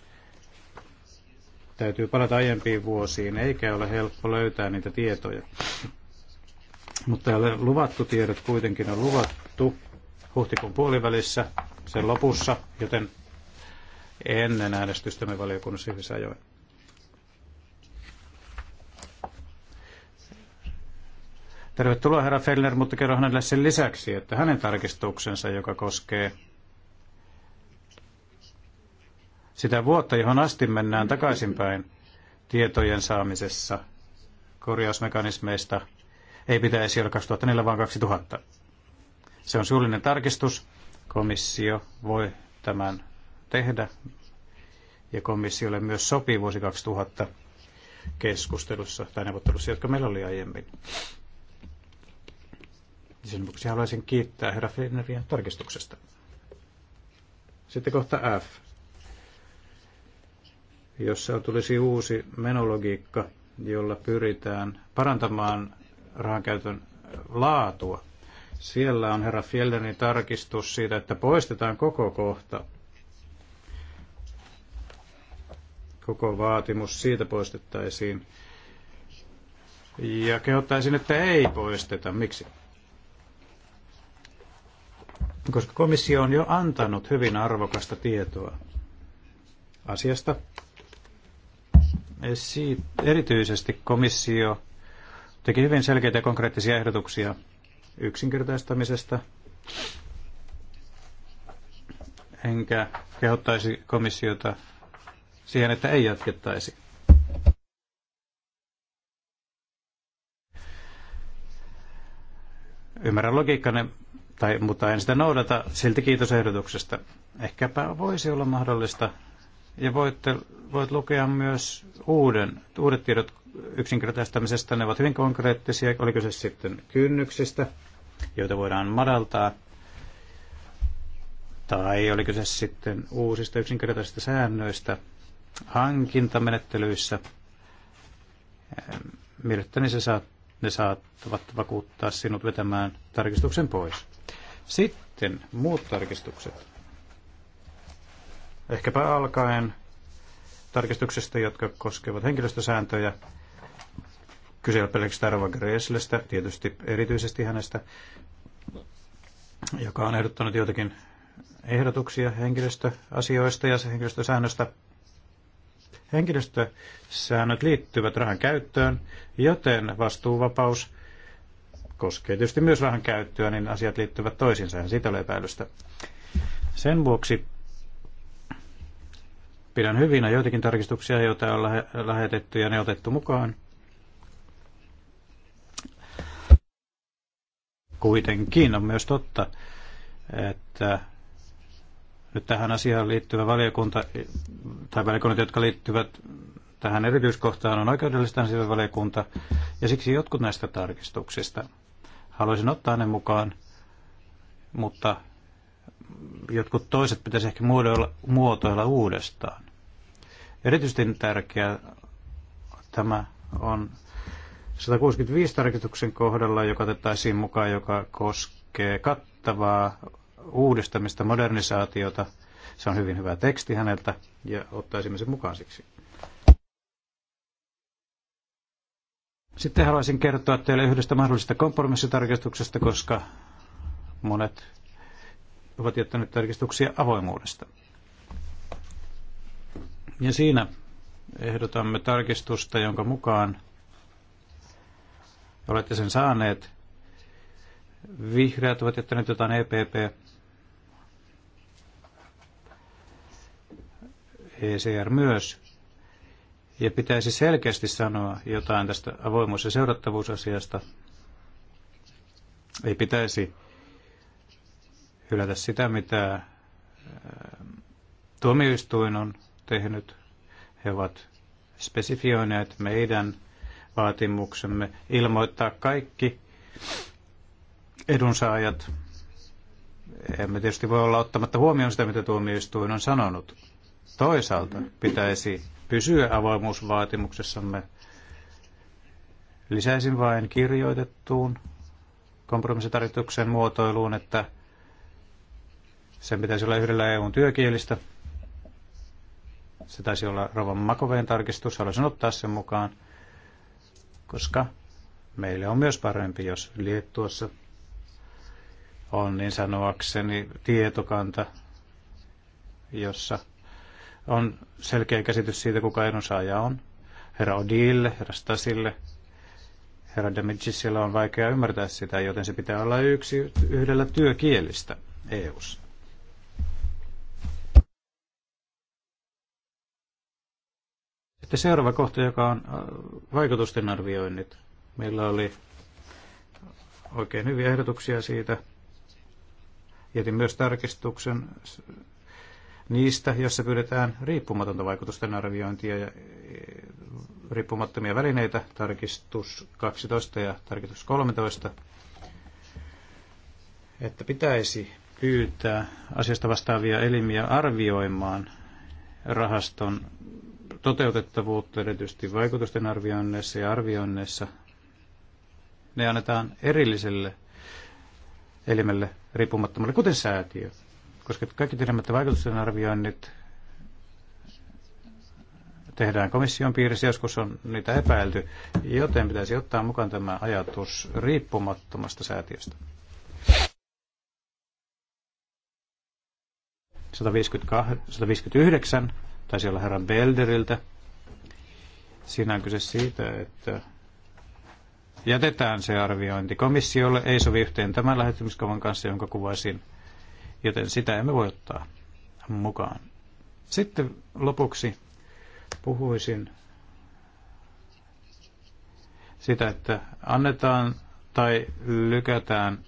täytyy palata aiempiin vuosiin, eikä ole helppo löytää niitä tietoja. Mutta luvattu tiedot kuitenkin on luvattu huhtikuun puolivälissä, sen lopussa, joten ennen äänestystämme valiokunnassa hyvissä ajoin. Tervetuloa herra Fellner, mutta kerro hänelle sen lisäksi, että hänen tarkistuksensa, joka koskee sitä vuotta, johon asti mennään takaisinpäin tietojen saamisessa korjausmekanismeista, ei pitäisi olla 2004 vaan 2000. Se on suullinen tarkistus. Komissio voi tämän tehdä ja komissiolle myös sopii vuosi 2000 keskustelussa tai neuvottelussa, jotka meillä oli aiemmin. Sen vuoksi haluaisin kiittää herra Fenneria tarkistuksesta. Sitten kohta F, jossa tulisi uusi menologiikka, jolla pyritään parantamaan rahankäytön laatua. Siellä on herra Fjellnerin tarkistus siitä, että poistetaan koko kohta. Koko vaatimus siitä poistettaisiin. Ja kehottaisin, että ei poisteta. Miksi? koska komissio on jo antanut hyvin arvokasta tietoa asiasta. Erityisesti komissio teki hyvin selkeitä ja konkreettisia ehdotuksia yksinkertaistamisesta. Enkä kehottaisi komissiota siihen, että ei jatkettaisi. Ymmärrän logiikkanne, tai, mutta en sitä noudata. Silti kiitos ehdotuksesta. Ehkäpä voisi olla mahdollista. Ja voitte, voit lukea myös uuden, uudet tiedot yksinkertaistamisesta. Ne ovat hyvin konkreettisia. Oliko se sitten kynnyksistä, joita voidaan madaltaa, tai oliko se sitten uusista yksinkertaisista säännöistä hankintamenettelyissä. Mielestäni se saa, ne saattavat vakuuttaa sinut vetämään tarkistuksen pois. Sitten muut tarkistukset. Ehkäpä alkaen tarkistuksista, jotka koskevat henkilöstösääntöjä. Kyse on pelkästään Greslestä, tietysti erityisesti hänestä, joka on ehdottanut joitakin ehdotuksia henkilöstöasioista ja henkilöstösäännöstä. Henkilöstösäännöt liittyvät rahan käyttöön, joten vastuuvapaus koskee tietysti myös rahan käyttöä, niin asiat liittyvät toisiinsa, ja siitä ole epäilystä. Sen vuoksi pidän hyvinä joitakin tarkistuksia, joita on lähetetty ja ne otettu mukaan. Kuitenkin on myös totta, että nyt tähän asiaan liittyvä valiokunta tai valiokunnat, jotka liittyvät tähän erityiskohtaan, on oikeudellista valiokunta ja siksi jotkut näistä tarkistuksista Haluaisin ottaa ne mukaan, mutta jotkut toiset pitäisi ehkä muodoilla, muotoilla uudestaan. Erityisesti tärkeää tämä on 165 tarkistuksen kohdalla, joka otettaisiin mukaan, joka koskee kattavaa uudistamista, modernisaatiota. Se on hyvin hyvä teksti häneltä ja ottaisimme sen mukaan siksi. Sitten haluaisin kertoa teille yhdestä mahdollisesta kompromissitarkistuksesta, koska monet ovat jättäneet tarkistuksia avoimuudesta. Ja siinä ehdotamme tarkistusta, jonka mukaan olette sen saaneet. Vihreät ovat jättäneet jotain EPP. ECR myös. Ja pitäisi selkeästi sanoa jotain tästä avoimuus- ja seurattavuusasiasta. Ei pitäisi hylätä sitä, mitä tuomioistuin on tehnyt. He ovat spesifioineet meidän vaatimuksemme ilmoittaa kaikki edunsaajat. Emme tietysti voi olla ottamatta huomioon sitä, mitä tuomioistuin on sanonut. Toisaalta pitäisi pysyä avoimuusvaatimuksessamme. Lisäisin vain kirjoitettuun kompromissitarjoituksen muotoiluun, että sen pitäisi olla yhdellä EUn työkielistä. Se taisi olla Rovan Makoveen tarkistus, haluaisin ottaa sen mukaan, koska meille on myös parempi, jos Liettuossa on niin sanoakseni tietokanta, jossa on selkeä käsitys siitä, kuka edunsaaja on. Herra Odille, herra Stasille, herra Demigisillä on vaikea ymmärtää sitä, joten se pitää olla yksi yhdellä työkielistä EU:ssa. Sitten seuraava kohta, joka on äh, vaikutusten arvioinnit. Meillä oli oikein hyviä ehdotuksia siitä. Jätin myös tarkistuksen niistä, joissa pyydetään riippumatonta vaikutusten arviointia ja eh, riippumattomia välineitä, tarkistus 12 ja tarkistus 13, että pitäisi pyytää asiasta vastaavia elimiä arvioimaan rahaston toteutettavuutta erityisesti vaikutusten arvioinneissa ja arvioinneissa. Ne annetaan erilliselle elimelle riippumattomalle, kuten säätiö koska kaikki tiedämme, että vaikutusten arvioinnit tehdään komission piirissä, joskus on niitä epäilty, joten pitäisi ottaa mukaan tämä ajatus riippumattomasta säätiöstä. 159 taisi olla herran Belderiltä. Siinä on kyse siitä, että jätetään se arviointi komissiolle, ei sovi yhteen tämän lähettämiskavan kanssa, jonka kuvasin joten sitä emme voi ottaa mukaan. Sitten lopuksi puhuisin sitä, että annetaan tai lykätään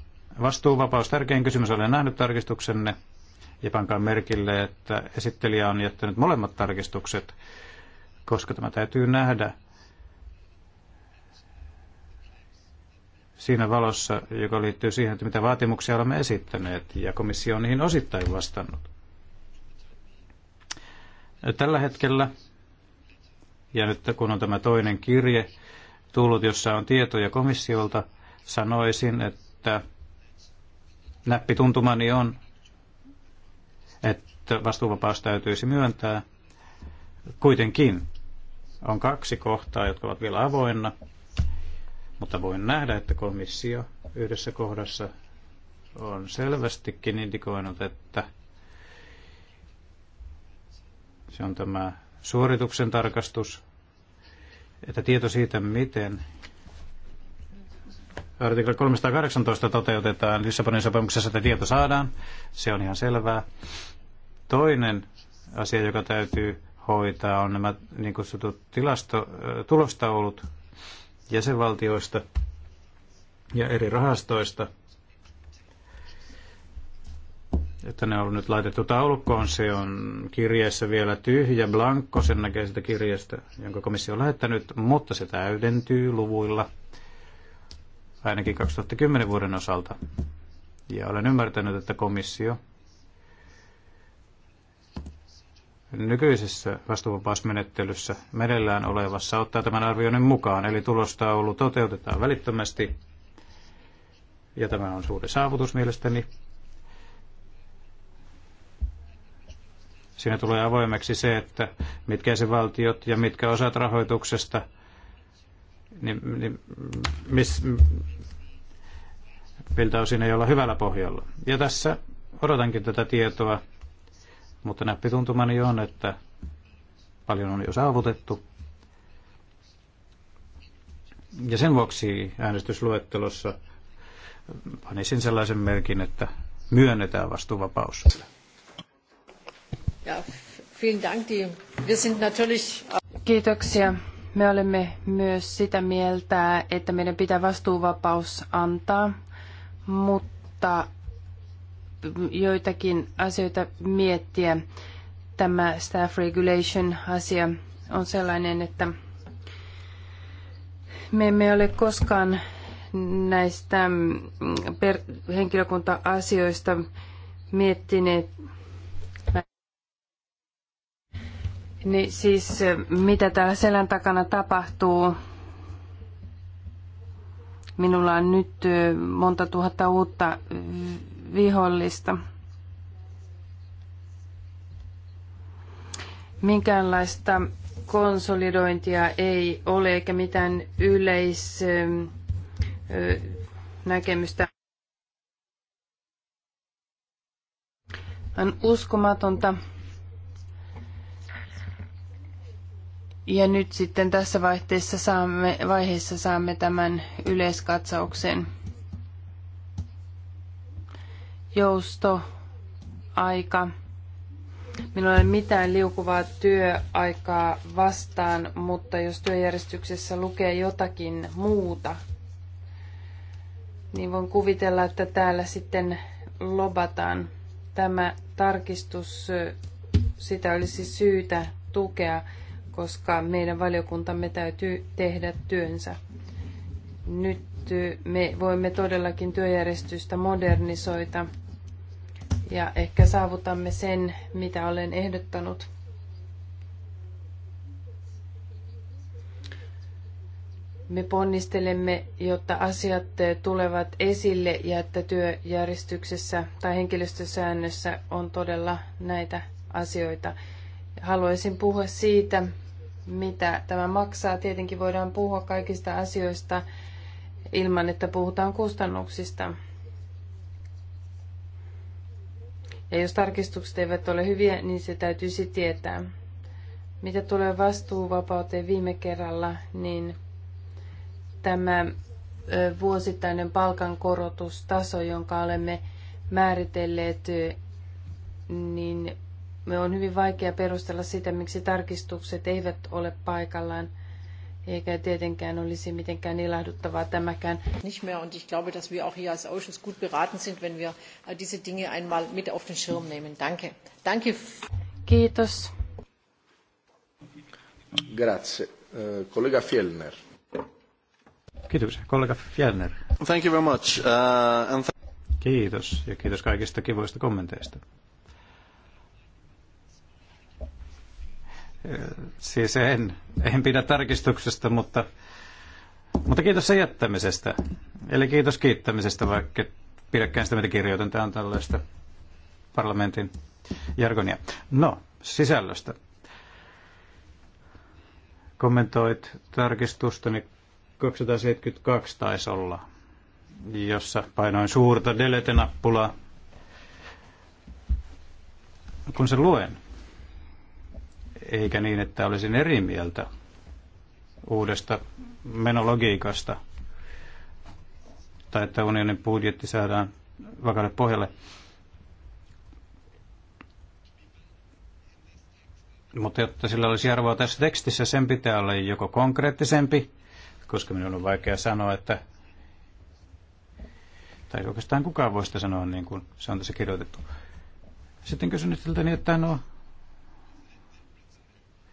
vastuuvapaus. Tärkein kysymys olen nähnyt tarkistuksenne ja pankaa merkille, että esittelijä on jättänyt molemmat tarkistukset, koska tämä täytyy nähdä siinä valossa, joka liittyy siihen, että mitä vaatimuksia olemme esittäneet, ja komissio on niihin osittain vastannut. Tällä hetkellä, ja nyt kun on tämä toinen kirje tullut, jossa on tietoja komissiolta, sanoisin, että näppituntumani on, että vastuuvapaus täytyisi myöntää. Kuitenkin on kaksi kohtaa, jotka ovat vielä avoinna mutta voin nähdä, että komissio yhdessä kohdassa on selvästikin indikoinut, että se on tämä suorituksen tarkastus, että tieto siitä, miten artikla 318 toteutetaan Lissabonin sopimuksessa, että tieto saadaan, se on ihan selvää. Toinen asia, joka täytyy hoitaa, on nämä niin kutsutut tilasto, tulostaulut, jäsenvaltioista ja eri rahastoista, että ne on nyt laitettu taulukkoon. Se on kirjeessä vielä tyhjä, blankko, sen näkee sitä kirjeestä, jonka komissio on lähettänyt, mutta se täydentyy luvuilla ainakin 2010 vuoden osalta. Ja olen ymmärtänyt, että komissio nykyisessä vastuuvapausmenettelyssä merellään olevassa ottaa tämän arvioinnin mukaan. Eli tulosta ollut toteutetaan välittömästi, ja tämä on suuri saavutus mielestäni. Siinä tulee avoimeksi se, että mitkä se valtiot ja mitkä osat rahoituksesta, niin, niin mis, miltä osin ei olla hyvällä pohjalla. Ja tässä odotankin tätä tietoa mutta näppituntumani on, että paljon on jo saavutettu. Ja sen vuoksi äänestysluettelossa panisin sellaisen merkin, että myönnetään vastuuvapaus. Ja, Wir sind natürlich... Äh, Kiitoksia. Me olemme myös sitä mieltä, että meidän pitää vastuuvapaus antaa, mutta joitakin asioita miettiä. Tämä staff regulation-asia on sellainen, että me emme ole koskaan näistä per- henkilökunta-asioista miettineet Niin siis mitä täällä selän takana tapahtuu? Minulla on nyt monta tuhatta uutta vihollista. Minkäänlaista konsolidointia ei ole eikä mitään yleisnäkemystä. Ähm, äh, On uskomatonta. Ja nyt sitten tässä vaihteessa saamme, vaiheessa saamme tämän yleiskatsauksen. Jousto aika Minulla ei ole mitään liukuvaa työaikaa vastaan, mutta jos työjärjestyksessä lukee jotakin muuta, niin voin kuvitella, että täällä sitten lobataan tämä tarkistus. Sitä olisi syytä tukea, koska meidän valiokuntamme täytyy tehdä työnsä. Nyt me voimme todellakin työjärjestystä modernisoida ja ehkä saavutamme sen, mitä olen ehdottanut. Me ponnistelemme, jotta asiat tulevat esille ja että työjärjestyksessä tai henkilöstösäännössä on todella näitä asioita. Haluaisin puhua siitä, mitä tämä maksaa. Tietenkin voidaan puhua kaikista asioista ilman, että puhutaan kustannuksista. Ja jos tarkistukset eivät ole hyviä, niin se täytyisi tietää. Mitä tulee vastuuvapauteen viime kerralla, niin tämä vuosittainen palkankorotustaso, jonka olemme määritelleet, niin me on hyvin vaikea perustella sitä, miksi tarkistukset eivät ole paikallaan – eikä tietenkään olisi mitenkään ilahduttavaa tämäkään. Nicht mehr und ich glaube, dass wir auch hier als Ausschuss gut beraten sind, wenn wir äh, diese Dinge einmal mit auf den Schirm nehmen. Danke. Danke. Kiitos. Grazie. Kollega eh, Fjellner. Kiitos, kollega Fjellner. Thank you very much. Uh, and Kiitos ja kiitos kaikista kivoista kommenteista. Siis en, en pidä tarkistuksesta, mutta, mutta kiitos sen jättämisestä. Eli kiitos kiittämisestä, vaikka pidäkään sitä, mitä kirjoitan. Tämä on tällaista parlamentin jargonia. No, sisällöstä. Kommentoit tarkistustani niin 272 taisi olla, jossa painoin suurta delete-nappulaa. Kun sen luen, eikä niin, että olisin eri mieltä uudesta menologiikasta tai että unionin budjetti saadaan vakalle pohjalle. Mutta jotta sillä olisi arvoa tässä tekstissä, sen pitää olla joko konkreettisempi, koska minun on vaikea sanoa, että tai oikeastaan kukaan voi sitä sanoa niin kuin se on tässä kirjoitettu. Sitten kysyn niin, että no,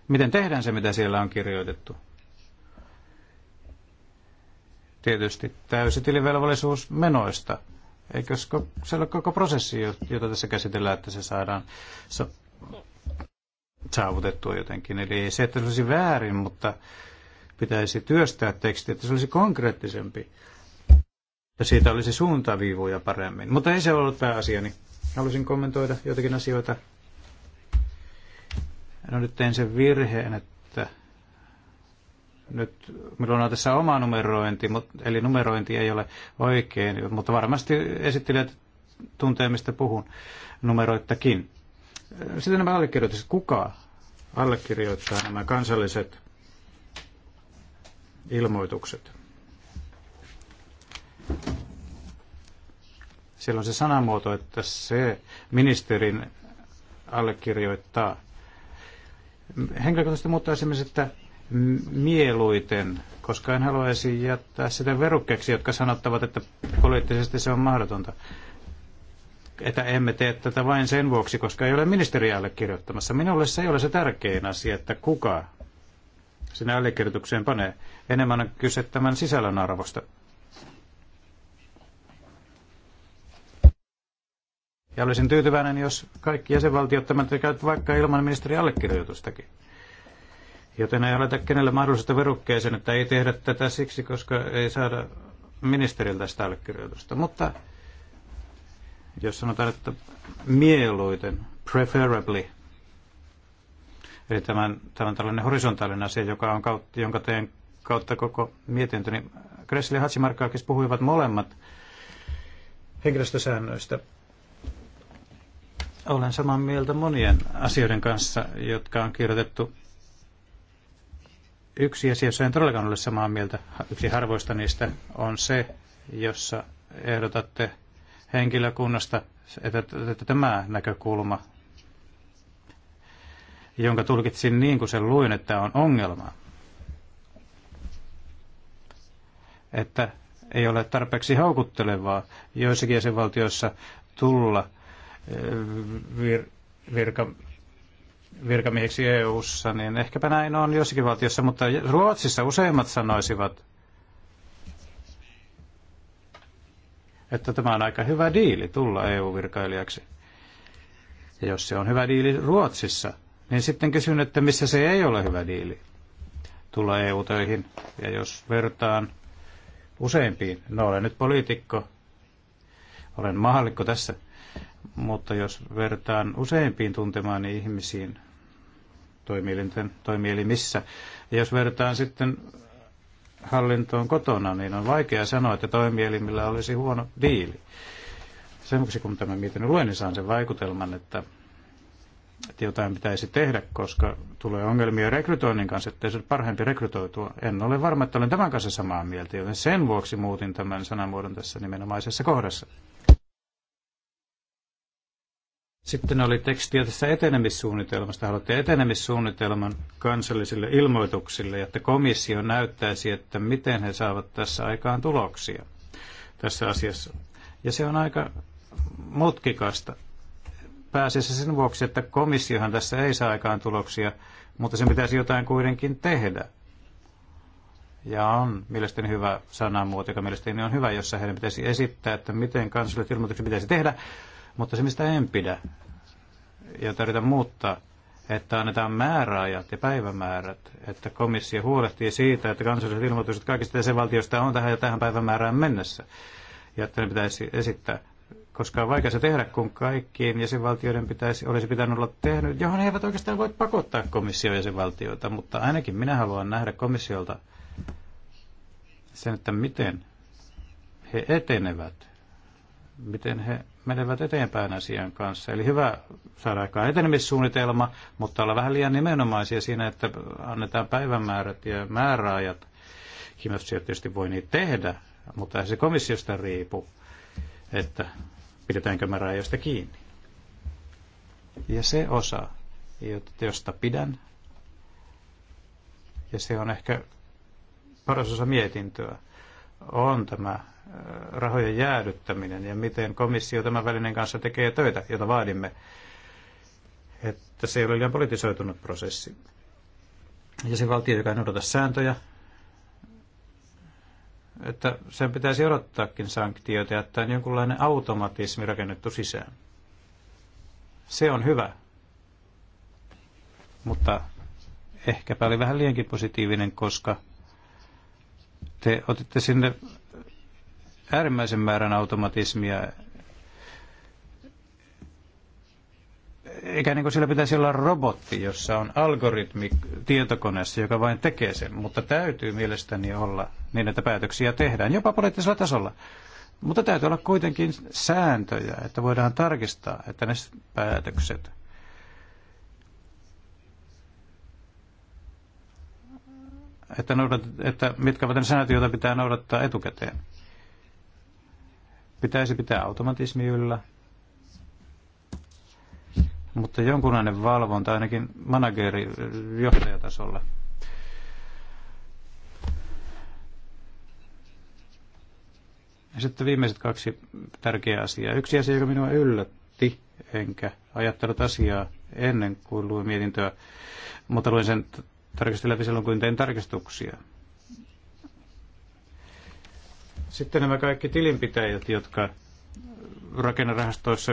miten tehdään se, mitä siellä on kirjoitettu. Tietysti täysi tilivelvollisuus menoista. Eikö se ole koko prosessi, jota tässä käsitellään, että se saadaan saavutettua jotenkin. Eli se, että se olisi väärin, mutta pitäisi työstää teksti, että se olisi konkreettisempi. Ja siitä olisi suuntaviivoja paremmin. Mutta ei se ollut pääasiani. Niin halusin kommentoida jotakin asioita, No nyt tein sen virheen, että nyt minulla on tässä oma numerointi, eli numerointi ei ole oikein, mutta varmasti esittelijät tuntee, mistä puhun numeroittakin. Sitten nämä allekirjoitukset. Kuka allekirjoittaa nämä kansalliset ilmoitukset? Siellä on se sanamuoto, että se ministerin allekirjoittaa henkilökohtaisesti muuttaisin että mieluiten, koska en haluaisi jättää sitä verukkeeksi, jotka sanottavat, että poliittisesti se on mahdotonta. Että emme tee tätä vain sen vuoksi, koska ei ole ministeriä allekirjoittamassa. Minulle se ei ole se tärkein asia, että kuka sinä allekirjoitukseen panee. Enemmän on kyse tämän sisällön arvosta. Ja olisin tyytyväinen, jos kaikki jäsenvaltiot tämän tekevät vaikka ilman ministeri allekirjoitustakin. Joten ei aleta kenelle mahdollisuutta verukkeeseen, että ei tehdä tätä siksi, koska ei saada ministeriltä sitä allekirjoitusta. Mutta jos sanotaan, että mieluiten, preferably, eli tämän, tämän tällainen horisontaalinen asia, joka on kautta, jonka teen kautta koko mietintö, niin Kressel ja Hatsimarkkaakis puhuivat molemmat henkilöstösäännöistä olen samaa mieltä monien asioiden kanssa, jotka on kirjoitettu. Yksi asia, jossa en todellakaan ole samaa mieltä, yksi harvoista niistä, on se, jossa ehdotatte henkilökunnasta, että, että tämä näkökulma, jonka tulkitsin niin kuin sen luin, että on ongelma. Että ei ole tarpeeksi houkuttelevaa joissakin jäsenvaltioissa tulla vir- virka, virkamiehiksi EU-ssa, niin ehkäpä näin on jossakin valtiossa, mutta Ruotsissa useimmat sanoisivat, että tämä on aika hyvä diili tulla EU-virkailijaksi. Ja jos se on hyvä diili Ruotsissa, niin sitten kysyn, että missä se ei ole hyvä diili tulla EU-töihin. Ja jos vertaan useimpiin, no olen nyt poliitikko, olen mahallikko tässä – mutta jos vertaan useimpiin tuntemaan ihmisiin toimielinten, toimielimissä, ja jos vertaan sitten hallintoon kotona, niin on vaikea sanoa, että toimielimillä olisi huono diili. Sen vuoksi kun tämä mietin luen, niin saan sen vaikutelman, että, että jotain pitäisi tehdä, koska tulee ongelmia rekrytoinnin kanssa, ettei se ole rekrytoitua. En ole varma, että olen tämän kanssa samaa mieltä, joten sen vuoksi muutin tämän sanamuodon tässä nimenomaisessa kohdassa. Sitten oli tekstiä tästä etenemissuunnitelmasta. Haluatte etenemissuunnitelman kansallisille ilmoituksille, että komissio näyttäisi, että miten he saavat tässä aikaan tuloksia tässä asiassa. Ja se on aika mutkikasta. Pääasiassa sen vuoksi, että komissiohan tässä ei saa aikaan tuloksia, mutta sen pitäisi jotain kuitenkin tehdä. Ja on mielestäni hyvä sanamuoto, joka mielestäni on hyvä, jossa heidän pitäisi esittää, että miten kansalliset ilmoitukset pitäisi tehdä, mutta se, mistä en pidä, ja tarvitaan muuttaa, että annetaan määräajat ja päivämäärät, että komissio huolehtii siitä, että kansalliset ilmoitukset kaikista jäsenvaltioista on tähän ja tähän päivämäärään mennessä, ja että ne pitäisi esittää. Koska on vaikea se tehdä, kun kaikkiin jäsenvaltioiden pitäisi, olisi pitänyt olla tehnyt, johon he eivät oikeastaan voi pakottaa komission jäsenvaltioita, mutta ainakin minä haluan nähdä komissiolta sen, että miten he etenevät, miten he menevät eteenpäin asian kanssa. Eli hyvä saada aikaan etenemissuunnitelma, mutta olla vähän liian nimenomaisia siinä, että annetaan päivämäärät ja määräajat. Kimössiä tietysti voi niitä tehdä, mutta se komissiosta riipu, että pidetäänkö määräajoista kiinni. Ja se osa, josta pidän, ja se on ehkä paras osa mietintöä, on tämä äh, rahojen jäädyttäminen ja miten komissio tämän välinen kanssa tekee töitä, jota vaadimme, että se ei ole liian politisoitunut prosessi. Ja se valtio, joka ei noudata sääntöjä, että sen pitäisi odottaakin sanktioita ja että on jonkunlainen automatismi rakennettu sisään. Se on hyvä. Mutta ehkäpä oli vähän liiankin positiivinen, koska te otitte sinne äärimmäisen määrän automatismia. Eikä niin kuin sillä pitäisi olla robotti, jossa on algoritmi tietokoneessa, joka vain tekee sen, mutta täytyy mielestäni olla niin, että päätöksiä tehdään, jopa poliittisella tasolla. Mutta täytyy olla kuitenkin sääntöjä, että voidaan tarkistaa, että ne päätökset että, noudat, että mitkä ovat ne säännöt, joita pitää noudattaa etukäteen. Pitäisi pitää automatismi yllä, mutta jonkunlainen valvonta ainakin manageri johtajatasolla. Ja sitten viimeiset kaksi tärkeää asiaa. Yksi asia, joka minua yllätti, enkä ajattelut asiaa ennen kuin luin mietintöä, mutta luin sen tarkistin silloin, kun tein tarkistuksia. Sitten nämä kaikki tilinpitäjät, jotka rakennerahastoissa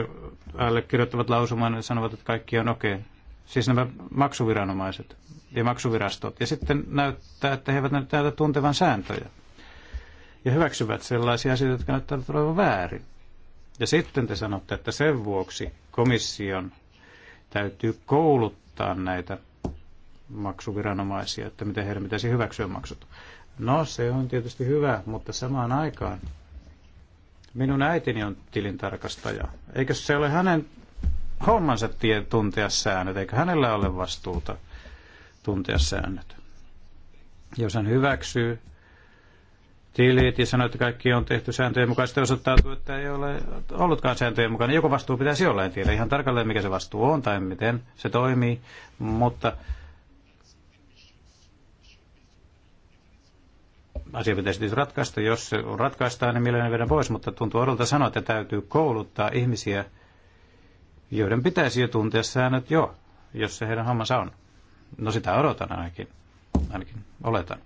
allekirjoittavat lausuman ja sanovat, että kaikki on okei. Okay. Siis nämä maksuviranomaiset ja maksuvirastot. Ja sitten näyttää, että he eivät näytä tuntevan sääntöjä. Ja hyväksyvät sellaisia asioita, jotka näyttävät olevan väärin. Ja sitten te sanotte, että sen vuoksi komission täytyy kouluttaa näitä maksuviranomaisia, että miten heidän pitäisi hyväksyä maksut. No, se on tietysti hyvä, mutta samaan aikaan minun äitini on tilintarkastaja. Eikö se ole hänen hommansa tie tuntea säännöt, eikö hänellä ole vastuuta tuntea säännöt. Jos hän hyväksyy tilit ja sanoo, että kaikki on tehty sääntöjen mukaan, sitten osoittautuu, että ei ole ollutkaan sääntöjen mukaan. Niin joku vastuu pitäisi olla, en tiedä ihan tarkalleen, mikä se vastuu on tai miten se toimii, mutta asia pitäisi nyt ratkaista. Jos se ratkaistaan, niin mielelläni vedän pois, mutta tuntuu odolta sanoa, että täytyy kouluttaa ihmisiä, joiden pitäisi jo tuntea säännöt jo, jos se heidän hommansa on. No sitä odotan ainakin, ainakin oletan.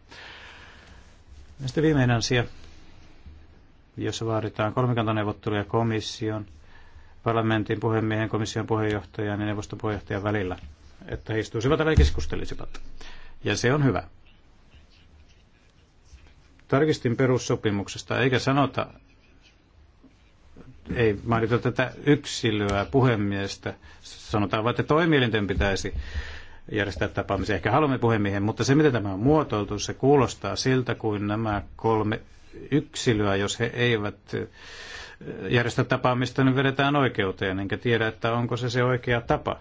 Ja sitten viimeinen asia, jossa vaaditaan kolmikantaneuvotteluja komission, parlamentin puhemiehen, komission puheenjohtajan ja neuvoston puheenjohtajan välillä, että he istuisivat ja keskustelisivat. Ja se on hyvä. Tarkistin perussopimuksesta, eikä sanota, ei mainita tätä yksilöä, puhemiestä. Sanotaan vain, että toimielinten pitäisi järjestää tapaamisia. Ehkä haluamme puhemiehen, mutta se, miten tämä on muotoiltu, se kuulostaa siltä kuin nämä kolme yksilöä, jos he eivät eh, järjestä tapaamista, niin vedetään oikeuteen, enkä tiedä, että onko se se oikea tapa.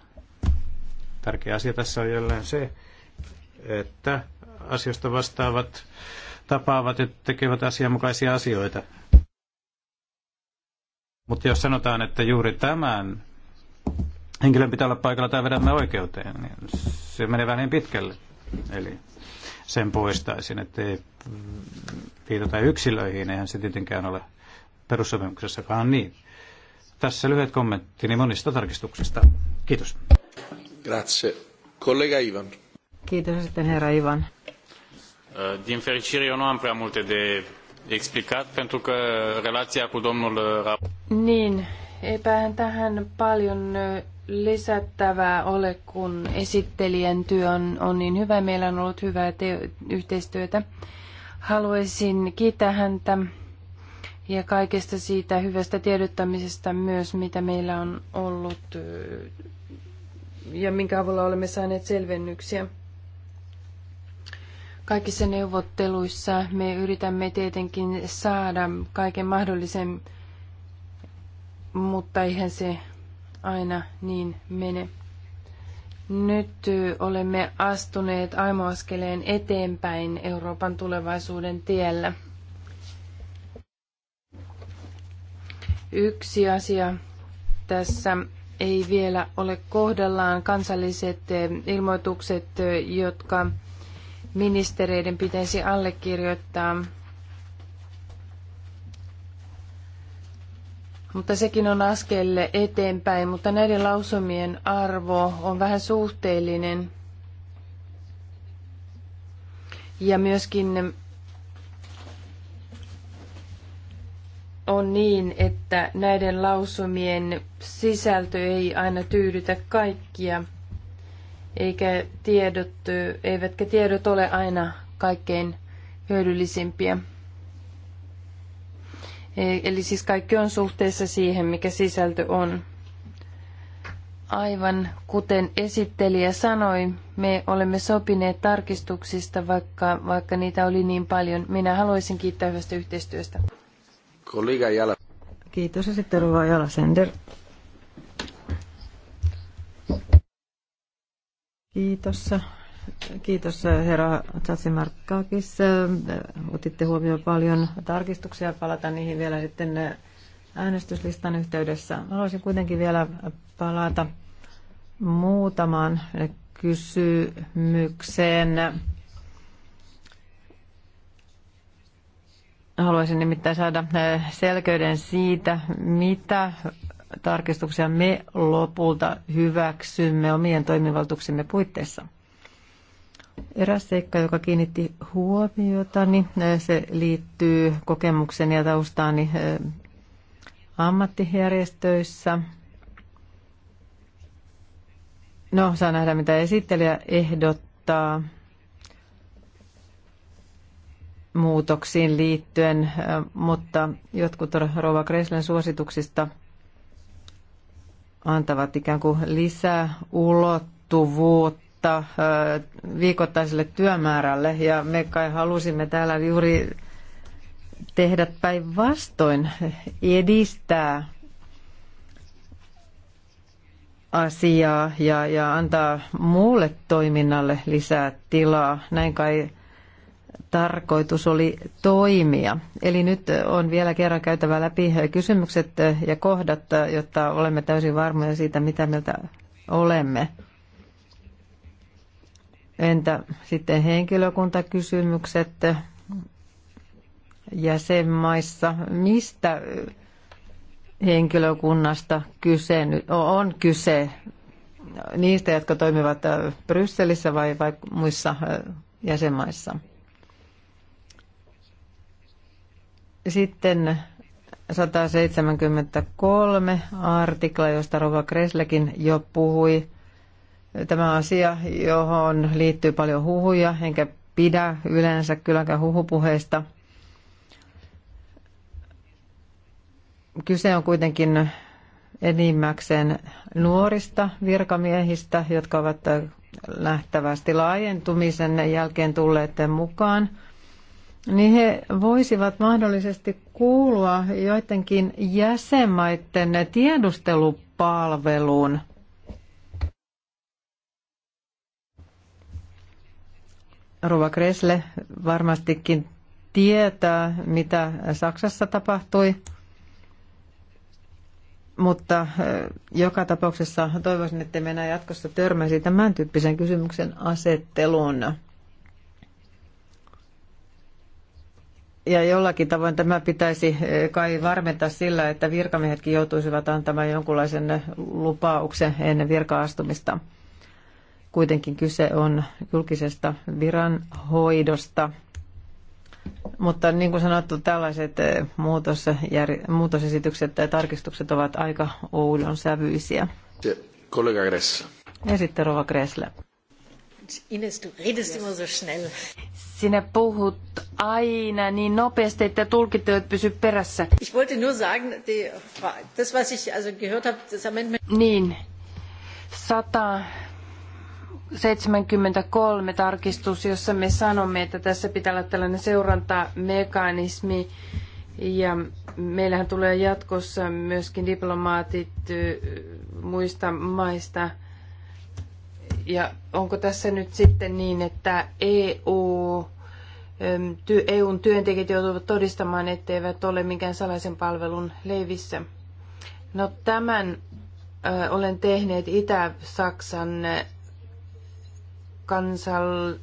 Tärkeä asia tässä on jälleen se, että asioista vastaavat tapaavat ja tekevät asianmukaisia asioita. Mutta jos sanotaan, että juuri tämän henkilön pitää olla paikalla tai vedämme oikeuteen, niin se menee vähän niin pitkälle. Eli sen poistaisin, ei viitata yksilöihin, eihän se tietenkään ole perussopimuksessakaan niin. Tässä lyhyet kommenttini monista tarkistuksista. Kiitos. Grazie. Kollega Ivan. Kiitos sitten herra Ivan. Uh, din fericire, eu nu am prea multe de explicat, pentru că relația cu domnul... Uh, niin, eipähän tähän paljon uh, lisättävää ole, kun esittelijän työ on, on niin hyvä. Meillä on ollut hyvää te- yhteistyötä. Haluaisin kiittää häntä ja kaikesta siitä hyvästä tiedottamisesta myös, mitä meillä on ollut ja minkä avulla olemme saaneet selvennyksiä. Kaikissa neuvotteluissa me yritämme tietenkin saada kaiken mahdollisen, mutta eihän se aina niin mene. Nyt olemme astuneet aimoaskeleen eteenpäin Euroopan tulevaisuuden tiellä. Yksi asia tässä ei vielä ole kohdallaan kansalliset ilmoitukset, jotka ministereiden pitäisi allekirjoittaa. Mutta sekin on askel eteenpäin, mutta näiden lausumien arvo on vähän suhteellinen. Ja myöskin on niin, että näiden lausumien sisältö ei aina tyydytä kaikkia eikä tiedot, eivätkä tiedot ole aina kaikkein hyödyllisimpiä. E, eli siis kaikki on suhteessa siihen, mikä sisältö on. Aivan kuten esittelijä sanoi, me olemme sopineet tarkistuksista, vaikka, vaikka niitä oli niin paljon. Minä haluaisin kiittää hyvästä yhteistyöstä. Kollega Jala. Kiitos ja sitten Jala Sender. Kiitos. Kiitos herra Tsatsimarkkakis. Otitte huomioon paljon tarkistuksia. Palata niihin vielä sitten äänestyslistan yhteydessä. Haluaisin kuitenkin vielä palata muutamaan kysymykseen. Haluaisin nimittäin saada selkeyden siitä, mitä tarkistuksia me lopulta hyväksymme omien toimivaltuuksimme puitteissa. Eräs seikka, joka kiinnitti huomiotani, niin, se liittyy kokemukseni ja taustaani ammattijärjestöissä. No, saa nähdä, mitä esittelijä ehdottaa muutoksiin liittyen, mutta jotkut Rova Kreslen suosituksista – antavat ikään kuin lisää ulottuvuutta viikoittaiselle työmäärälle. Ja me kai halusimme täällä juuri tehdä päinvastoin, edistää asiaa ja, ja antaa muulle toiminnalle lisää tilaa. Näin kai tarkoitus oli toimia. Eli nyt on vielä kerran käytävä läpi kysymykset ja kohdat, jotta olemme täysin varmoja siitä, mitä mieltä olemme. Entä sitten henkilökuntakysymykset jäsenmaissa? Mistä henkilökunnasta kyse, on kyse? Niistä, jotka toimivat Brysselissä vai, vai muissa jäsenmaissa? Sitten 173 artikla, josta Rova Kreslekin jo puhui. Tämä asia, johon liittyy paljon huhuja, enkä pidä yleensä kylläkään huhupuheista. Kyse on kuitenkin enimmäkseen nuorista virkamiehistä, jotka ovat lähtevästi laajentumisen jälkeen tulleiden mukaan – niin he voisivat mahdollisesti kuulua joidenkin jäsenmaiden tiedustelupalveluun. Rova Kresle varmastikin tietää, mitä Saksassa tapahtui. Mutta eh, joka tapauksessa toivoisin, että me enää jatkossa törmäisi tämän tyyppisen kysymyksen asetteluun. ja jollakin tavoin tämä pitäisi eh, kai varmentaa sillä, että virkamiehetkin joutuisivat antamaan jonkunlaisen lupauksen ennen virkaastumista. Kuitenkin kyse on julkisesta viranhoidosta. Mutta niin kuin sanottu, tällaiset eh, muutosesitykset tai tarkistukset ovat aika oudon sävyisiä. Kollega Gressle. Ja sitten Rova Gressle. Ines, du redest immer so schnell. Sinä puhut aina niin nopeasti, että tulkit eivät pysy perässä. Ich wollte nur sagen, die, das was ich also gehört habe, das Amendment... Niin, 173 tarkistus, jossa me sanomme, että tässä pitää olla tällainen seurantamekanismi, ja meillähän tulee jatkossa myöskin diplomaatit muista maista – ja onko tässä nyt sitten niin, että EU, EUn e työntekijät joutuvat todistamaan, etteivät ole minkään salaisen palvelun leivissä? No tämän ö, olen tehnyt Itä-Saksan kansal,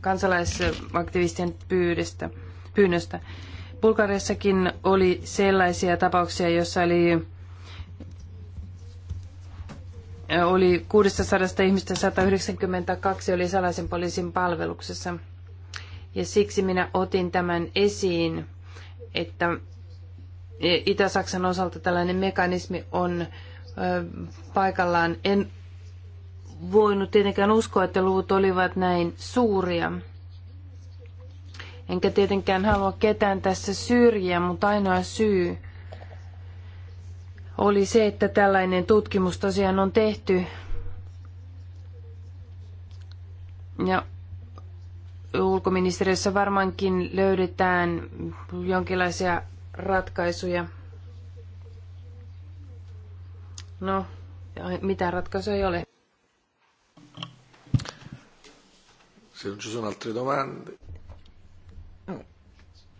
kansalaisaktivistien pyydestä, pyynnöstä. Bulgariassakin oli sellaisia tapauksia, joissa oli oli 600 ihmistä 192 oli salaisen poliisin palveluksessa. Ja siksi minä otin tämän esiin, että Itä-Saksan osalta tällainen mekanismi on paikallaan. En voinut tietenkään uskoa, että luvut olivat näin suuria. Enkä tietenkään halua ketään tässä syrjiä, mutta ainoa syy, oli se, että tällainen tutkimus tosiaan on tehty. Ja ulkoministeriössä varmaankin löydetään jonkinlaisia ratkaisuja. No, mitä ratkaisuja ei ole. Se non ci sono altre domande.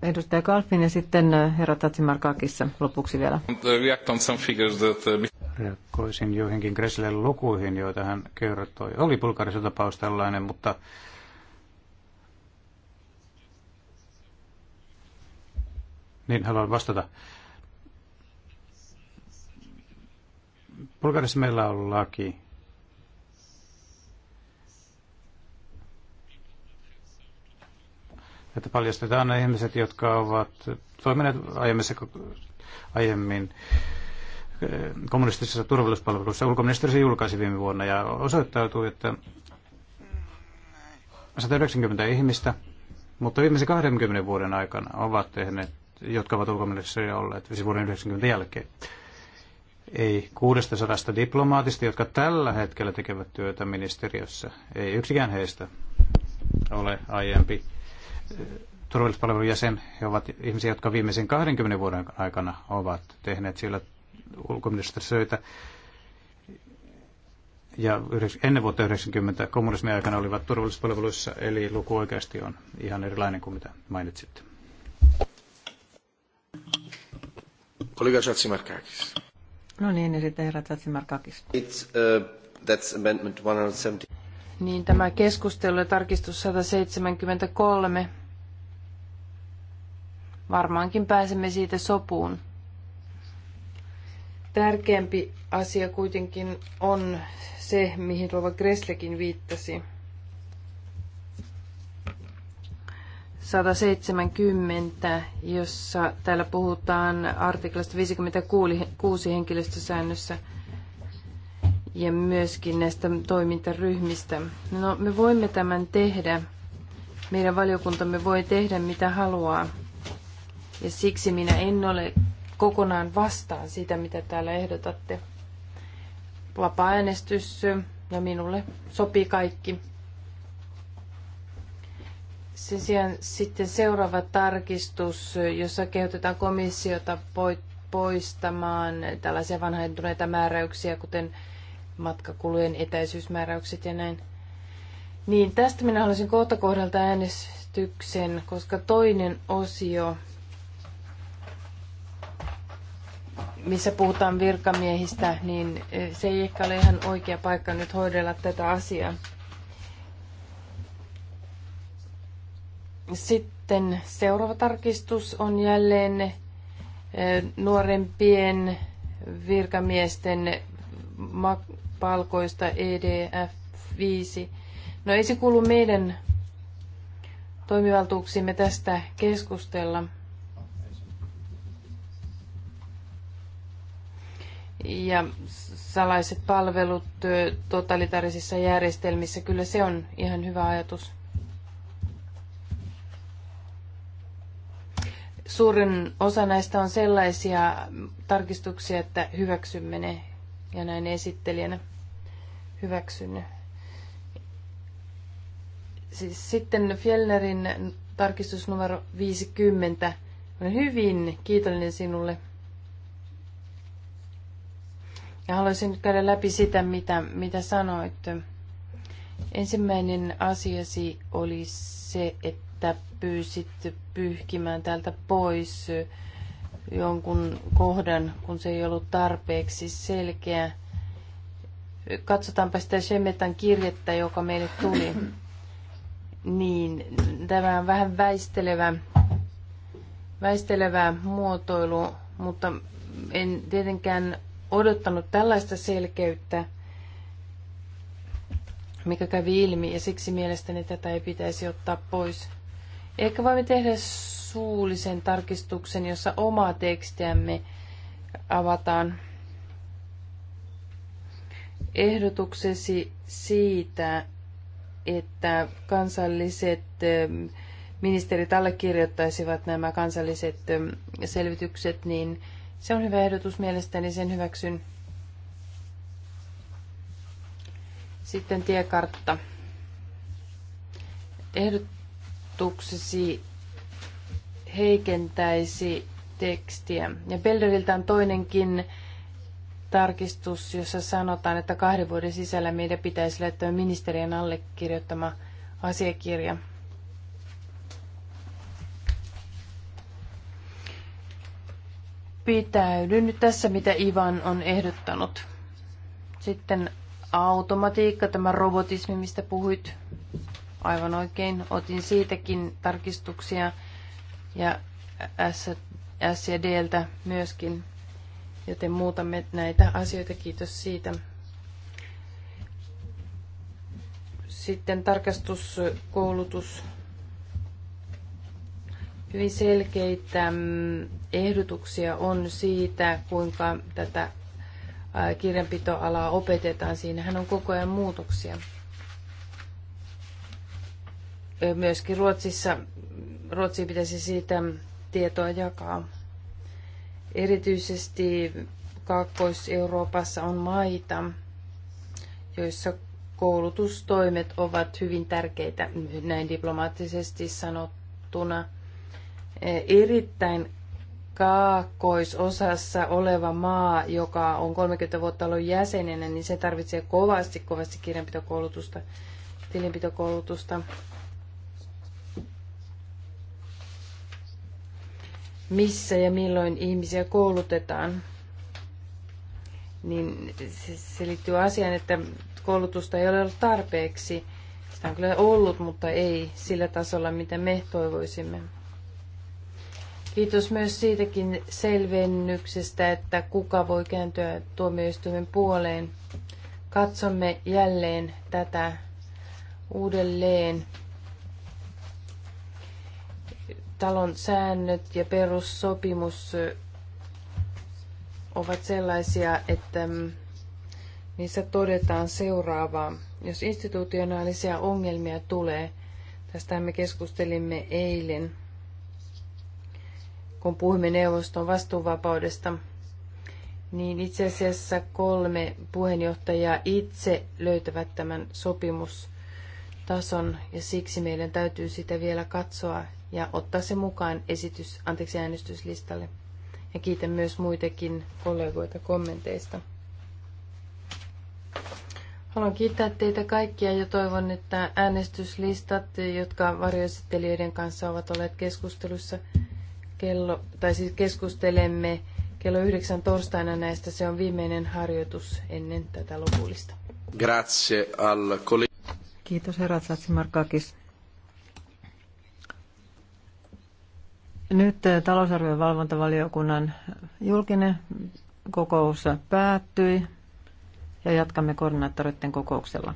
Edustaja Kalfin ja sitten äh, herra Tatsimarkakissa lopuksi vielä. Äh, Reagoisin joihinkin Gressille lukuihin, joita hän kertoi. Oli Bulgarissa tapaus tällainen, mutta niin haluan vastata. Bulgarissa meillä on laki, että paljastetaan ne ihmiset, jotka ovat toimineet aiemmin eh, kommunistisessa turvallisuuspalvelussa. Ulkoministeri se julkaisi viime vuonna ja osoittautui, että 190 ihmistä, mutta viimeisen 20 vuoden aikana ovat tehneet, jotka ovat ulkoministeriä olleet siis vuoden 90 jälkeen. Ei 600 diplomaatista, jotka tällä hetkellä tekevät työtä ministeriössä. Ei yksikään heistä ole aiempi turvallisuuspalvelun jäsen. He ovat ihmisiä, jotka viimeisen 20 vuoden aikana ovat tehneet siellä ulkoministeriöitä. Ja ennen vuotta 90 kommunismin aikana olivat turvallisuuspalveluissa, eli luku oikeasti on ihan erilainen kuin mitä mainitsitte. Kollega Jatsimarkakis. No niin, ja sitten herra Jatsimarkakis. It's, uh, that's amendment 170 niin tämä keskustelu ja tarkistus 173 varmaankin pääsemme siitä sopuun. Tärkeämpi asia kuitenkin on se, mihin Rova Greslekin viittasi. 170, jossa täällä puhutaan artiklasta 56 henkilöstösäännössä – ja myöskin näistä toimintaryhmistä. No, me voimme tämän tehdä. Meidän valiokuntamme voi tehdä mitä haluaa. Ja siksi minä en ole kokonaan vastaan sitä, mitä täällä ehdotatte. Vapaa-äänestys ja no minulle sopii kaikki. Sen sijaan sitten seuraava tarkistus, jossa kehotetaan komissiota poistamaan tällaisia vanhentuneita määräyksiä, kuten matkakulujen etäisyysmääräykset ja näin. Niin, tästä minä haluaisin kohta kohdalta äänestyksen, koska toinen osio, missä puhutaan virkamiehistä, niin eh, se ei ehkä ole ihan oikea paikka nyt hoidella tätä asiaa. Sitten seuraava tarkistus on jälleen eh, nuorempien virkamiesten palkoista EDF 5. No ei se kuulu meidän toimivaltuuksimme tästä keskustella. Ja salaiset palvelut totalitarisissa järjestelmissä, kyllä se on ihan hyvä ajatus. Suurin osa näistä on sellaisia tarkistuksia, että hyväksymme ne ja näin esittelijänä hyväksynyt. Siis sitten Fjellnerin tarkistus numero 50. Olen hyvin kiitollinen sinulle. Ja haluaisin nyt käydä läpi sitä, mitä, mitä sanoit. Ensimmäinen asiasi oli se, että pyysit pyyhkimään täältä pois jonkun kohdan, kun se ei ollut tarpeeksi selkeä. Katsotaanpa sitä Shemetan kirjettä, joka meille tuli. Niin, tämä on vähän väistelevä, väistelevä muotoilu, mutta en tietenkään odottanut tällaista selkeyttä, mikä kävi ilmi, ja siksi mielestäni tätä ei pitäisi ottaa pois. Ehkä voimme tehdä suullisen tarkistuksen, jossa omaa tekstiämme avataan ehdotuksesi siitä, että kansalliset ähm, ministerit allekirjoittaisivat nämä kansalliset ähm, selvitykset, niin se on hyvä ehdotus mielestäni, sen hyväksyn. Sitten tiekartta. Ehdotuksesi heikentäisi tekstiä. Ja Belderiltä on toinenkin tarkistus, jossa sanotaan, että kahden vuoden sisällä meidän pitäisi lähettää ministeriön allekirjoittama asiakirja. Pitäydyn nyt tässä, mitä Ivan on ehdottanut. Sitten automatiikka, tämä robotismi, mistä puhuit. Aivan oikein, otin siitäkin tarkistuksia ja S ja Dltä myöskin, joten muutamme näitä asioita. Kiitos siitä. Sitten tarkastuskoulutus. Hyvin selkeitä mm, ehdotuksia on siitä, kuinka tätä kirjanpitoalaa opetetaan. Siinähän on koko ajan muutoksia myöskin Ruotsissa, Ruotsiin pitäisi siitä tietoa jakaa. Erityisesti Kaakkois-Euroopassa on maita, joissa koulutustoimet ovat hyvin tärkeitä, näin diplomaattisesti sanottuna. Erittäin kaakkoisosassa oleva maa, joka on 30 vuotta ollut jäsenenä, niin se tarvitsee kovasti, kovasti kirjanpitokoulutusta, tilinpitokoulutusta. missä ja milloin ihmisiä koulutetaan, niin se, se liittyy asiaan, että koulutusta ei ole ollut tarpeeksi. Sitä on kyllä ollut, mutta ei sillä tasolla, mitä me toivoisimme. Kiitos myös siitäkin selvennyksestä, että kuka voi kääntyä tuomioistuimen puoleen. Katsomme jälleen tätä uudelleen talon säännöt ja perussopimus ovat sellaisia, että niissä todetaan seuraavaa. Jos institutionaalisia ongelmia tulee, tästä me keskustelimme eilen, kun puhumme neuvoston vastuuvapaudesta, niin itse asiassa kolme puheenjohtajaa itse löytävät tämän sopimustason ja siksi meidän täytyy sitä vielä katsoa ja ottaa se mukaan esitys, anteeksi, äänestyslistalle. Ja kiitän myös muitakin kollegoita kommenteista. Haluan kiittää teitä kaikkia ja toivon, että äänestyslistat, jotka varjoesittelijöiden kanssa ovat olleet keskustelussa, kello, tai siis keskustelemme kello yhdeksän torstaina näistä. Se on viimeinen harjoitus ennen tätä lopullista. Grazie al Kiitos herra Tatsimarkakis. Nyt eh, talousarvion valvontavaliokunnan julkinen kokous päättyi ja jatkamme koordinaattoreiden kokouksella.